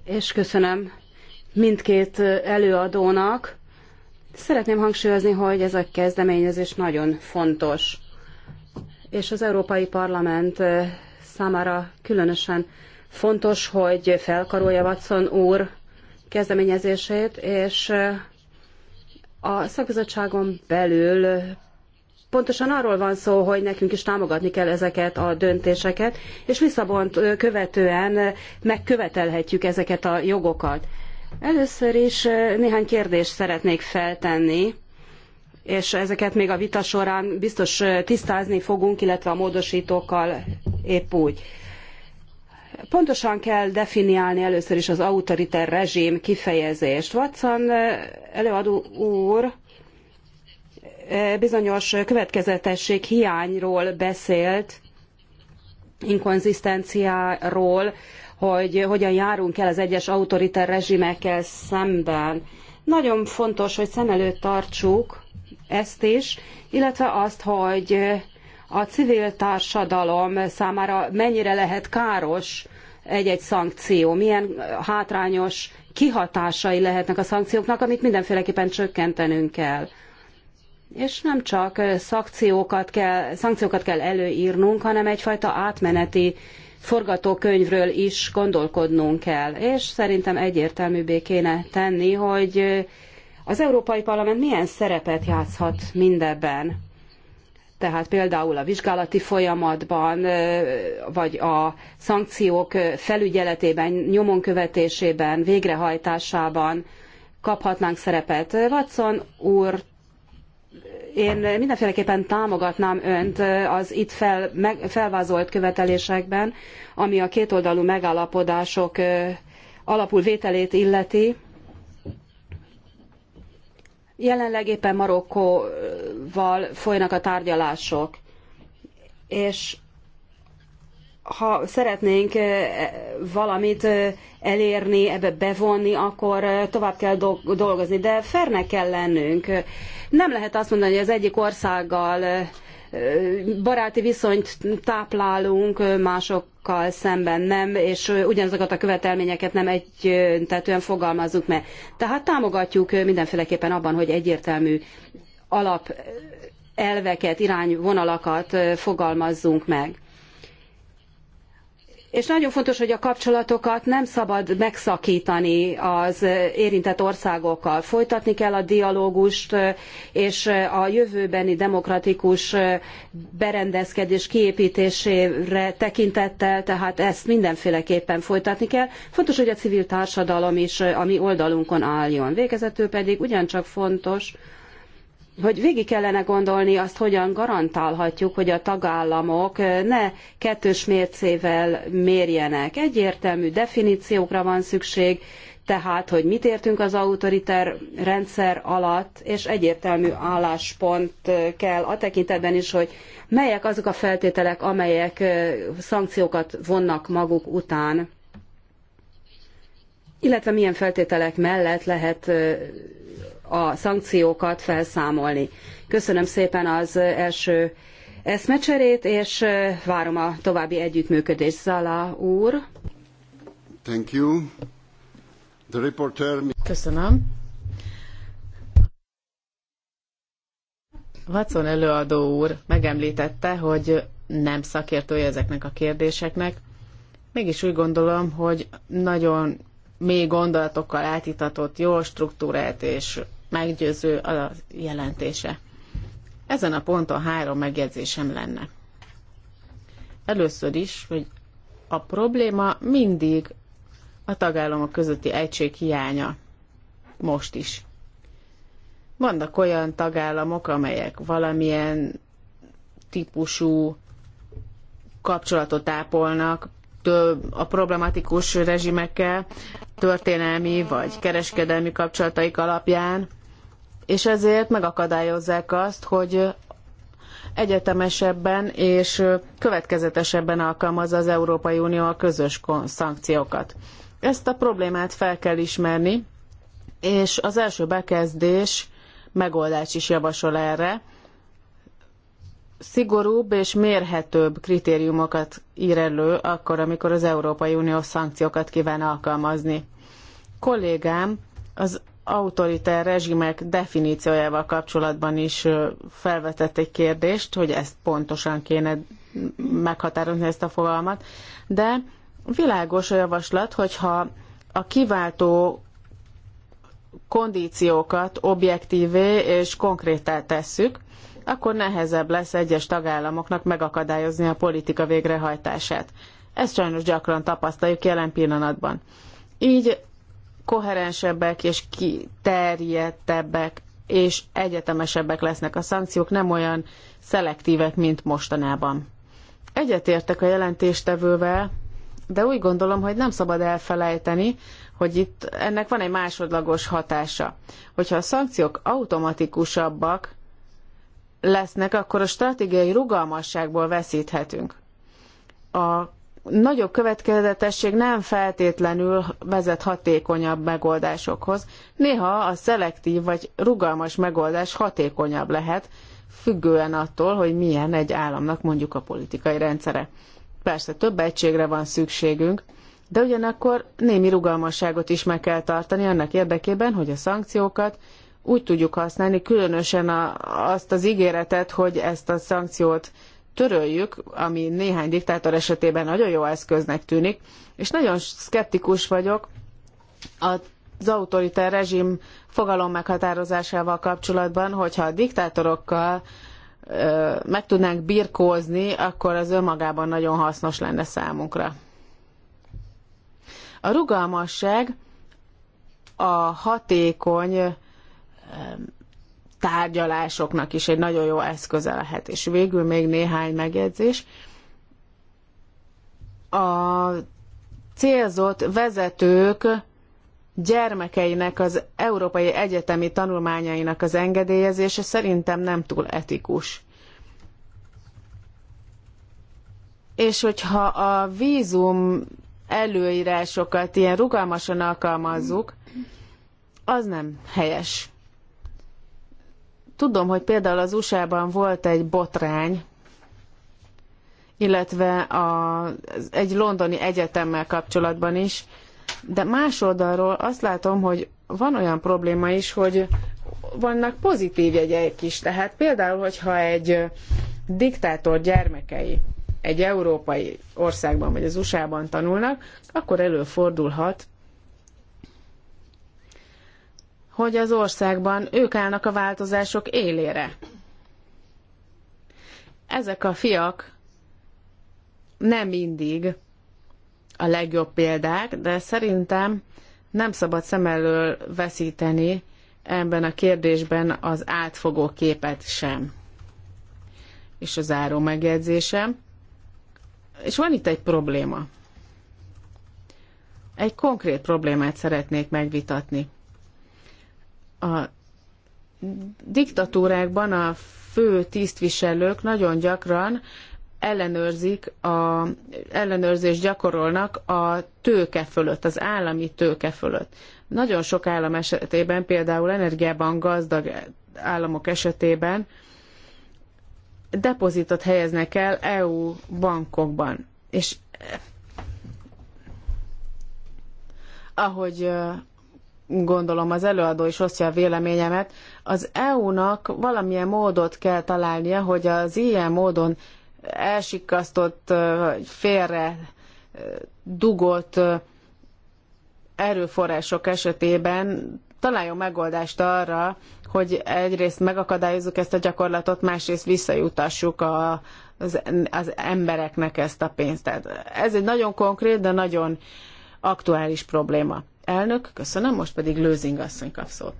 és köszönöm mindkét előadónak Szeretném hangsúlyozni, hogy ez a kezdeményezés nagyon fontos, és az Európai Parlament számára különösen fontos, hogy felkarolja Watson úr kezdeményezését, és a szakbizottságon belül pontosan arról van szó, hogy nekünk is támogatni kell ezeket a döntéseket, és Lisszabont követően megkövetelhetjük ezeket a jogokat. Először is néhány kérdést szeretnék feltenni, és ezeket még a vita során biztos tisztázni fogunk, illetve a módosítókkal épp úgy. Pontosan kell definiálni először is az autoriter rezsim kifejezést. Watson előadó úr bizonyos következetesség hiányról beszélt, inkonzisztenciáról, hogy hogyan járunk el az egyes autoriter rezsimekkel szemben. Nagyon fontos, hogy szem előtt tartsuk ezt is, illetve azt, hogy a civil társadalom számára mennyire lehet káros egy-egy szankció, milyen hátrányos kihatásai lehetnek a szankcióknak, amit mindenféleképpen csökkentenünk kell. És nem csak szankciókat kell, szankciókat kell előírnunk, hanem egyfajta átmeneti forgatókönyvről is gondolkodnunk kell, és szerintem egyértelműbbé kéne tenni, hogy az Európai Parlament milyen szerepet játszhat mindebben. Tehát például a vizsgálati folyamatban, vagy a szankciók felügyeletében, nyomon követésében, végrehajtásában kaphatnánk szerepet. Watson úr én mindenféleképpen támogatnám önt az itt fel, meg, felvázolt követelésekben, ami a kétoldalú megállapodások alapul vételét illeti. Jelenleg éppen Marokkóval folynak a tárgyalások, és ha szeretnénk valamit elérni, ebbe bevonni, akkor tovább kell dolgozni, de fernek kell lennünk nem lehet azt mondani, hogy az egyik országgal baráti viszonyt táplálunk másokkal szemben nem, és ugyanazokat a követelményeket nem egytetően fogalmazunk meg. Tehát támogatjuk mindenféleképpen abban, hogy egyértelmű alapelveket, irányvonalakat fogalmazzunk meg. És nagyon fontos, hogy a kapcsolatokat nem szabad megszakítani az érintett országokkal. Folytatni kell a dialógust, és a jövőbeni demokratikus berendezkedés kiépítésére tekintettel, tehát ezt mindenféleképpen folytatni kell. Fontos, hogy a civil társadalom is a mi oldalunkon álljon. Végezetül pedig ugyancsak fontos, hogy végig kellene gondolni azt, hogyan garantálhatjuk, hogy a tagállamok eh, ne kettős mércével mérjenek. Egyértelmű definíciókra van szükség, tehát, hogy mit értünk az autoriter rendszer alatt, és egyértelmű álláspont eh, kell a tekintetben is, hogy melyek azok a feltételek, amelyek eh, szankciókat vonnak maguk után, illetve milyen feltételek mellett lehet a szankciókat felszámolni. Köszönöm szépen az első eszmecserét, és várom a további együttműködést. Zala úr. Thank you. The reporter... Köszönöm. Watson előadó úr megemlítette, hogy nem szakértője ezeknek a kérdéseknek. Mégis úgy gondolom, hogy nagyon mély gondolatokkal átitatott, jól struktúrált és meggyőző a jelentése. Ezen a ponton három megjegyzésem lenne. Először is, hogy a probléma mindig a tagállamok közötti egység hiánya. Most is. Vannak olyan tagállamok, amelyek valamilyen típusú kapcsolatot ápolnak több a problematikus rezsimekkel, történelmi vagy kereskedelmi kapcsolataik alapján, és ezért megakadályozzák azt, hogy egyetemesebben és következetesebben alkalmazza az Európai Unió a közös szankciókat. Ezt a problémát fel kell ismerni, és az első bekezdés megoldás is javasol erre. Szigorúbb és mérhetőbb kritériumokat ír elő akkor, amikor az Európai Unió szankciókat kíván alkalmazni. Kollégám az autoriter rezsimek definíciójával kapcsolatban is felvetett egy kérdést, hogy ezt pontosan kéne meghatározni ezt a fogalmat, de világos a javaslat, hogyha a kiváltó kondíciókat objektívé és konkrétá tesszük, akkor nehezebb lesz egyes tagállamoknak megakadályozni a politika végrehajtását. Ezt sajnos gyakran tapasztaljuk jelen pillanatban. Így koherensebbek és kiterjedtebbek és egyetemesebbek lesznek a szankciók, nem olyan szelektívek, mint mostanában. Egyetértek a jelentéstevővel, de úgy gondolom, hogy nem szabad elfelejteni, hogy itt ennek van egy másodlagos hatása. Hogyha a szankciók automatikusabbak lesznek, akkor a stratégiai rugalmasságból veszíthetünk. A nagyobb következetesség nem feltétlenül vezet hatékonyabb megoldásokhoz. Néha a szelektív vagy rugalmas megoldás hatékonyabb lehet, függően attól, hogy milyen egy államnak mondjuk a politikai rendszere. Persze több egységre van szükségünk, de ugyanakkor némi rugalmasságot is meg kell tartani annak érdekében, hogy a szankciókat úgy tudjuk használni, különösen a, azt az ígéretet, hogy ezt a szankciót töröljük, ami néhány diktátor esetében nagyon jó eszköznek tűnik, és nagyon szkeptikus vagyok az autoriter rezsim fogalom meghatározásával kapcsolatban, hogyha a diktátorokkal ö, meg tudnánk birkózni, akkor az önmagában nagyon hasznos lenne számunkra. A rugalmasság a hatékony tárgyalásoknak is egy nagyon jó eszköze lehet. És végül még néhány megjegyzés. A célzott vezetők gyermekeinek az európai egyetemi tanulmányainak az engedélyezése szerintem nem túl etikus. És hogyha a vízum előírásokat ilyen rugalmasan alkalmazzuk, az nem helyes. Tudom, hogy például az USA-ban volt egy botrány, illetve a, egy londoni egyetemmel kapcsolatban is, de más oldalról azt látom, hogy van olyan probléma is, hogy vannak pozitív jegyeik is. Tehát például, hogyha egy diktátor gyermekei egy európai országban vagy az USA-ban tanulnak, akkor előfordulhat, hogy az országban ők állnak a változások élére. Ezek a fiak nem mindig a legjobb példák, de szerintem nem szabad szem elől veszíteni ebben a kérdésben az átfogó képet sem. És az záró megjegyzésem. És van itt egy probléma. Egy konkrét problémát szeretnék megvitatni. A diktatúrákban a fő tisztviselők nagyon gyakran ellenőrzik, a, ellenőrzést gyakorolnak a tőke fölött, az állami tőke fölött. Nagyon sok állam esetében, például energiában gazdag államok esetében depozitot helyeznek el EU bankokban. És eh, ahogy eh, gondolom az előadó is osztja a véleményemet, az EU-nak valamilyen módot kell találnia, hogy az ilyen módon elsikasztott, félre dugott erőforrások esetében találjon megoldást arra, hogy egyrészt megakadályozzuk ezt a gyakorlatot, másrészt visszajutassuk a, az, az embereknek ezt a pénzt. Tehát ez egy nagyon konkrét, de nagyon aktuális probléma. Elnök, köszönöm, most pedig Lőzing asszony kap szót.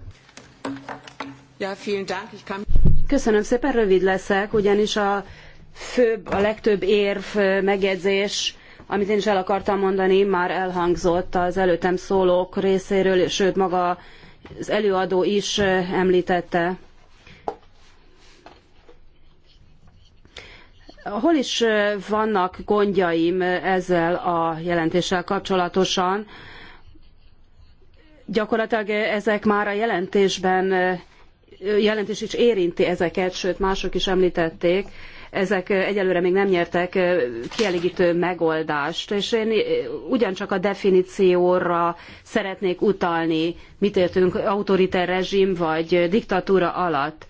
Ja, vielen Dank. Ich kann... Köszönöm szépen, rövid leszek, ugyanis a főbb, a legtöbb érv, megjegyzés, amit én is el akartam mondani, már elhangzott az előttem szólók részéről, sőt maga az előadó is említette. Hol is vannak gondjaim ezzel a jelentéssel kapcsolatosan? Gyakorlatilag ezek már a jelentésben, jelentés is érinti ezeket, sőt mások is említették, ezek egyelőre még nem nyertek kielégítő megoldást, és én ugyancsak a definícióra szeretnék utalni, mit értünk autoriter rezsim vagy diktatúra alatt.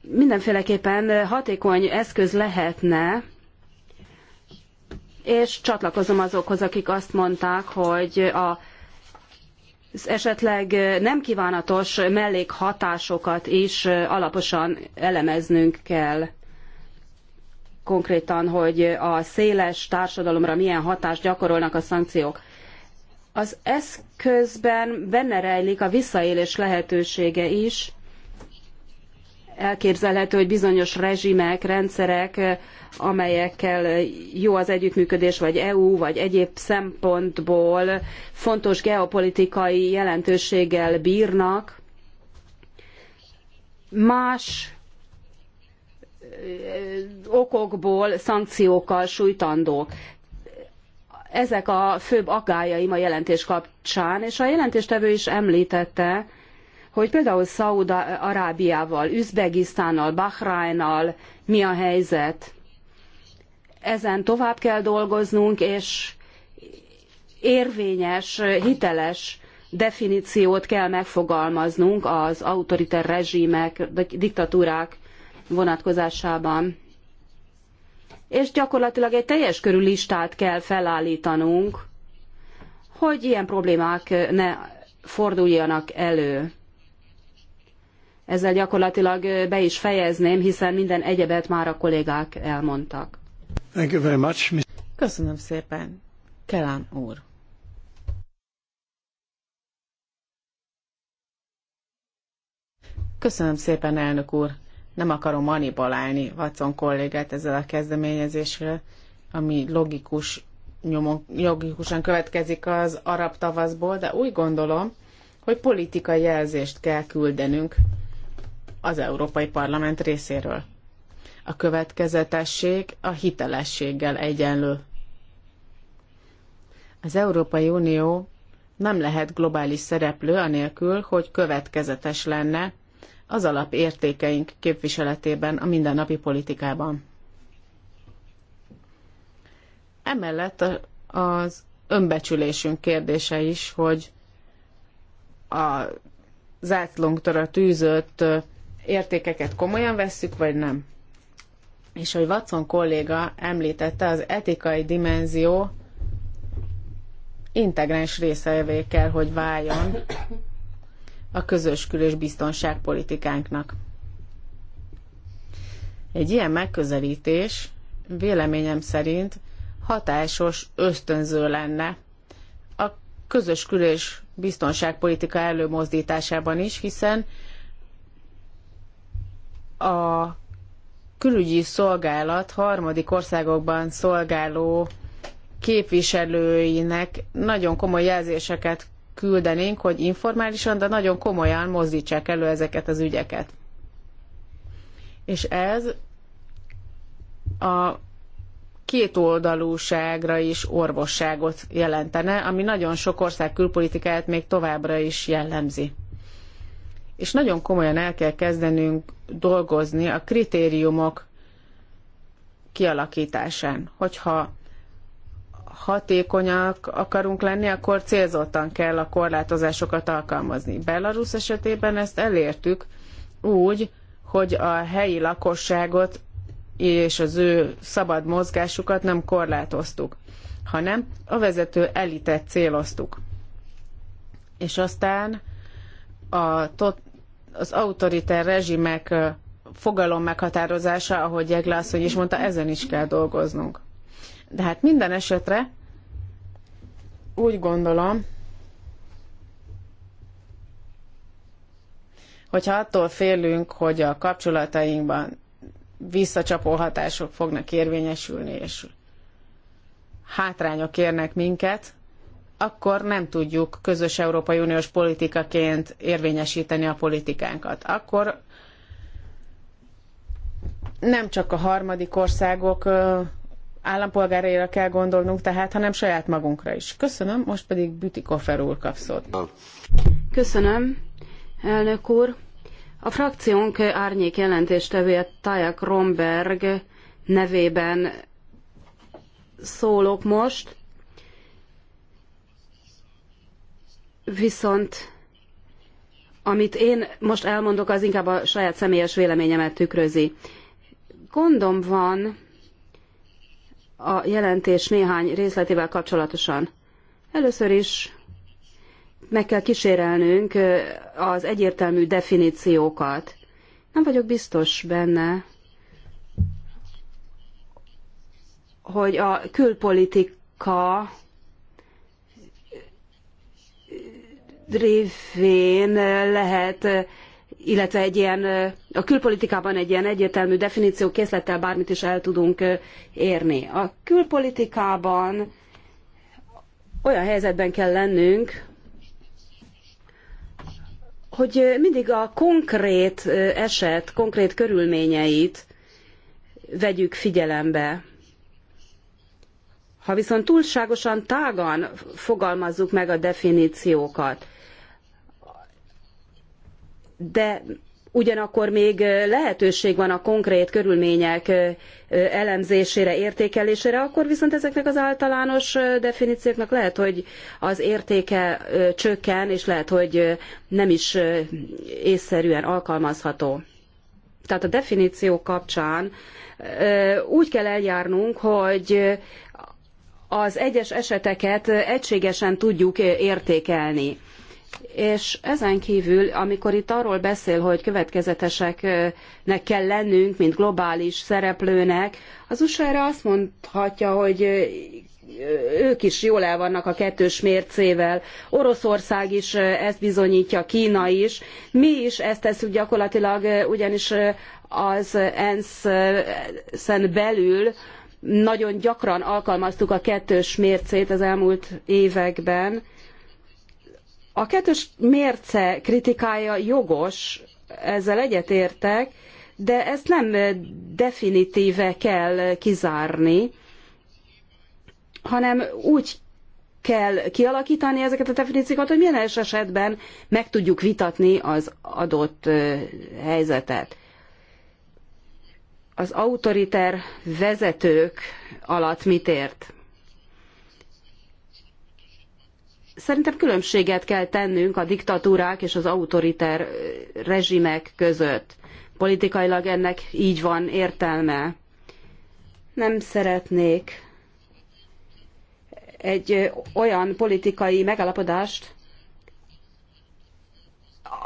Mindenféleképpen hatékony eszköz lehetne, és csatlakozom azokhoz, akik azt mondták, hogy a esetleg eh, nem kívánatos mellékhatásokat is eh, alaposan elemeznünk kell konkrétan, hogy a széles társadalomra milyen hatást gyakorolnak a szankciók. Az eszközben benne rejlik a visszaélés lehetősége is, elképzelhető, hogy bizonyos rezsimek, rendszerek, amelyekkel jó az együttműködés, vagy EU, vagy egyéb szempontból fontos geopolitikai jelentőséggel bírnak, más okokból szankciókkal sújtandók. Ezek a főbb aggájaim a jelentés kapcsán, és a jelentéstevő is említette, hogy például Szaúd-Arábiával, Üzbegisztánnal, Bahrájnnal mi a helyzet. Ezen tovább kell dolgoznunk, és érvényes, hiteles definíciót kell megfogalmaznunk az autoriter rezsimek, diktatúrák vonatkozásában. És gyakorlatilag egy teljes körű listát kell felállítanunk, hogy ilyen problémák ne forduljanak elő. Ezzel gyakorlatilag be is fejezném, hiszen minden egyebet már a kollégák elmondtak. Thank you very much. Köszönöm szépen. Kelán úr. Köszönöm szépen, elnök úr. Nem akarom manipulálni Watson kollégát ezzel a kezdeményezésről, ami logikus nyomon, logikusan következik az arab tavaszból, de úgy gondolom, hogy politikai jelzést kell küldenünk az Európai Parlament részéről. A következetesség a hitelességgel egyenlő. Az Európai Unió nem lehet globális szereplő anélkül, hogy következetes lenne az alapértékeink képviseletében a mindennapi politikában. Emellett az önbecsülésünk kérdése is, hogy a zászlónktól a tűzött értékeket komolyan vesszük, vagy nem. És hogy Watson kolléga említette, az etikai dimenzió integráns részevé kell, hogy váljon a közös külös biztonságpolitikánknak. Egy ilyen megközelítés véleményem szerint hatásos ösztönző lenne a közös külös biztonságpolitika előmozdításában is, hiszen a külügyi szolgálat harmadik országokban szolgáló képviselőinek nagyon komoly jelzéseket küldenénk, hogy informálisan, de nagyon komolyan mozdítsák elő ezeket az ügyeket. És ez a kétoldalúságra is orvosságot jelentene, ami nagyon sok ország külpolitikáját még továbbra is jellemzi és nagyon komolyan el kell kezdenünk dolgozni a kritériumok kialakításán. Hogyha hatékonyak akarunk lenni, akkor célzottan kell a korlátozásokat alkalmazni. Belarus esetében ezt elértük úgy, hogy a helyi lakosságot és az ő szabad mozgásukat nem korlátoztuk, hanem a vezető elitet céloztuk. És aztán a tot az autoriter rezsimek fogalom meghatározása, ahogy Jegle asszony is mondta, ezen is kell dolgoznunk. De hát minden esetre úgy gondolom, hogyha attól félünk, hogy a kapcsolatainkban visszacsapó hatások fognak érvényesülni, és hátrányok érnek minket, akkor nem tudjuk közös Európai Uniós politikaként érvényesíteni a politikánkat. Akkor nem csak a harmadik országok állampolgáraira kell gondolnunk tehát, hanem saját magunkra is. Köszönöm, most pedig Bütikofer úr kap szót. Köszönöm, elnök úr. A frakciónk árnyék jelentéstevője Tajak Romberg nevében szólok most. viszont amit én most elmondok, az inkább a saját személyes véleményemet tükrözi. Gondom van a jelentés néhány részletével kapcsolatosan. Először is meg kell kísérelnünk az egyértelmű definíciókat. Nem vagyok biztos benne, hogy a külpolitika révén lehet, illetve egy ilyen, a külpolitikában egy ilyen egyértelmű definíció készlettel bármit is el tudunk érni. A külpolitikában olyan helyzetben kell lennünk, hogy mindig a konkrét eset, konkrét körülményeit vegyük figyelembe. Ha viszont túlságosan tágan fogalmazzuk meg a definíciókat, de ugyanakkor még lehetőség van a konkrét körülmények elemzésére, értékelésére, akkor viszont ezeknek az általános definícióknak lehet, hogy az értéke csökken, és lehet, hogy nem is észszerűen alkalmazható. Tehát a definíció kapcsán úgy kell eljárnunk, hogy az egyes eseteket egységesen tudjuk értékelni. És ezen kívül, amikor itt arról beszél, hogy következeteseknek kell lennünk, mint globális szereplőnek, az USA erre azt mondhatja, hogy ők is jól el vannak a kettős mércével. Oroszország is ezt bizonyítja, Kína is. Mi is ezt tesszük gyakorlatilag, ugyanis az ENSZ-en belül nagyon gyakran alkalmaztuk a kettős mércét az elmúlt években, a kettős mérce kritikája jogos, ezzel egyetértek, de ezt nem definitíve kell kizárni, hanem úgy kell kialakítani ezeket a definíciókat, hogy milyen esetben meg tudjuk vitatni az adott helyzetet. Az autoriter vezetők alatt mit ért? Szerintem különbséget kell tennünk a diktatúrák és az autoriter rezsimek között. Politikailag ennek így van értelme. Nem szeretnék egy olyan politikai megállapodást,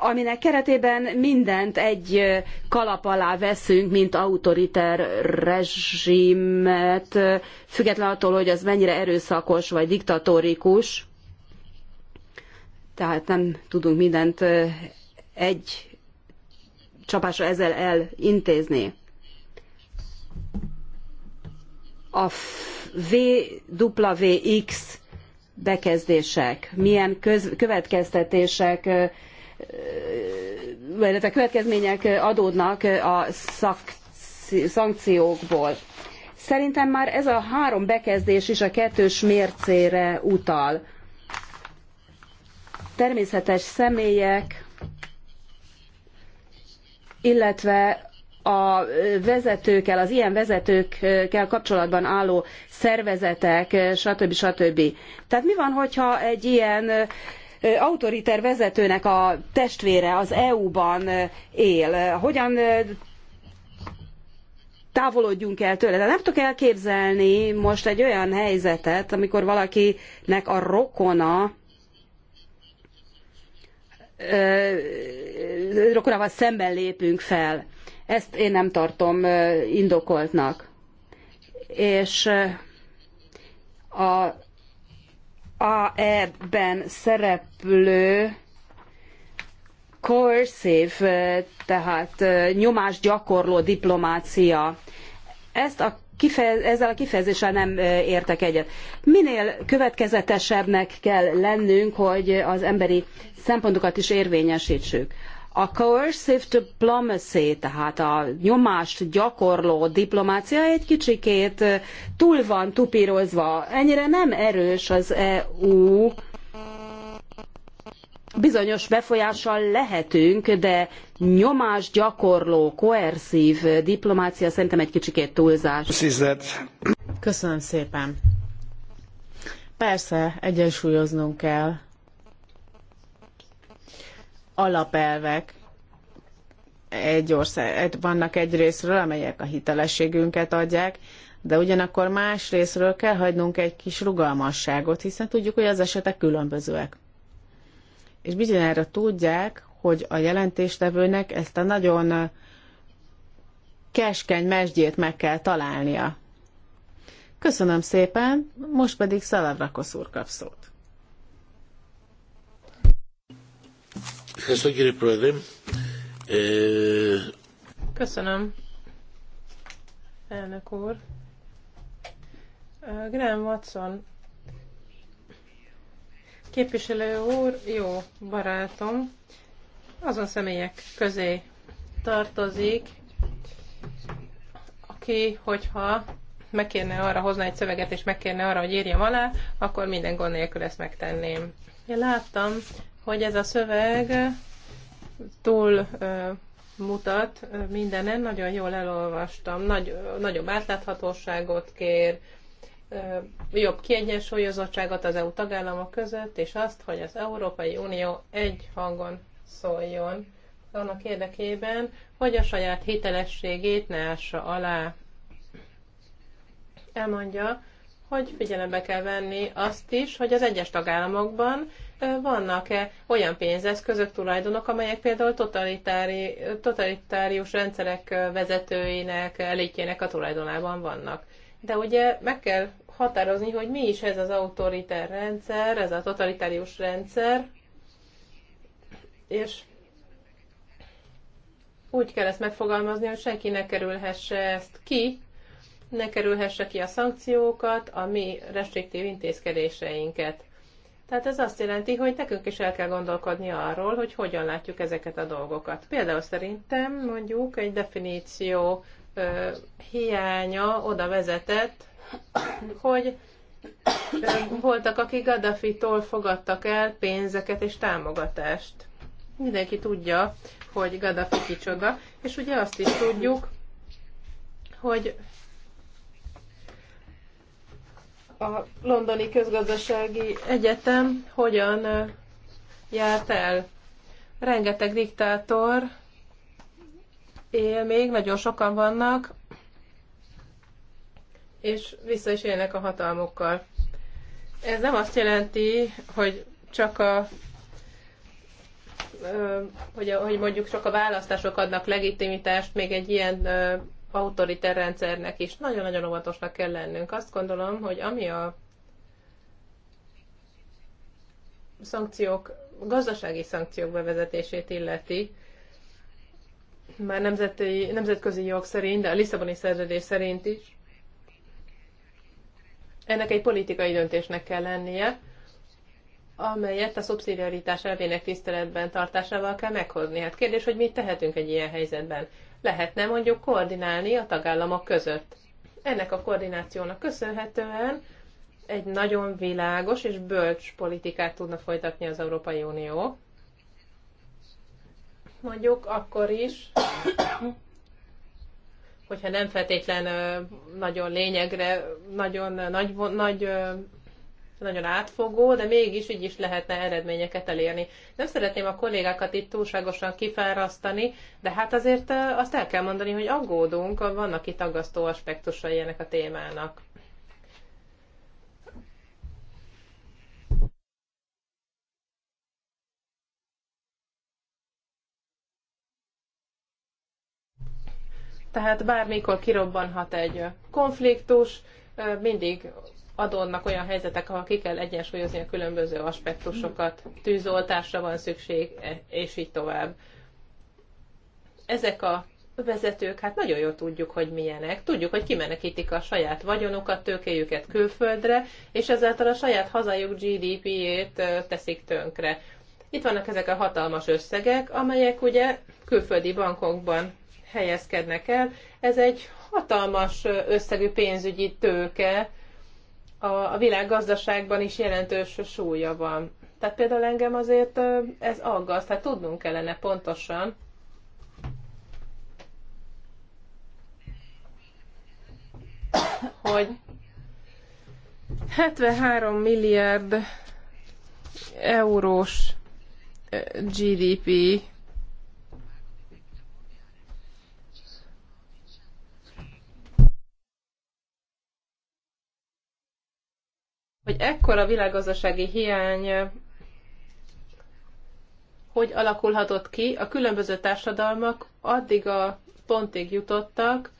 aminek keretében mindent egy kalap alá veszünk, mint autoriter rezsimet, független attól, hogy az mennyire erőszakos vagy diktatórikus tehát nem tudunk mindent egy csapásra ezzel elintézni. A VWX bekezdések, milyen köz, következtetések, illetve következmények adódnak a szak, szankciókból. Szerintem már ez a három bekezdés is a kettős mércére utal természetes személyek, illetve a vezetőkkel, az ilyen vezetőkkel kapcsolatban álló szervezetek, stb. stb. Tehát mi van, hogyha egy ilyen autoriter vezetőnek a testvére az EU-ban él? Hogyan távolodjunk el tőle. De nem tudok elképzelni most egy olyan helyzetet, amikor valakinek a rokona rokonával szemben lépünk fel. Ezt én nem tartom indokoltnak. És a AE-ben szereplő coercive, tehát nyomásgyakorló diplomácia. Ezt a kifejez, ezzel a kifejezéssel nem értek egyet. Minél következetesebbnek kell lennünk, hogy az emberi szempontokat is érvényesítsük. A coercive diplomacy, tehát a nyomást gyakorló diplomácia egy kicsikét túl van tupírozva. Ennyire nem erős az EU bizonyos befolyással lehetünk, de nyomás gyakorló, koerszív diplomácia szerintem egy kicsikét túlzás. Köszönöm szépen. Persze, egyensúlyoznunk kell alapelvek egy ország, vannak egy részről, amelyek a hitelességünket adják, de ugyanakkor más részről kell hagynunk egy kis rugalmasságot, hiszen tudjuk, hogy az esetek különbözőek és bizonyára tudják, hogy a jelentéstevőnek ezt a nagyon keskeny mesdjét meg kell találnia. Köszönöm szépen, most pedig Szalavrakosz úr kap szót. Köszönöm, elnök úr. Graham Watson Képviselő úr, jó barátom, azon személyek közé tartozik, aki, hogyha megkérne arra, hozna egy szöveget, és megkérne arra, hogy írjam alá, akkor minden gond nélkül ezt megtenném. Én láttam, hogy ez a szöveg túl ö, mutat mindenen, nagyon jól elolvastam, Nagy, nagyobb átláthatóságot kér, jobb kiegyensúlyozottságot az EU tagállamok között, és azt, hogy az Európai Unió egy hangon szóljon annak érdekében, hogy a saját hitelességét ne ássa alá. Elmondja, hogy figyelembe kell venni azt is, hogy az egyes tagállamokban vannak-e olyan pénzeszközök, tulajdonok, amelyek például totalitári, totalitárius rendszerek vezetőinek, elitjének a tulajdonában vannak. De ugye meg kell határozni, hogy mi is ez az autoriter rendszer, ez a totalitárius rendszer, és úgy kell ezt megfogalmazni, hogy senki ne kerülhesse ezt ki, ne kerülhesse ki a szankciókat, a mi restriktív intézkedéseinket. Tehát ez azt jelenti, hogy nekünk is el kell gondolkodni arról, hogy hogyan látjuk ezeket a dolgokat. Például szerintem mondjuk egy definíció ö, hiánya oda vezetett, hogy voltak, akik Gaddafi-tól fogadtak el pénzeket és támogatást. Mindenki tudja, hogy Gaddafi kicsoda, és ugye azt is tudjuk, hogy a Londoni Közgazdasági Egyetem hogyan járt el. Rengeteg diktátor él még, nagyon sokan vannak, és vissza is élnek a hatalmukkal. Ez nem azt jelenti, hogy csak a hogy, hogy mondjuk csak a választások adnak legitimitást még egy ilyen autoriter rendszernek is. Nagyon-nagyon óvatosnak kell lennünk. Azt gondolom, hogy ami a szankciók, gazdasági szankciók bevezetését illeti, már nemzeti, nemzetközi jog szerint, de a Lisszaboni szerződés szerint is, ennek egy politikai döntésnek kell lennie, amelyet a szubszidiaritás elvének tiszteletben tartásával kell meghozni. Hát kérdés, hogy mit tehetünk egy ilyen helyzetben? Lehetne mondjuk koordinálni a tagállamok között. Ennek a koordinációnak köszönhetően egy nagyon világos és bölcs politikát tudna folytatni az Európai Unió. Mondjuk akkor is, hogyha nem feltétlen nagyon lényegre, nagyon nagy, nagy nagyon átfogó, de mégis így is lehetne eredményeket elérni. Nem szeretném a kollégákat itt túlságosan kifárasztani, de hát azért azt el kell mondani, hogy aggódunk, vannak itt aggasztó aspektusai ennek a témának. Tehát bármikor kirobbanhat egy konfliktus, mindig adódnak olyan helyzetek, ahol ki kell egyensúlyozni a különböző aspektusokat, tűzoltásra van szükség, e, és így tovább. Ezek a vezetők, hát nagyon jól tudjuk, hogy milyenek. Tudjuk, hogy kimenekítik a saját vagyonukat, tőkéjüket külföldre, és ezáltal a saját hazajuk GDP-ét teszik tönkre. Itt vannak ezek a hatalmas összegek, amelyek ugye külföldi bankokban helyezkednek el. Ez egy hatalmas összegű pénzügyi tőke, a a világgazdaságban is jelentős súlya van. Tehát például engem azért ez aggaszt, tehát tudnunk kellene pontosan, hogy 73 milliárd eurós GDP hogy ekkora világgazdasági hiány eh, hogy alakulhatott ki, a különböző társadalmak addig a pontig jutottak,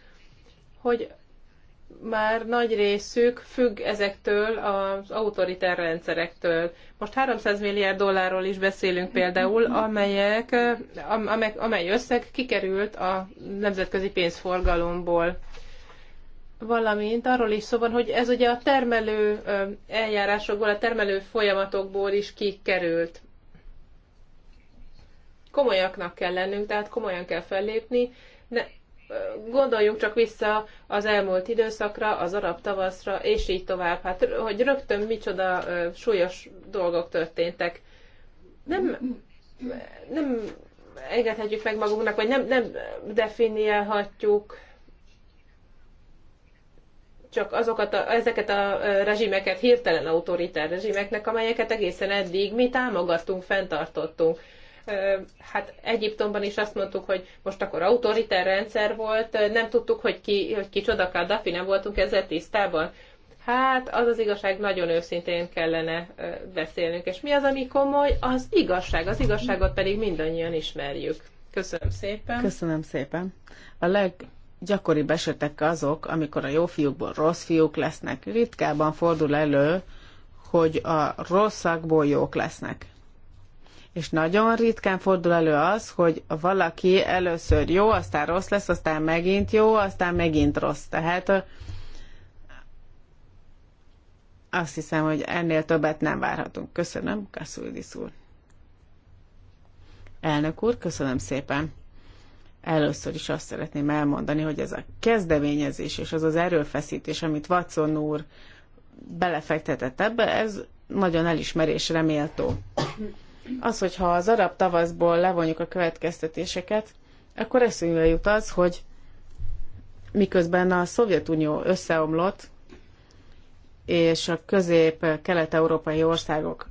hogy már nagy részük függ ezektől az autoritár rendszerektől. Most 300 milliárd dollárról is beszélünk például, amelyek, eh, amely, amely összeg kikerült a nemzetközi pénzforgalomból valamint arról is szó van, hogy ez ugye a termelő eljárásokból, a termelő folyamatokból is kikerült. Komolyaknak kell lennünk, tehát komolyan kell fellépni. Ne, gondoljunk csak vissza az elmúlt időszakra, az arab tavaszra, és így tovább. Hát, hogy rögtön micsoda súlyos dolgok történtek. Nem, nem engedhetjük meg magunknak, vagy nem, nem definiálhatjuk csak azokat a, ezeket a rezsimeket, hirtelen autoritár rezsimeknek, amelyeket egészen eddig mi támogattunk, fenntartottunk. Hát Egyiptomban is azt mondtuk, hogy most akkor autoriter rendszer volt, nem tudtuk, hogy ki, hogy ki csoda Kaddafi, nem voltunk ezzel tisztában. Hát az az igazság nagyon őszintén kellene beszélnünk. És mi az, ami komoly? Az igazság. Az igazságot pedig mindannyian ismerjük. Köszönöm szépen. Köszönöm szépen. A leg gyakoribb esetek azok, amikor a jó fiúkból rossz fiúk lesznek. Ritkában fordul elő, hogy a rosszakból jók lesznek. És nagyon ritkán fordul elő az, hogy valaki először jó, aztán rossz lesz, aztán megint jó, aztán megint rossz. Tehát azt hiszem, hogy ennél többet nem várhatunk. Köszönöm, Kaszulidis úr. Elnök úr, köszönöm szépen. Először is azt szeretném elmondani, hogy ez a kezdeményezés és az az erőfeszítés, amit Watson úr belefektetett ebbe, ez nagyon elismerésre méltó. Az, hogyha az arab tavaszból levonjuk a következtetéseket, akkor eszünkbe jut az, hogy miközben a Szovjetunió összeomlott, és a közép-kelet-európai országok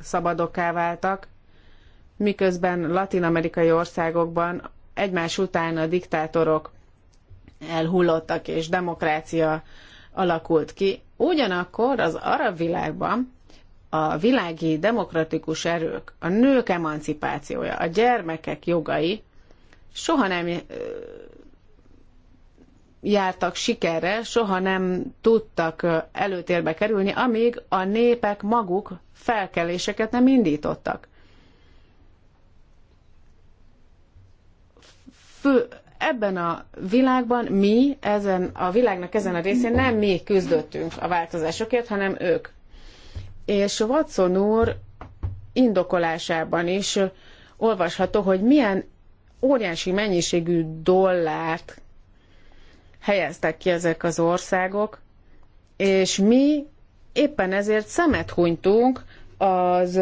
szabadokká váltak, miközben latin-amerikai országokban egymás után a diktátorok elhullottak és demokrácia alakult ki. Ugyanakkor az arab világban a világi demokratikus erők, a nők emancipációja, a gyermekek jogai soha nem jártak sikerre, soha nem tudtak előtérbe kerülni, amíg a népek maguk felkeléseket nem indítottak. fő, ebben a világban mi, ezen a világnak ezen a részén nem mi küzdöttünk a változásokért, hanem ők. És Watson úr indokolásában is olvasható, hogy milyen óriási mennyiségű dollárt helyeztek ki ezek az országok, és mi éppen ezért szemet hunytunk az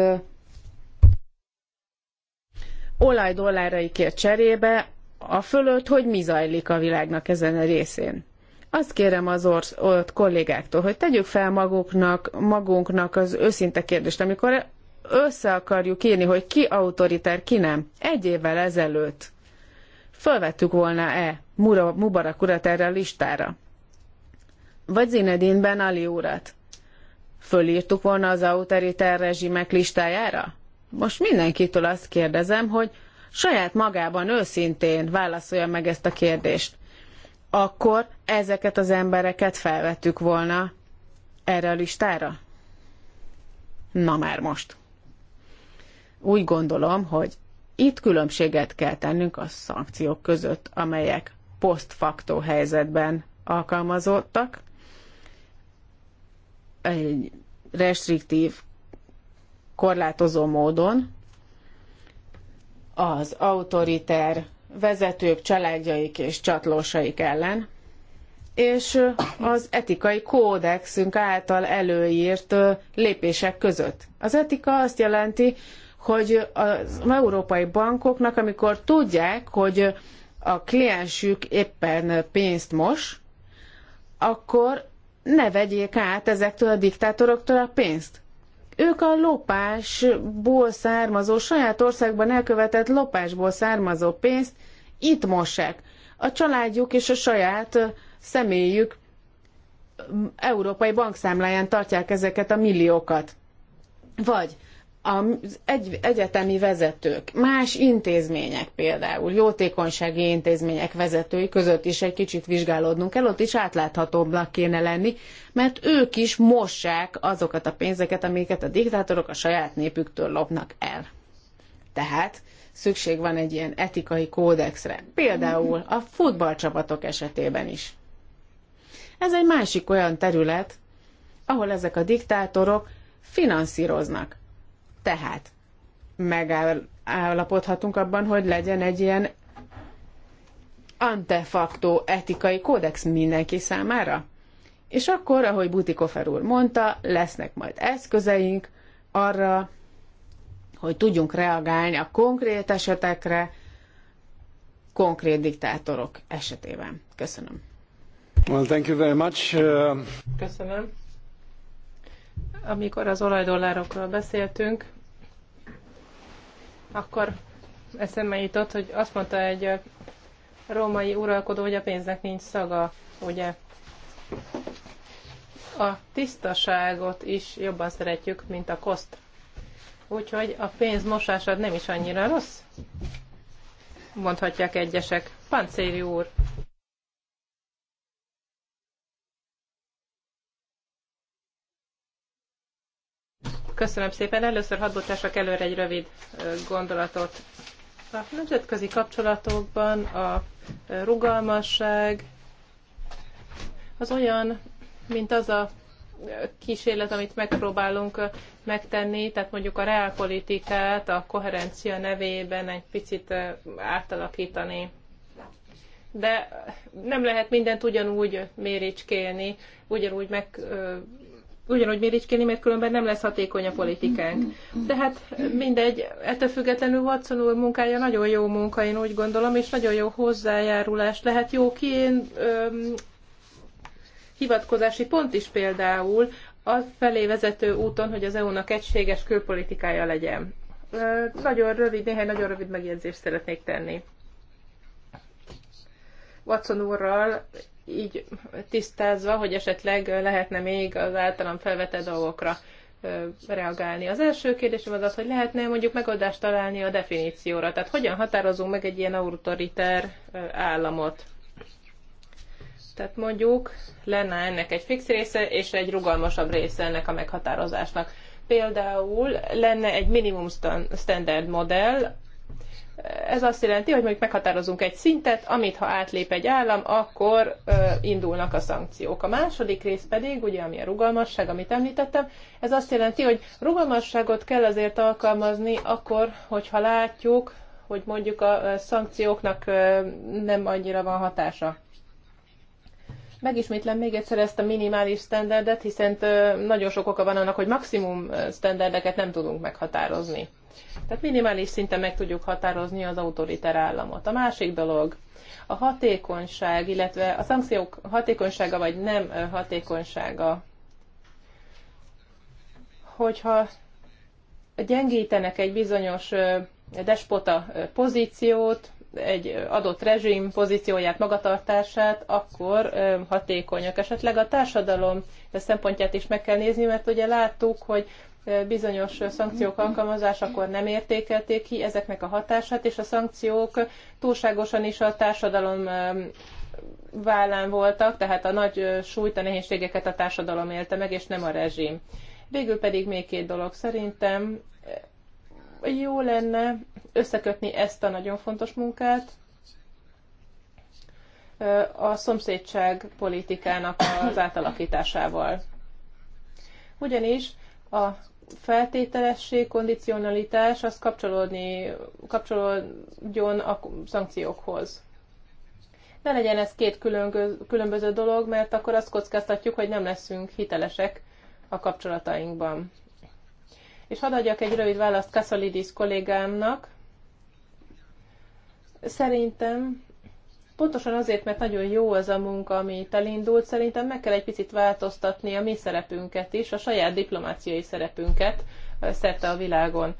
kért cserébe, a fölött, hogy mi zajlik a világnak ezen a részén. Azt kérem az orsz, ott kollégáktól, hogy tegyük fel maguknak, magunknak az őszinte kérdést, amikor össze akarjuk írni, hogy ki autoritár, ki nem. Egy évvel ezelőtt fölvettük volna-e Mubarak urat erre a listára? Vagy Zinedine Ben Ali urat? Fölírtuk volna az autoriter rezsimek listájára? Most mindenkitől azt kérdezem, hogy saját magában őszintén válaszolja meg ezt a kérdést, akkor ezeket az embereket felvettük volna erre a listára? Na már most. Úgy gondolom, hogy itt különbséget kell tennünk a szankciók között, amelyek post facto helyzetben alkalmazottak, egy restriktív, korlátozó módon, az autoriter vezetők, családjaik és csatlósaik ellen, és az etikai kódexünk által előírt lépések között. Az etika azt jelenti, hogy az európai bankoknak, amikor tudják, hogy a kliensük éppen pénzt mos, akkor ne vegyék át ezektől a diktátoroktól a pénzt. Ők a lopásból származó, saját országban elkövetett lopásból származó pénzt itt mossák. A családjuk és a saját személyük európai bankszámláján tartják ezeket a milliókat. Vagy az egy, egyetemi vezetők, más intézmények például, jótékonysági intézmények vezetői között is egy kicsit vizsgálódnunk kell, ott is átláthatóbbnak kéne lenni, mert ők is mossák azokat a pénzeket, amiket a diktátorok a saját népüktől lopnak el. Tehát szükség van egy ilyen etikai kódexre, például a futballcsapatok esetében is. Ez egy másik olyan terület, ahol ezek a diktátorok finanszíroznak tehát megállapodhatunk abban, hogy legyen egy ilyen antefaktó etikai kódex mindenki számára. És akkor, ahogy Butikofer úr mondta, lesznek majd eszközeink arra, hogy tudjunk reagálni a konkrét esetekre, konkrét diktátorok esetében. Köszönöm. Well, thank you very much. Uh... Köszönöm. Amikor az olajdollárokról beszéltünk, akkor eszembe jutott, hogy azt mondta egy római uralkodó, hogy a pénznek nincs szaga, ugye? A tisztaságot is jobban szeretjük, mint a koszt. Úgyhogy a pénz mosásad nem is annyira rossz, mondhatják egyesek. Pancéri úr, Köszönöm szépen. Először hadd előre egy rövid gondolatot. A nemzetközi kapcsolatokban a rugalmasság az olyan, mint az a kísérlet, amit megpróbálunk megtenni, tehát mondjuk a reálpolitikát a koherencia nevében egy picit átalakítani. De nem lehet mindent ugyanúgy méricskélni, ugyanúgy meg ugyanúgy mirigykéni, mert különben nem lesz hatékony a politikánk. De hát mindegy, ettől függetlenül Watson úr munkája nagyon jó munka, én úgy gondolom, és nagyon jó hozzájárulás lehet jó Én, öm, hivatkozási pont is például a felé vezető úton, hogy az EU-nak egységes külpolitikája legyen. Ö, nagyon rövid, néhány nagyon rövid megjegyzést szeretnék tenni. Watson úrral így tisztázva, hogy esetleg lehetne még az általam felvetett dolgokra reagálni. Az első kérdésem az az, hogy lehetne mondjuk megoldást találni a definícióra. Tehát hogyan határozunk meg egy ilyen autoriter államot? Tehát mondjuk lenne ennek egy fix része és egy rugalmasabb része ennek a meghatározásnak. Például lenne egy minimum standard modell, ez azt jelenti, hogy mondjuk meghatározunk egy szintet, amit ha átlép egy állam, akkor ö, indulnak a szankciók. A második rész pedig, ugye ami a rugalmasság, amit említettem, ez azt jelenti, hogy rugalmasságot kell azért alkalmazni akkor, hogyha látjuk, hogy mondjuk a szankcióknak nem annyira van hatása. Megismétlem még egyszer ezt a minimális standardet, hiszen nagyon sok oka van annak, hogy maximum standardeket nem tudunk meghatározni. Tehát minimális szinten meg tudjuk határozni az autoriter államot. A másik dolog, a hatékonyság, illetve a szankciók hatékonysága vagy nem hatékonysága. Hogyha gyengítenek egy bizonyos despota pozíciót, egy adott rezsim pozícióját, magatartását, akkor hatékonyak. Esetleg a társadalom szempontját is meg kell nézni, mert ugye láttuk, hogy bizonyos szankciók alkalmazásakor nem értékelték ki ezeknek a hatását, és a szankciók túlságosan is a társadalom vállán voltak, tehát a nagy súlyt, a nehézségeket a társadalom élte meg, és nem a rezsim. Végül pedig még két dolog. Szerintem jó lenne összekötni ezt a nagyon fontos munkát a szomszédság politikának az átalakításával. Ugyanis a feltételesség, kondicionalitás az kapcsolódni, kapcsolódjon a szankciókhoz. Ne legyen ez két különböző dolog, mert akkor azt kockáztatjuk, hogy nem leszünk hitelesek a kapcsolatainkban. És hadd adjak egy rövid választ Kasolidis kollégámnak. Szerintem Pontosan azért, mert nagyon jó ez a munka, ami itt elindult, szerintem meg kell egy picit változtatni a mi szerepünket is, a saját diplomáciai szerepünket szerte a világon.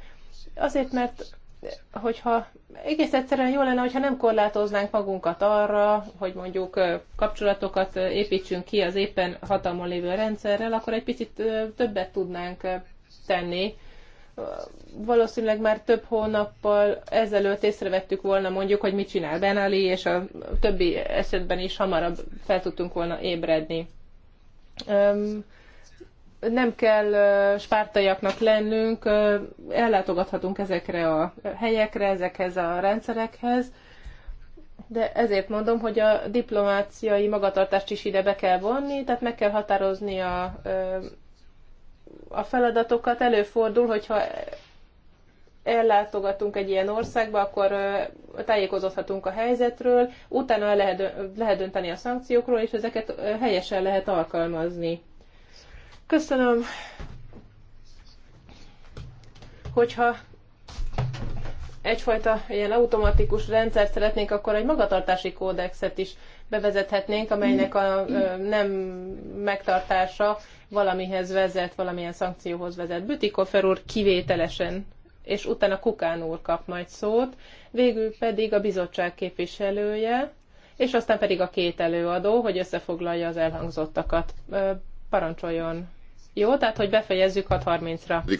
Azért, mert eh, hogyha egész egyszerűen jó lenne, hogyha nem korlátoznánk magunkat arra, hogy mondjuk kapcsolatokat építsünk ki az éppen hatalmon lévő rendszerrel, akkor egy picit többet tudnánk tenni valószínűleg már több hónappal ezelőtt észrevettük volna mondjuk, hogy mit csinál Ben Ali, és a többi esetben is hamarabb fel tudtunk volna ébredni. nem kell spártaiaknak lennünk, ellátogathatunk ezekre a helyekre, ezekhez a rendszerekhez, de ezért mondom, hogy a diplomáciai magatartást is ide be kell vonni, tehát meg kell határozni a a feladatokat előfordul, hogyha ellátogatunk egy ilyen országba, akkor tájékozódhatunk a helyzetről, utána lehet, lehet dönteni a szankciókról, és ezeket helyesen lehet alkalmazni. Köszönöm, hogyha egyfajta ilyen automatikus rendszert szeretnénk, akkor egy magatartási kódexet is bevezethetnénk, amelynek a nem megtartása valamihez vezet, valamilyen szankcióhoz vezet. Bütikofer úr kivételesen, és utána Kukán úr kap majd szót, végül pedig a bizottság képviselője, és aztán pedig a két előadó, hogy összefoglalja az elhangzottakat. Parancsoljon! Jó, tehát hogy befejezzük 6.30-ra.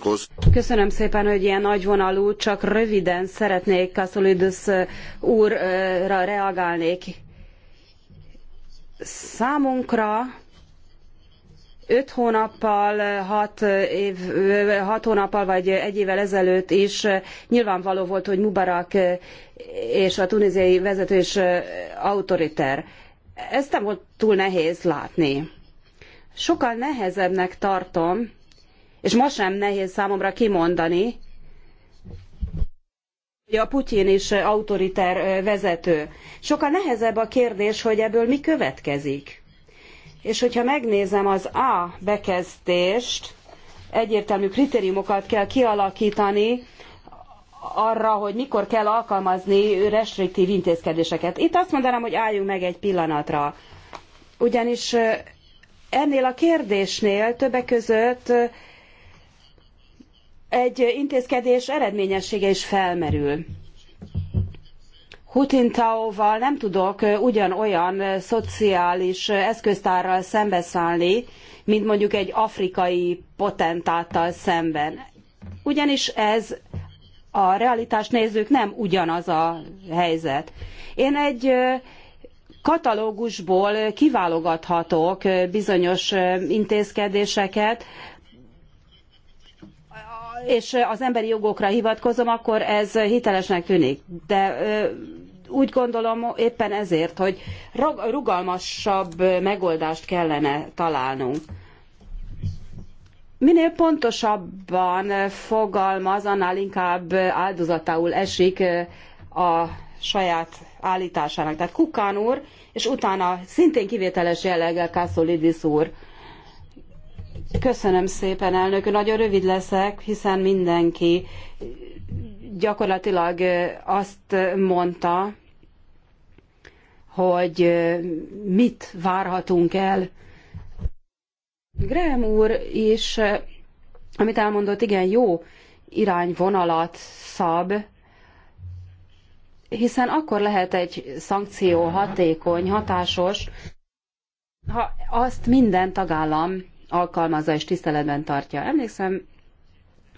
Köszönöm szépen, hogy ilyen nagyvonalú, csak röviden szeretnék Kasszolidus úrra reagálnék. Számunkra öt hónappal, hat, év, hat hónappal vagy egy évvel ezelőtt is nyilvánvaló volt, hogy Mubarak és a tunéziai vezető autoriter. Ezt nem volt túl nehéz látni. Sokkal nehezebbnek tartom, és most sem nehéz számomra kimondani, hogy a Putyin is autoriter vezető. Sokkal nehezebb a kérdés, hogy ebből mi következik. És hogyha megnézem az A bekezdést, egyértelmű kritériumokat kell kialakítani arra, hogy mikor kell alkalmazni restriktív intézkedéseket. Itt azt mondanám, hogy álljunk meg egy pillanatra. Ugyanis ennél a kérdésnél többek között egy intézkedés eredményessége is felmerül. Hutintaóval nem tudok ugyanolyan szociális eszköztárral szembeszállni, mint mondjuk egy afrikai potentáttal szemben. Ugyanis ez a realitást nézzük, nem ugyanaz a helyzet. Én egy katalógusból kiválogathatok bizonyos intézkedéseket, és az emberi jogokra hivatkozom, akkor ez hitelesnek tűnik. De úgy gondolom éppen ezért, hogy rugalmasabb megoldást kellene találnunk. Minél pontosabban fogalmaz, annál inkább áldozatául esik a saját állításának. Tehát Kukán úr, és utána szintén kivételes jelleggel Kászolidis úr Köszönöm szépen, elnök. Nagyon rövid leszek, hiszen mindenki gyakorlatilag azt mondta, hogy mit várhatunk el. Graham úr is, amit elmondott, igen jó irányvonalat szab, hiszen akkor lehet egy szankció hatékony, hatásos, ha azt minden tagállam alkalmazza és tiszteletben tartja. Emlékszem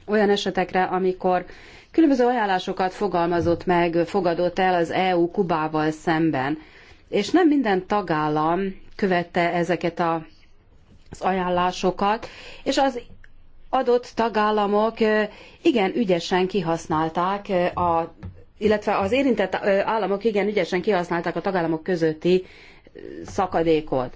olyan esetekre, amikor különböző ajánlásokat fogalmazott meg, fogadott el az EU Kubával szemben, és nem minden tagállam követte ezeket a, az ajánlásokat, és az adott tagállamok igen ügyesen kihasználták a illetve az érintett államok igen ügyesen kihasználták a tagállamok közötti szakadékot.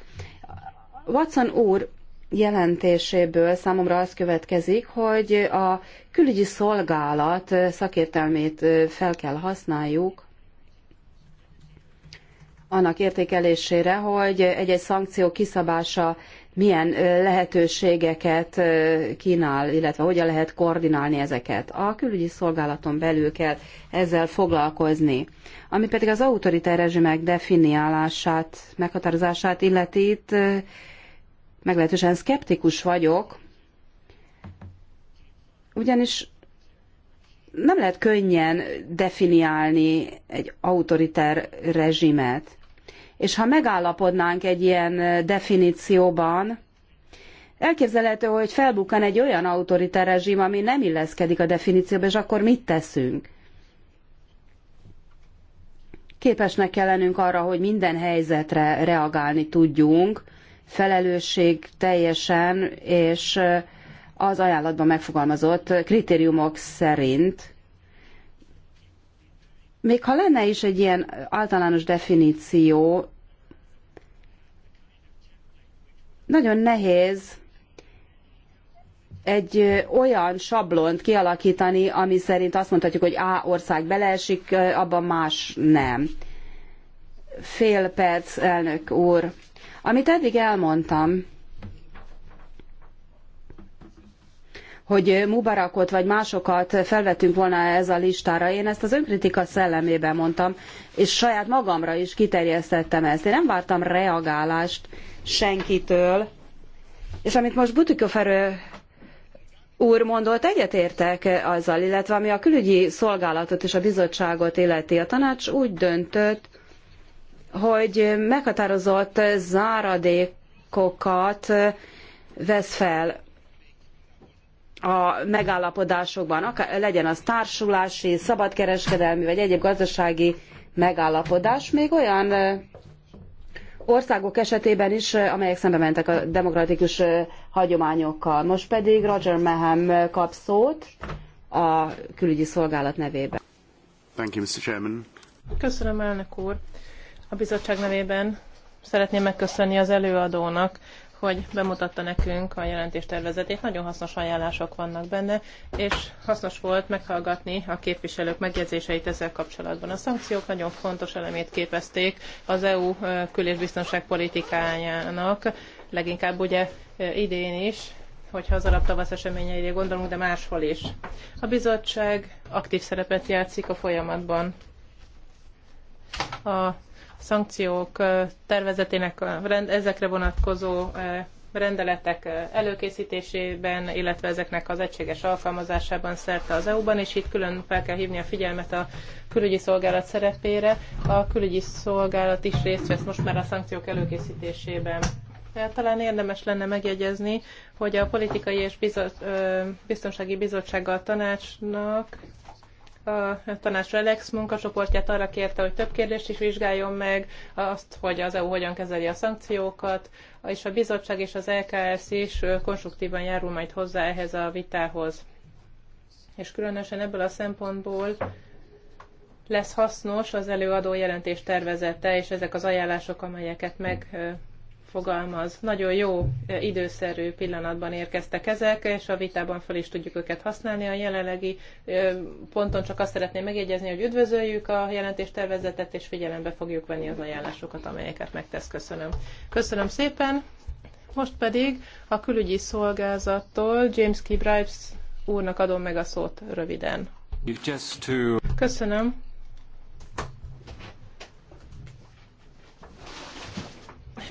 Watson úr jelentéséből számomra az következik, hogy a külügyi szolgálat szakértelmét fel kell használjuk annak értékelésére, hogy egy-egy szankció kiszabása milyen lehetőségeket kínál, illetve hogyan lehet koordinálni ezeket. A külügyi szolgálaton belül kell ezzel foglalkozni. Ami pedig az autoritár rezsimek definiálását, meghatározását illeti, itt meglehetősen szkeptikus vagyok, ugyanis nem lehet könnyen definiálni egy autoriter rezsimet. És ha megállapodnánk egy ilyen definícióban, elképzelhető, hogy felbukkan egy olyan autoriter rezsim, ami nem illeszkedik a definícióba, és akkor mit teszünk? Képesnek kell lennünk arra, hogy minden helyzetre reagálni tudjunk, felelősség teljesen és az ajánlatban megfogalmazott kritériumok szerint, még ha lenne is egy ilyen általános definíció, nagyon nehéz egy olyan sablont kialakítani, ami szerint azt mondhatjuk, hogy A ország beleesik, abban más nem. Fél perc, elnök úr. Amit eddig elmondtam, hogy Mubarakot vagy másokat felvettünk volna ez a listára. Én ezt az önkritika szellemében mondtam, és saját magamra is kiterjesztettem ezt. Én nem vártam reagálást senkitől, és amit most Butikoferő úr mondott, egyetértek azzal, illetve ami a külügyi szolgálatot és a bizottságot illeti. A tanács úgy döntött, hogy meghatározott záradékokat vesz fel a megállapodásokban, akár, legyen az társulási, szabadkereskedelmi vagy egyéb gazdasági megállapodás, még olyan országok esetében is, amelyek szembe mentek a demokratikus hagyományokkal. Most pedig Roger Mehem kap szót a külügyi szolgálat nevében. Thank you, Mr. Chairman. Köszönöm, elnök úr. A bizottság nevében szeretném megköszönni az előadónak, hogy bemutatta nekünk a jelentést tervezetét. Nagyon hasznos ajánlások vannak benne, és hasznos volt meghallgatni a képviselők megjegyzéseit ezzel kapcsolatban. A szankciók nagyon fontos elemét képezték az EU kül- és biztonságpolitikájának, leginkább ugye idén is, hogyha az alaptavasz eseményeire gondolunk, de máshol is. A bizottság aktív szerepet játszik a folyamatban. A szankciók tervezetének ezekre vonatkozó rendeletek előkészítésében, illetve ezeknek az egységes alkalmazásában szerte az EU-ban, és itt külön fel kell hívni a figyelmet a külügyi szolgálat szerepére. A külügyi szolgálat is részt vesz most már a szankciók előkészítésében. Talán érdemes lenne megjegyezni, hogy a politikai és bizot, biztonsági bizottsággal tanácsnak a tanács Relex munkacsoportját arra kérte, hogy több kérdést is vizsgáljon meg, azt, hogy az EU hogyan kezeli a szankciókat, és a bizottság és az LKS e is konstruktívan járul majd hozzá ehhez a vitához. És különösen ebből a szempontból lesz hasznos az előadó jelentés tervezete és ezek az ajánlások, amelyeket meg fogalmaz. Nagyon jó eh, időszerű pillanatban érkeztek ezek, és a vitában fel is tudjuk őket használni. A jelenlegi eh, ponton csak azt szeretném megjegyezni, hogy üdvözöljük a jelentéstervezetet, és figyelembe fogjuk venni az ajánlásokat, amelyeket megtesz. Köszönöm. Köszönöm szépen. Most pedig a külügyi szolgázattól James Key Bribes úrnak adom meg a szót röviden. Köszönöm.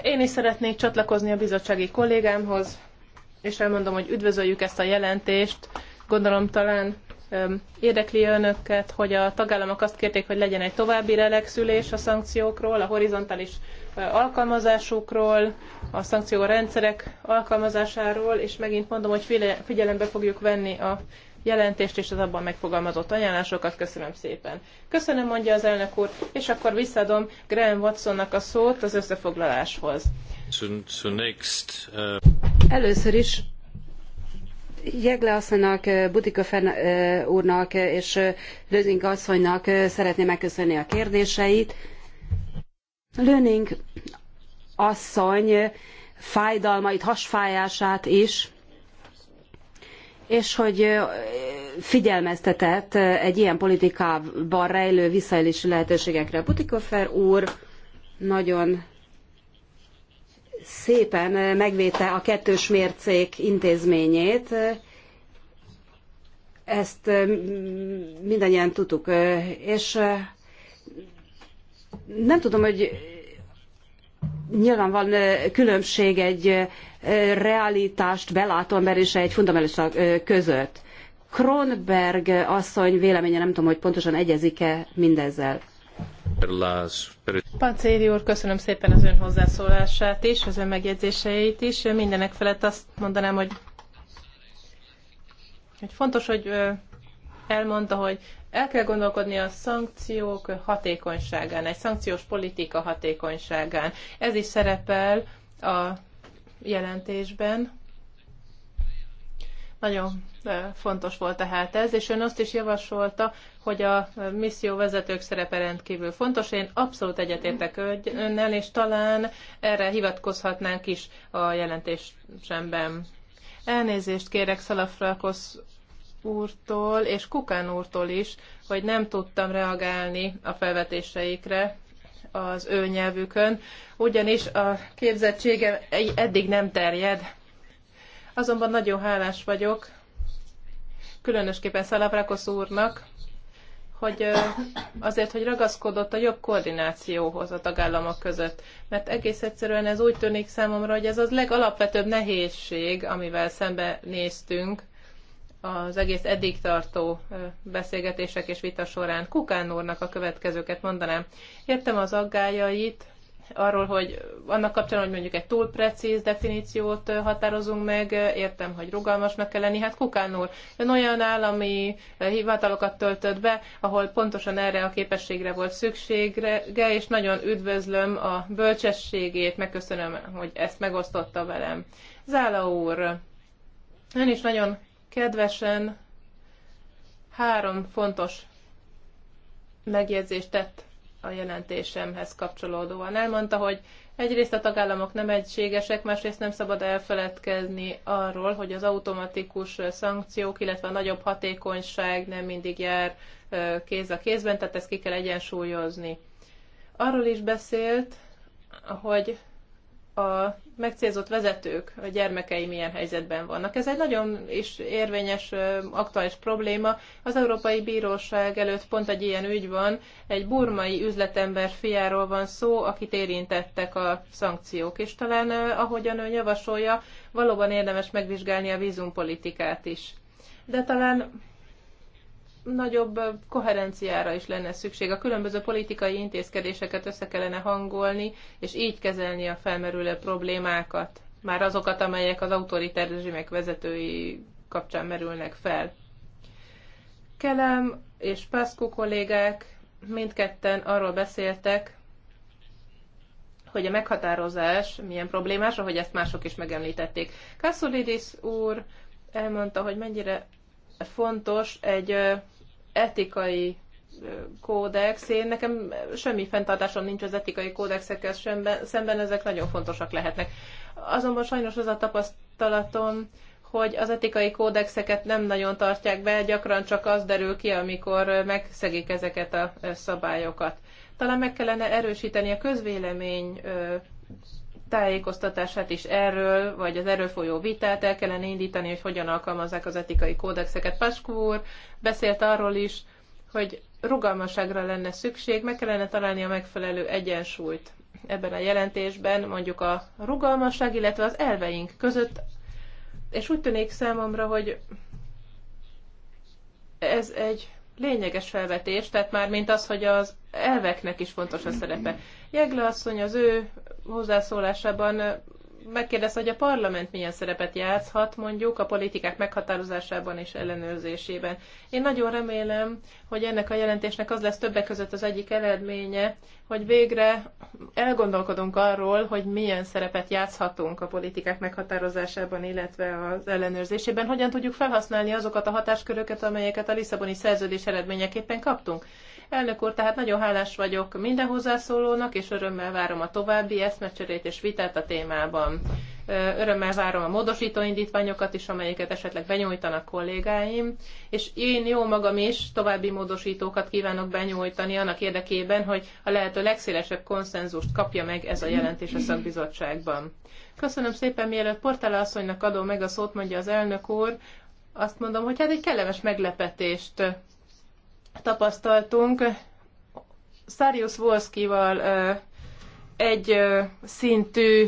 Én is szeretnék csatlakozni a bizottsági kollégámhoz, és elmondom, hogy üdvözöljük ezt a jelentést. Gondolom talán érdekli önöket, hogy a tagállamok azt kérték, hogy legyen egy további relaxülés a szankciókról, a horizontális alkalmazásukról, a szankciórendszerek alkalmazásáról, és megint mondom, hogy figyelembe fogjuk venni a jelentést és az abban megfogalmazott ajánlásokat. Köszönöm szépen. Köszönöm, mondja az elnök úr, és akkor visszadom Graham Watsonnak a szót az összefoglaláshoz. Uh, Először is Jegle asszonynak, Budika Fern uh, úrnak és uh, Lőzink asszonynak szeretném megköszönni a kérdéseit. Lőning asszony fájdalmait, hasfájását is és hogy figyelmeztetett egy ilyen politikában rejlő visszaélési lehetőségekre. Butikofer úr nagyon szépen megvédte a kettős mércék intézményét. Ezt mindannyian tudtuk, és nem tudom, hogy nyilván van különbség egy realitást belátó ember és egy fundamentalista között. Kronberg asszony véleménye nem tudom, hogy pontosan egyezik-e mindezzel. Pancéri úr, köszönöm szépen az ön hozzászólását is, az ön megjegyzéseit is. Mindenek felett azt mondanám, hogy, hogy fontos, hogy elmondta, hogy el kell gondolkodni a szankciók hatékonyságán, egy szankciós politika hatékonyságán. Ez is szerepel a jelentésben. Nagyon fontos volt tehát ez, és ön azt is javasolta, hogy a misszió vezetők szerepe rendkívül fontos. Én abszolút egyetértek önnel, és talán erre hivatkozhatnánk is a jelentésemben. Elnézést kérek Szalafrakosz úrtól és Kukán úrtól is, hogy nem tudtam reagálni a felvetéseikre az ő nyelvükön, ugyanis a képzettsége eddig nem terjed. Azonban nagyon hálás vagyok, különösképpen Szalaprákosz úrnak, hogy azért, hogy ragaszkodott a jobb koordinációhoz a tagállamok között. Mert egész egyszerűen ez úgy tűnik számomra, hogy ez az legalapvetőbb nehézség, amivel szembe néztünk az egész eddig tartó beszélgetések és vita során. Kukán úrnak a következőket mondanám. Értem az aggájait, arról, hogy annak kapcsán, hogy mondjuk egy túl precíz definíciót határozunk meg, értem, hogy rugalmasnak kell lenni. Hát Kukán úr, ön olyan állami hivatalokat töltött be, ahol pontosan erre a képességre volt szükségre, és nagyon üdvözlöm a bölcsességét, megköszönöm, hogy ezt megosztotta velem. Zála úr, ön is nagyon kedvesen három fontos megjegyzést tett a jelentésemhez kapcsolódóan. Elmondta, hogy egyrészt a tagállamok nem egységesek, másrészt nem szabad elfeledkezni arról, hogy az automatikus szankciók, illetve a nagyobb hatékonyság nem mindig jár kéz a kézben, tehát ezt ki kell egyensúlyozni. Arról is beszélt, hogy a megcélzott vezetők, a gyermekei milyen helyzetben vannak. Ez egy nagyon is érvényes, aktuális probléma. Az Európai Bíróság előtt pont egy ilyen ügy van, egy burmai üzletember fiáról van szó, akit érintettek a szankciók, és talán, ahogyan ön javasolja, valóban érdemes megvizsgálni a vízumpolitikát is. De talán nagyobb koherenciára is lenne szükség. A különböző politikai intézkedéseket össze kellene hangolni, és így kezelni a felmerülő problémákat. Már azokat, amelyek az autoritár rezsimek vezetői kapcsán merülnek fel. Kelem és Pascu kollégák mindketten arról beszéltek, hogy a meghatározás milyen problémás, ahogy ezt mások is megemlítették. Kassolidis úr elmondta, hogy mennyire fontos egy etikai kódex. Én nekem semmi fenntartásom nincs az etikai kódexekkel szemben, szemben ezek nagyon fontosak lehetnek. Azonban sajnos az a tapasztalatom, hogy az etikai kódexeket nem nagyon tartják be, gyakran csak az derül ki, amikor megszegik ezeket a szabályokat. Talán meg kellene erősíteni a közvélemény tájékoztatását is erről, vagy az erről folyó vitát el kellene indítani, hogy hogyan alkalmazzák az etikai kódexeket. Paskú úr beszélt arról is, hogy rugalmasságra lenne szükség, meg kellene találni a megfelelő egyensúlyt ebben a jelentésben, mondjuk a rugalmasság, illetve az elveink között. És úgy tűnik számomra, hogy ez egy lényeges felvetés, tehát már mint az, hogy az elveknek is fontos a szerepe. Jegle asszony az ő hozzászólásában megkérdez, hogy a parlament milyen szerepet játszhat mondjuk a politikák meghatározásában és ellenőrzésében. Én nagyon remélem, hogy ennek a jelentésnek az lesz többek között az egyik eredménye, hogy végre elgondolkodunk arról, hogy milyen szerepet játszhatunk a politikák meghatározásában, illetve az ellenőrzésében, hogyan tudjuk felhasználni azokat a hatásköröket, amelyeket a Lisszaboni szerződés eredményeképpen kaptunk. Elnök úr, tehát nagyon hálás vagyok minden hozzászólónak, és örömmel várom a további eszmecserét és vitát a témában. Örömmel várom a módosító indítványokat is, amelyeket esetleg benyújtanak kollégáim, és én jó magam is további módosítókat kívánok benyújtani annak érdekében, hogy a lehető legszélesebb konszenzust kapja meg ez a jelentés a szakbizottságban. Köszönöm szépen, mielőtt Portela asszonynak adom meg a szót, mondja az elnök úr, azt mondom, hogy hát egy kellemes meglepetést tapasztaltunk. Szárius Wolskival egy szintű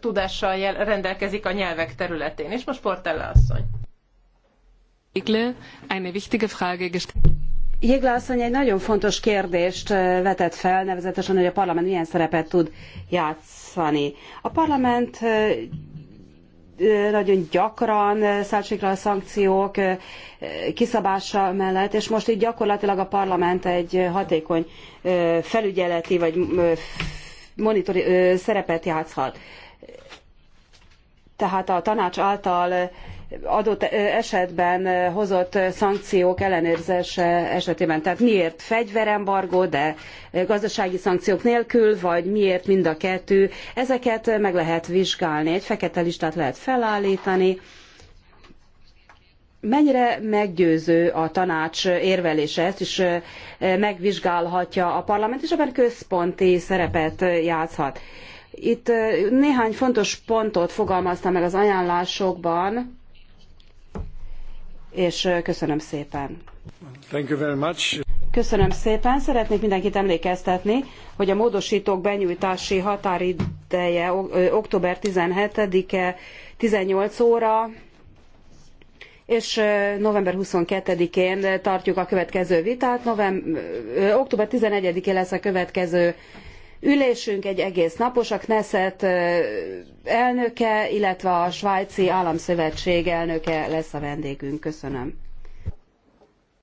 tudással rendelkezik a nyelvek területén, és most Portella asszony. Jégle asszony egy nagyon fontos kérdést vetett fel, nevezetesen, hogy a parlament milyen szerepet tud játszani. A parlament nagyon gyakran eh, szálltsikra a szankciók eh, kiszabása mellett, és most itt gyakorlatilag a parlament egy hatékony eh, felügyeleti vagy monitori szerepet játszhat. Tehát a tanács által adott esetben hozott szankciók ellenőrzése esetében. Tehát miért fegyverembargó, de gazdasági szankciók nélkül, vagy miért mind a kettő. Ezeket meg lehet vizsgálni. Egy fekete listát lehet felállítani. Mennyire meggyőző a tanács érvelése, ezt is megvizsgálhatja a parlament, és ebben központi szerepet játszhat. Itt néhány fontos pontot fogalmaztam meg az ajánlásokban, és köszönöm szépen. Thank you very much. Köszönöm szépen. Szeretnék mindenkit emlékeztetni, hogy a módosítók benyújtási határideje október 17-e 18 óra, és november 22-én tartjuk a következő vitát. November, október 11-én lesz a következő ülésünk egy egész napos, a Knesset elnöke, illetve a svájci államszövetség elnöke lesz a vendégünk. Köszönöm.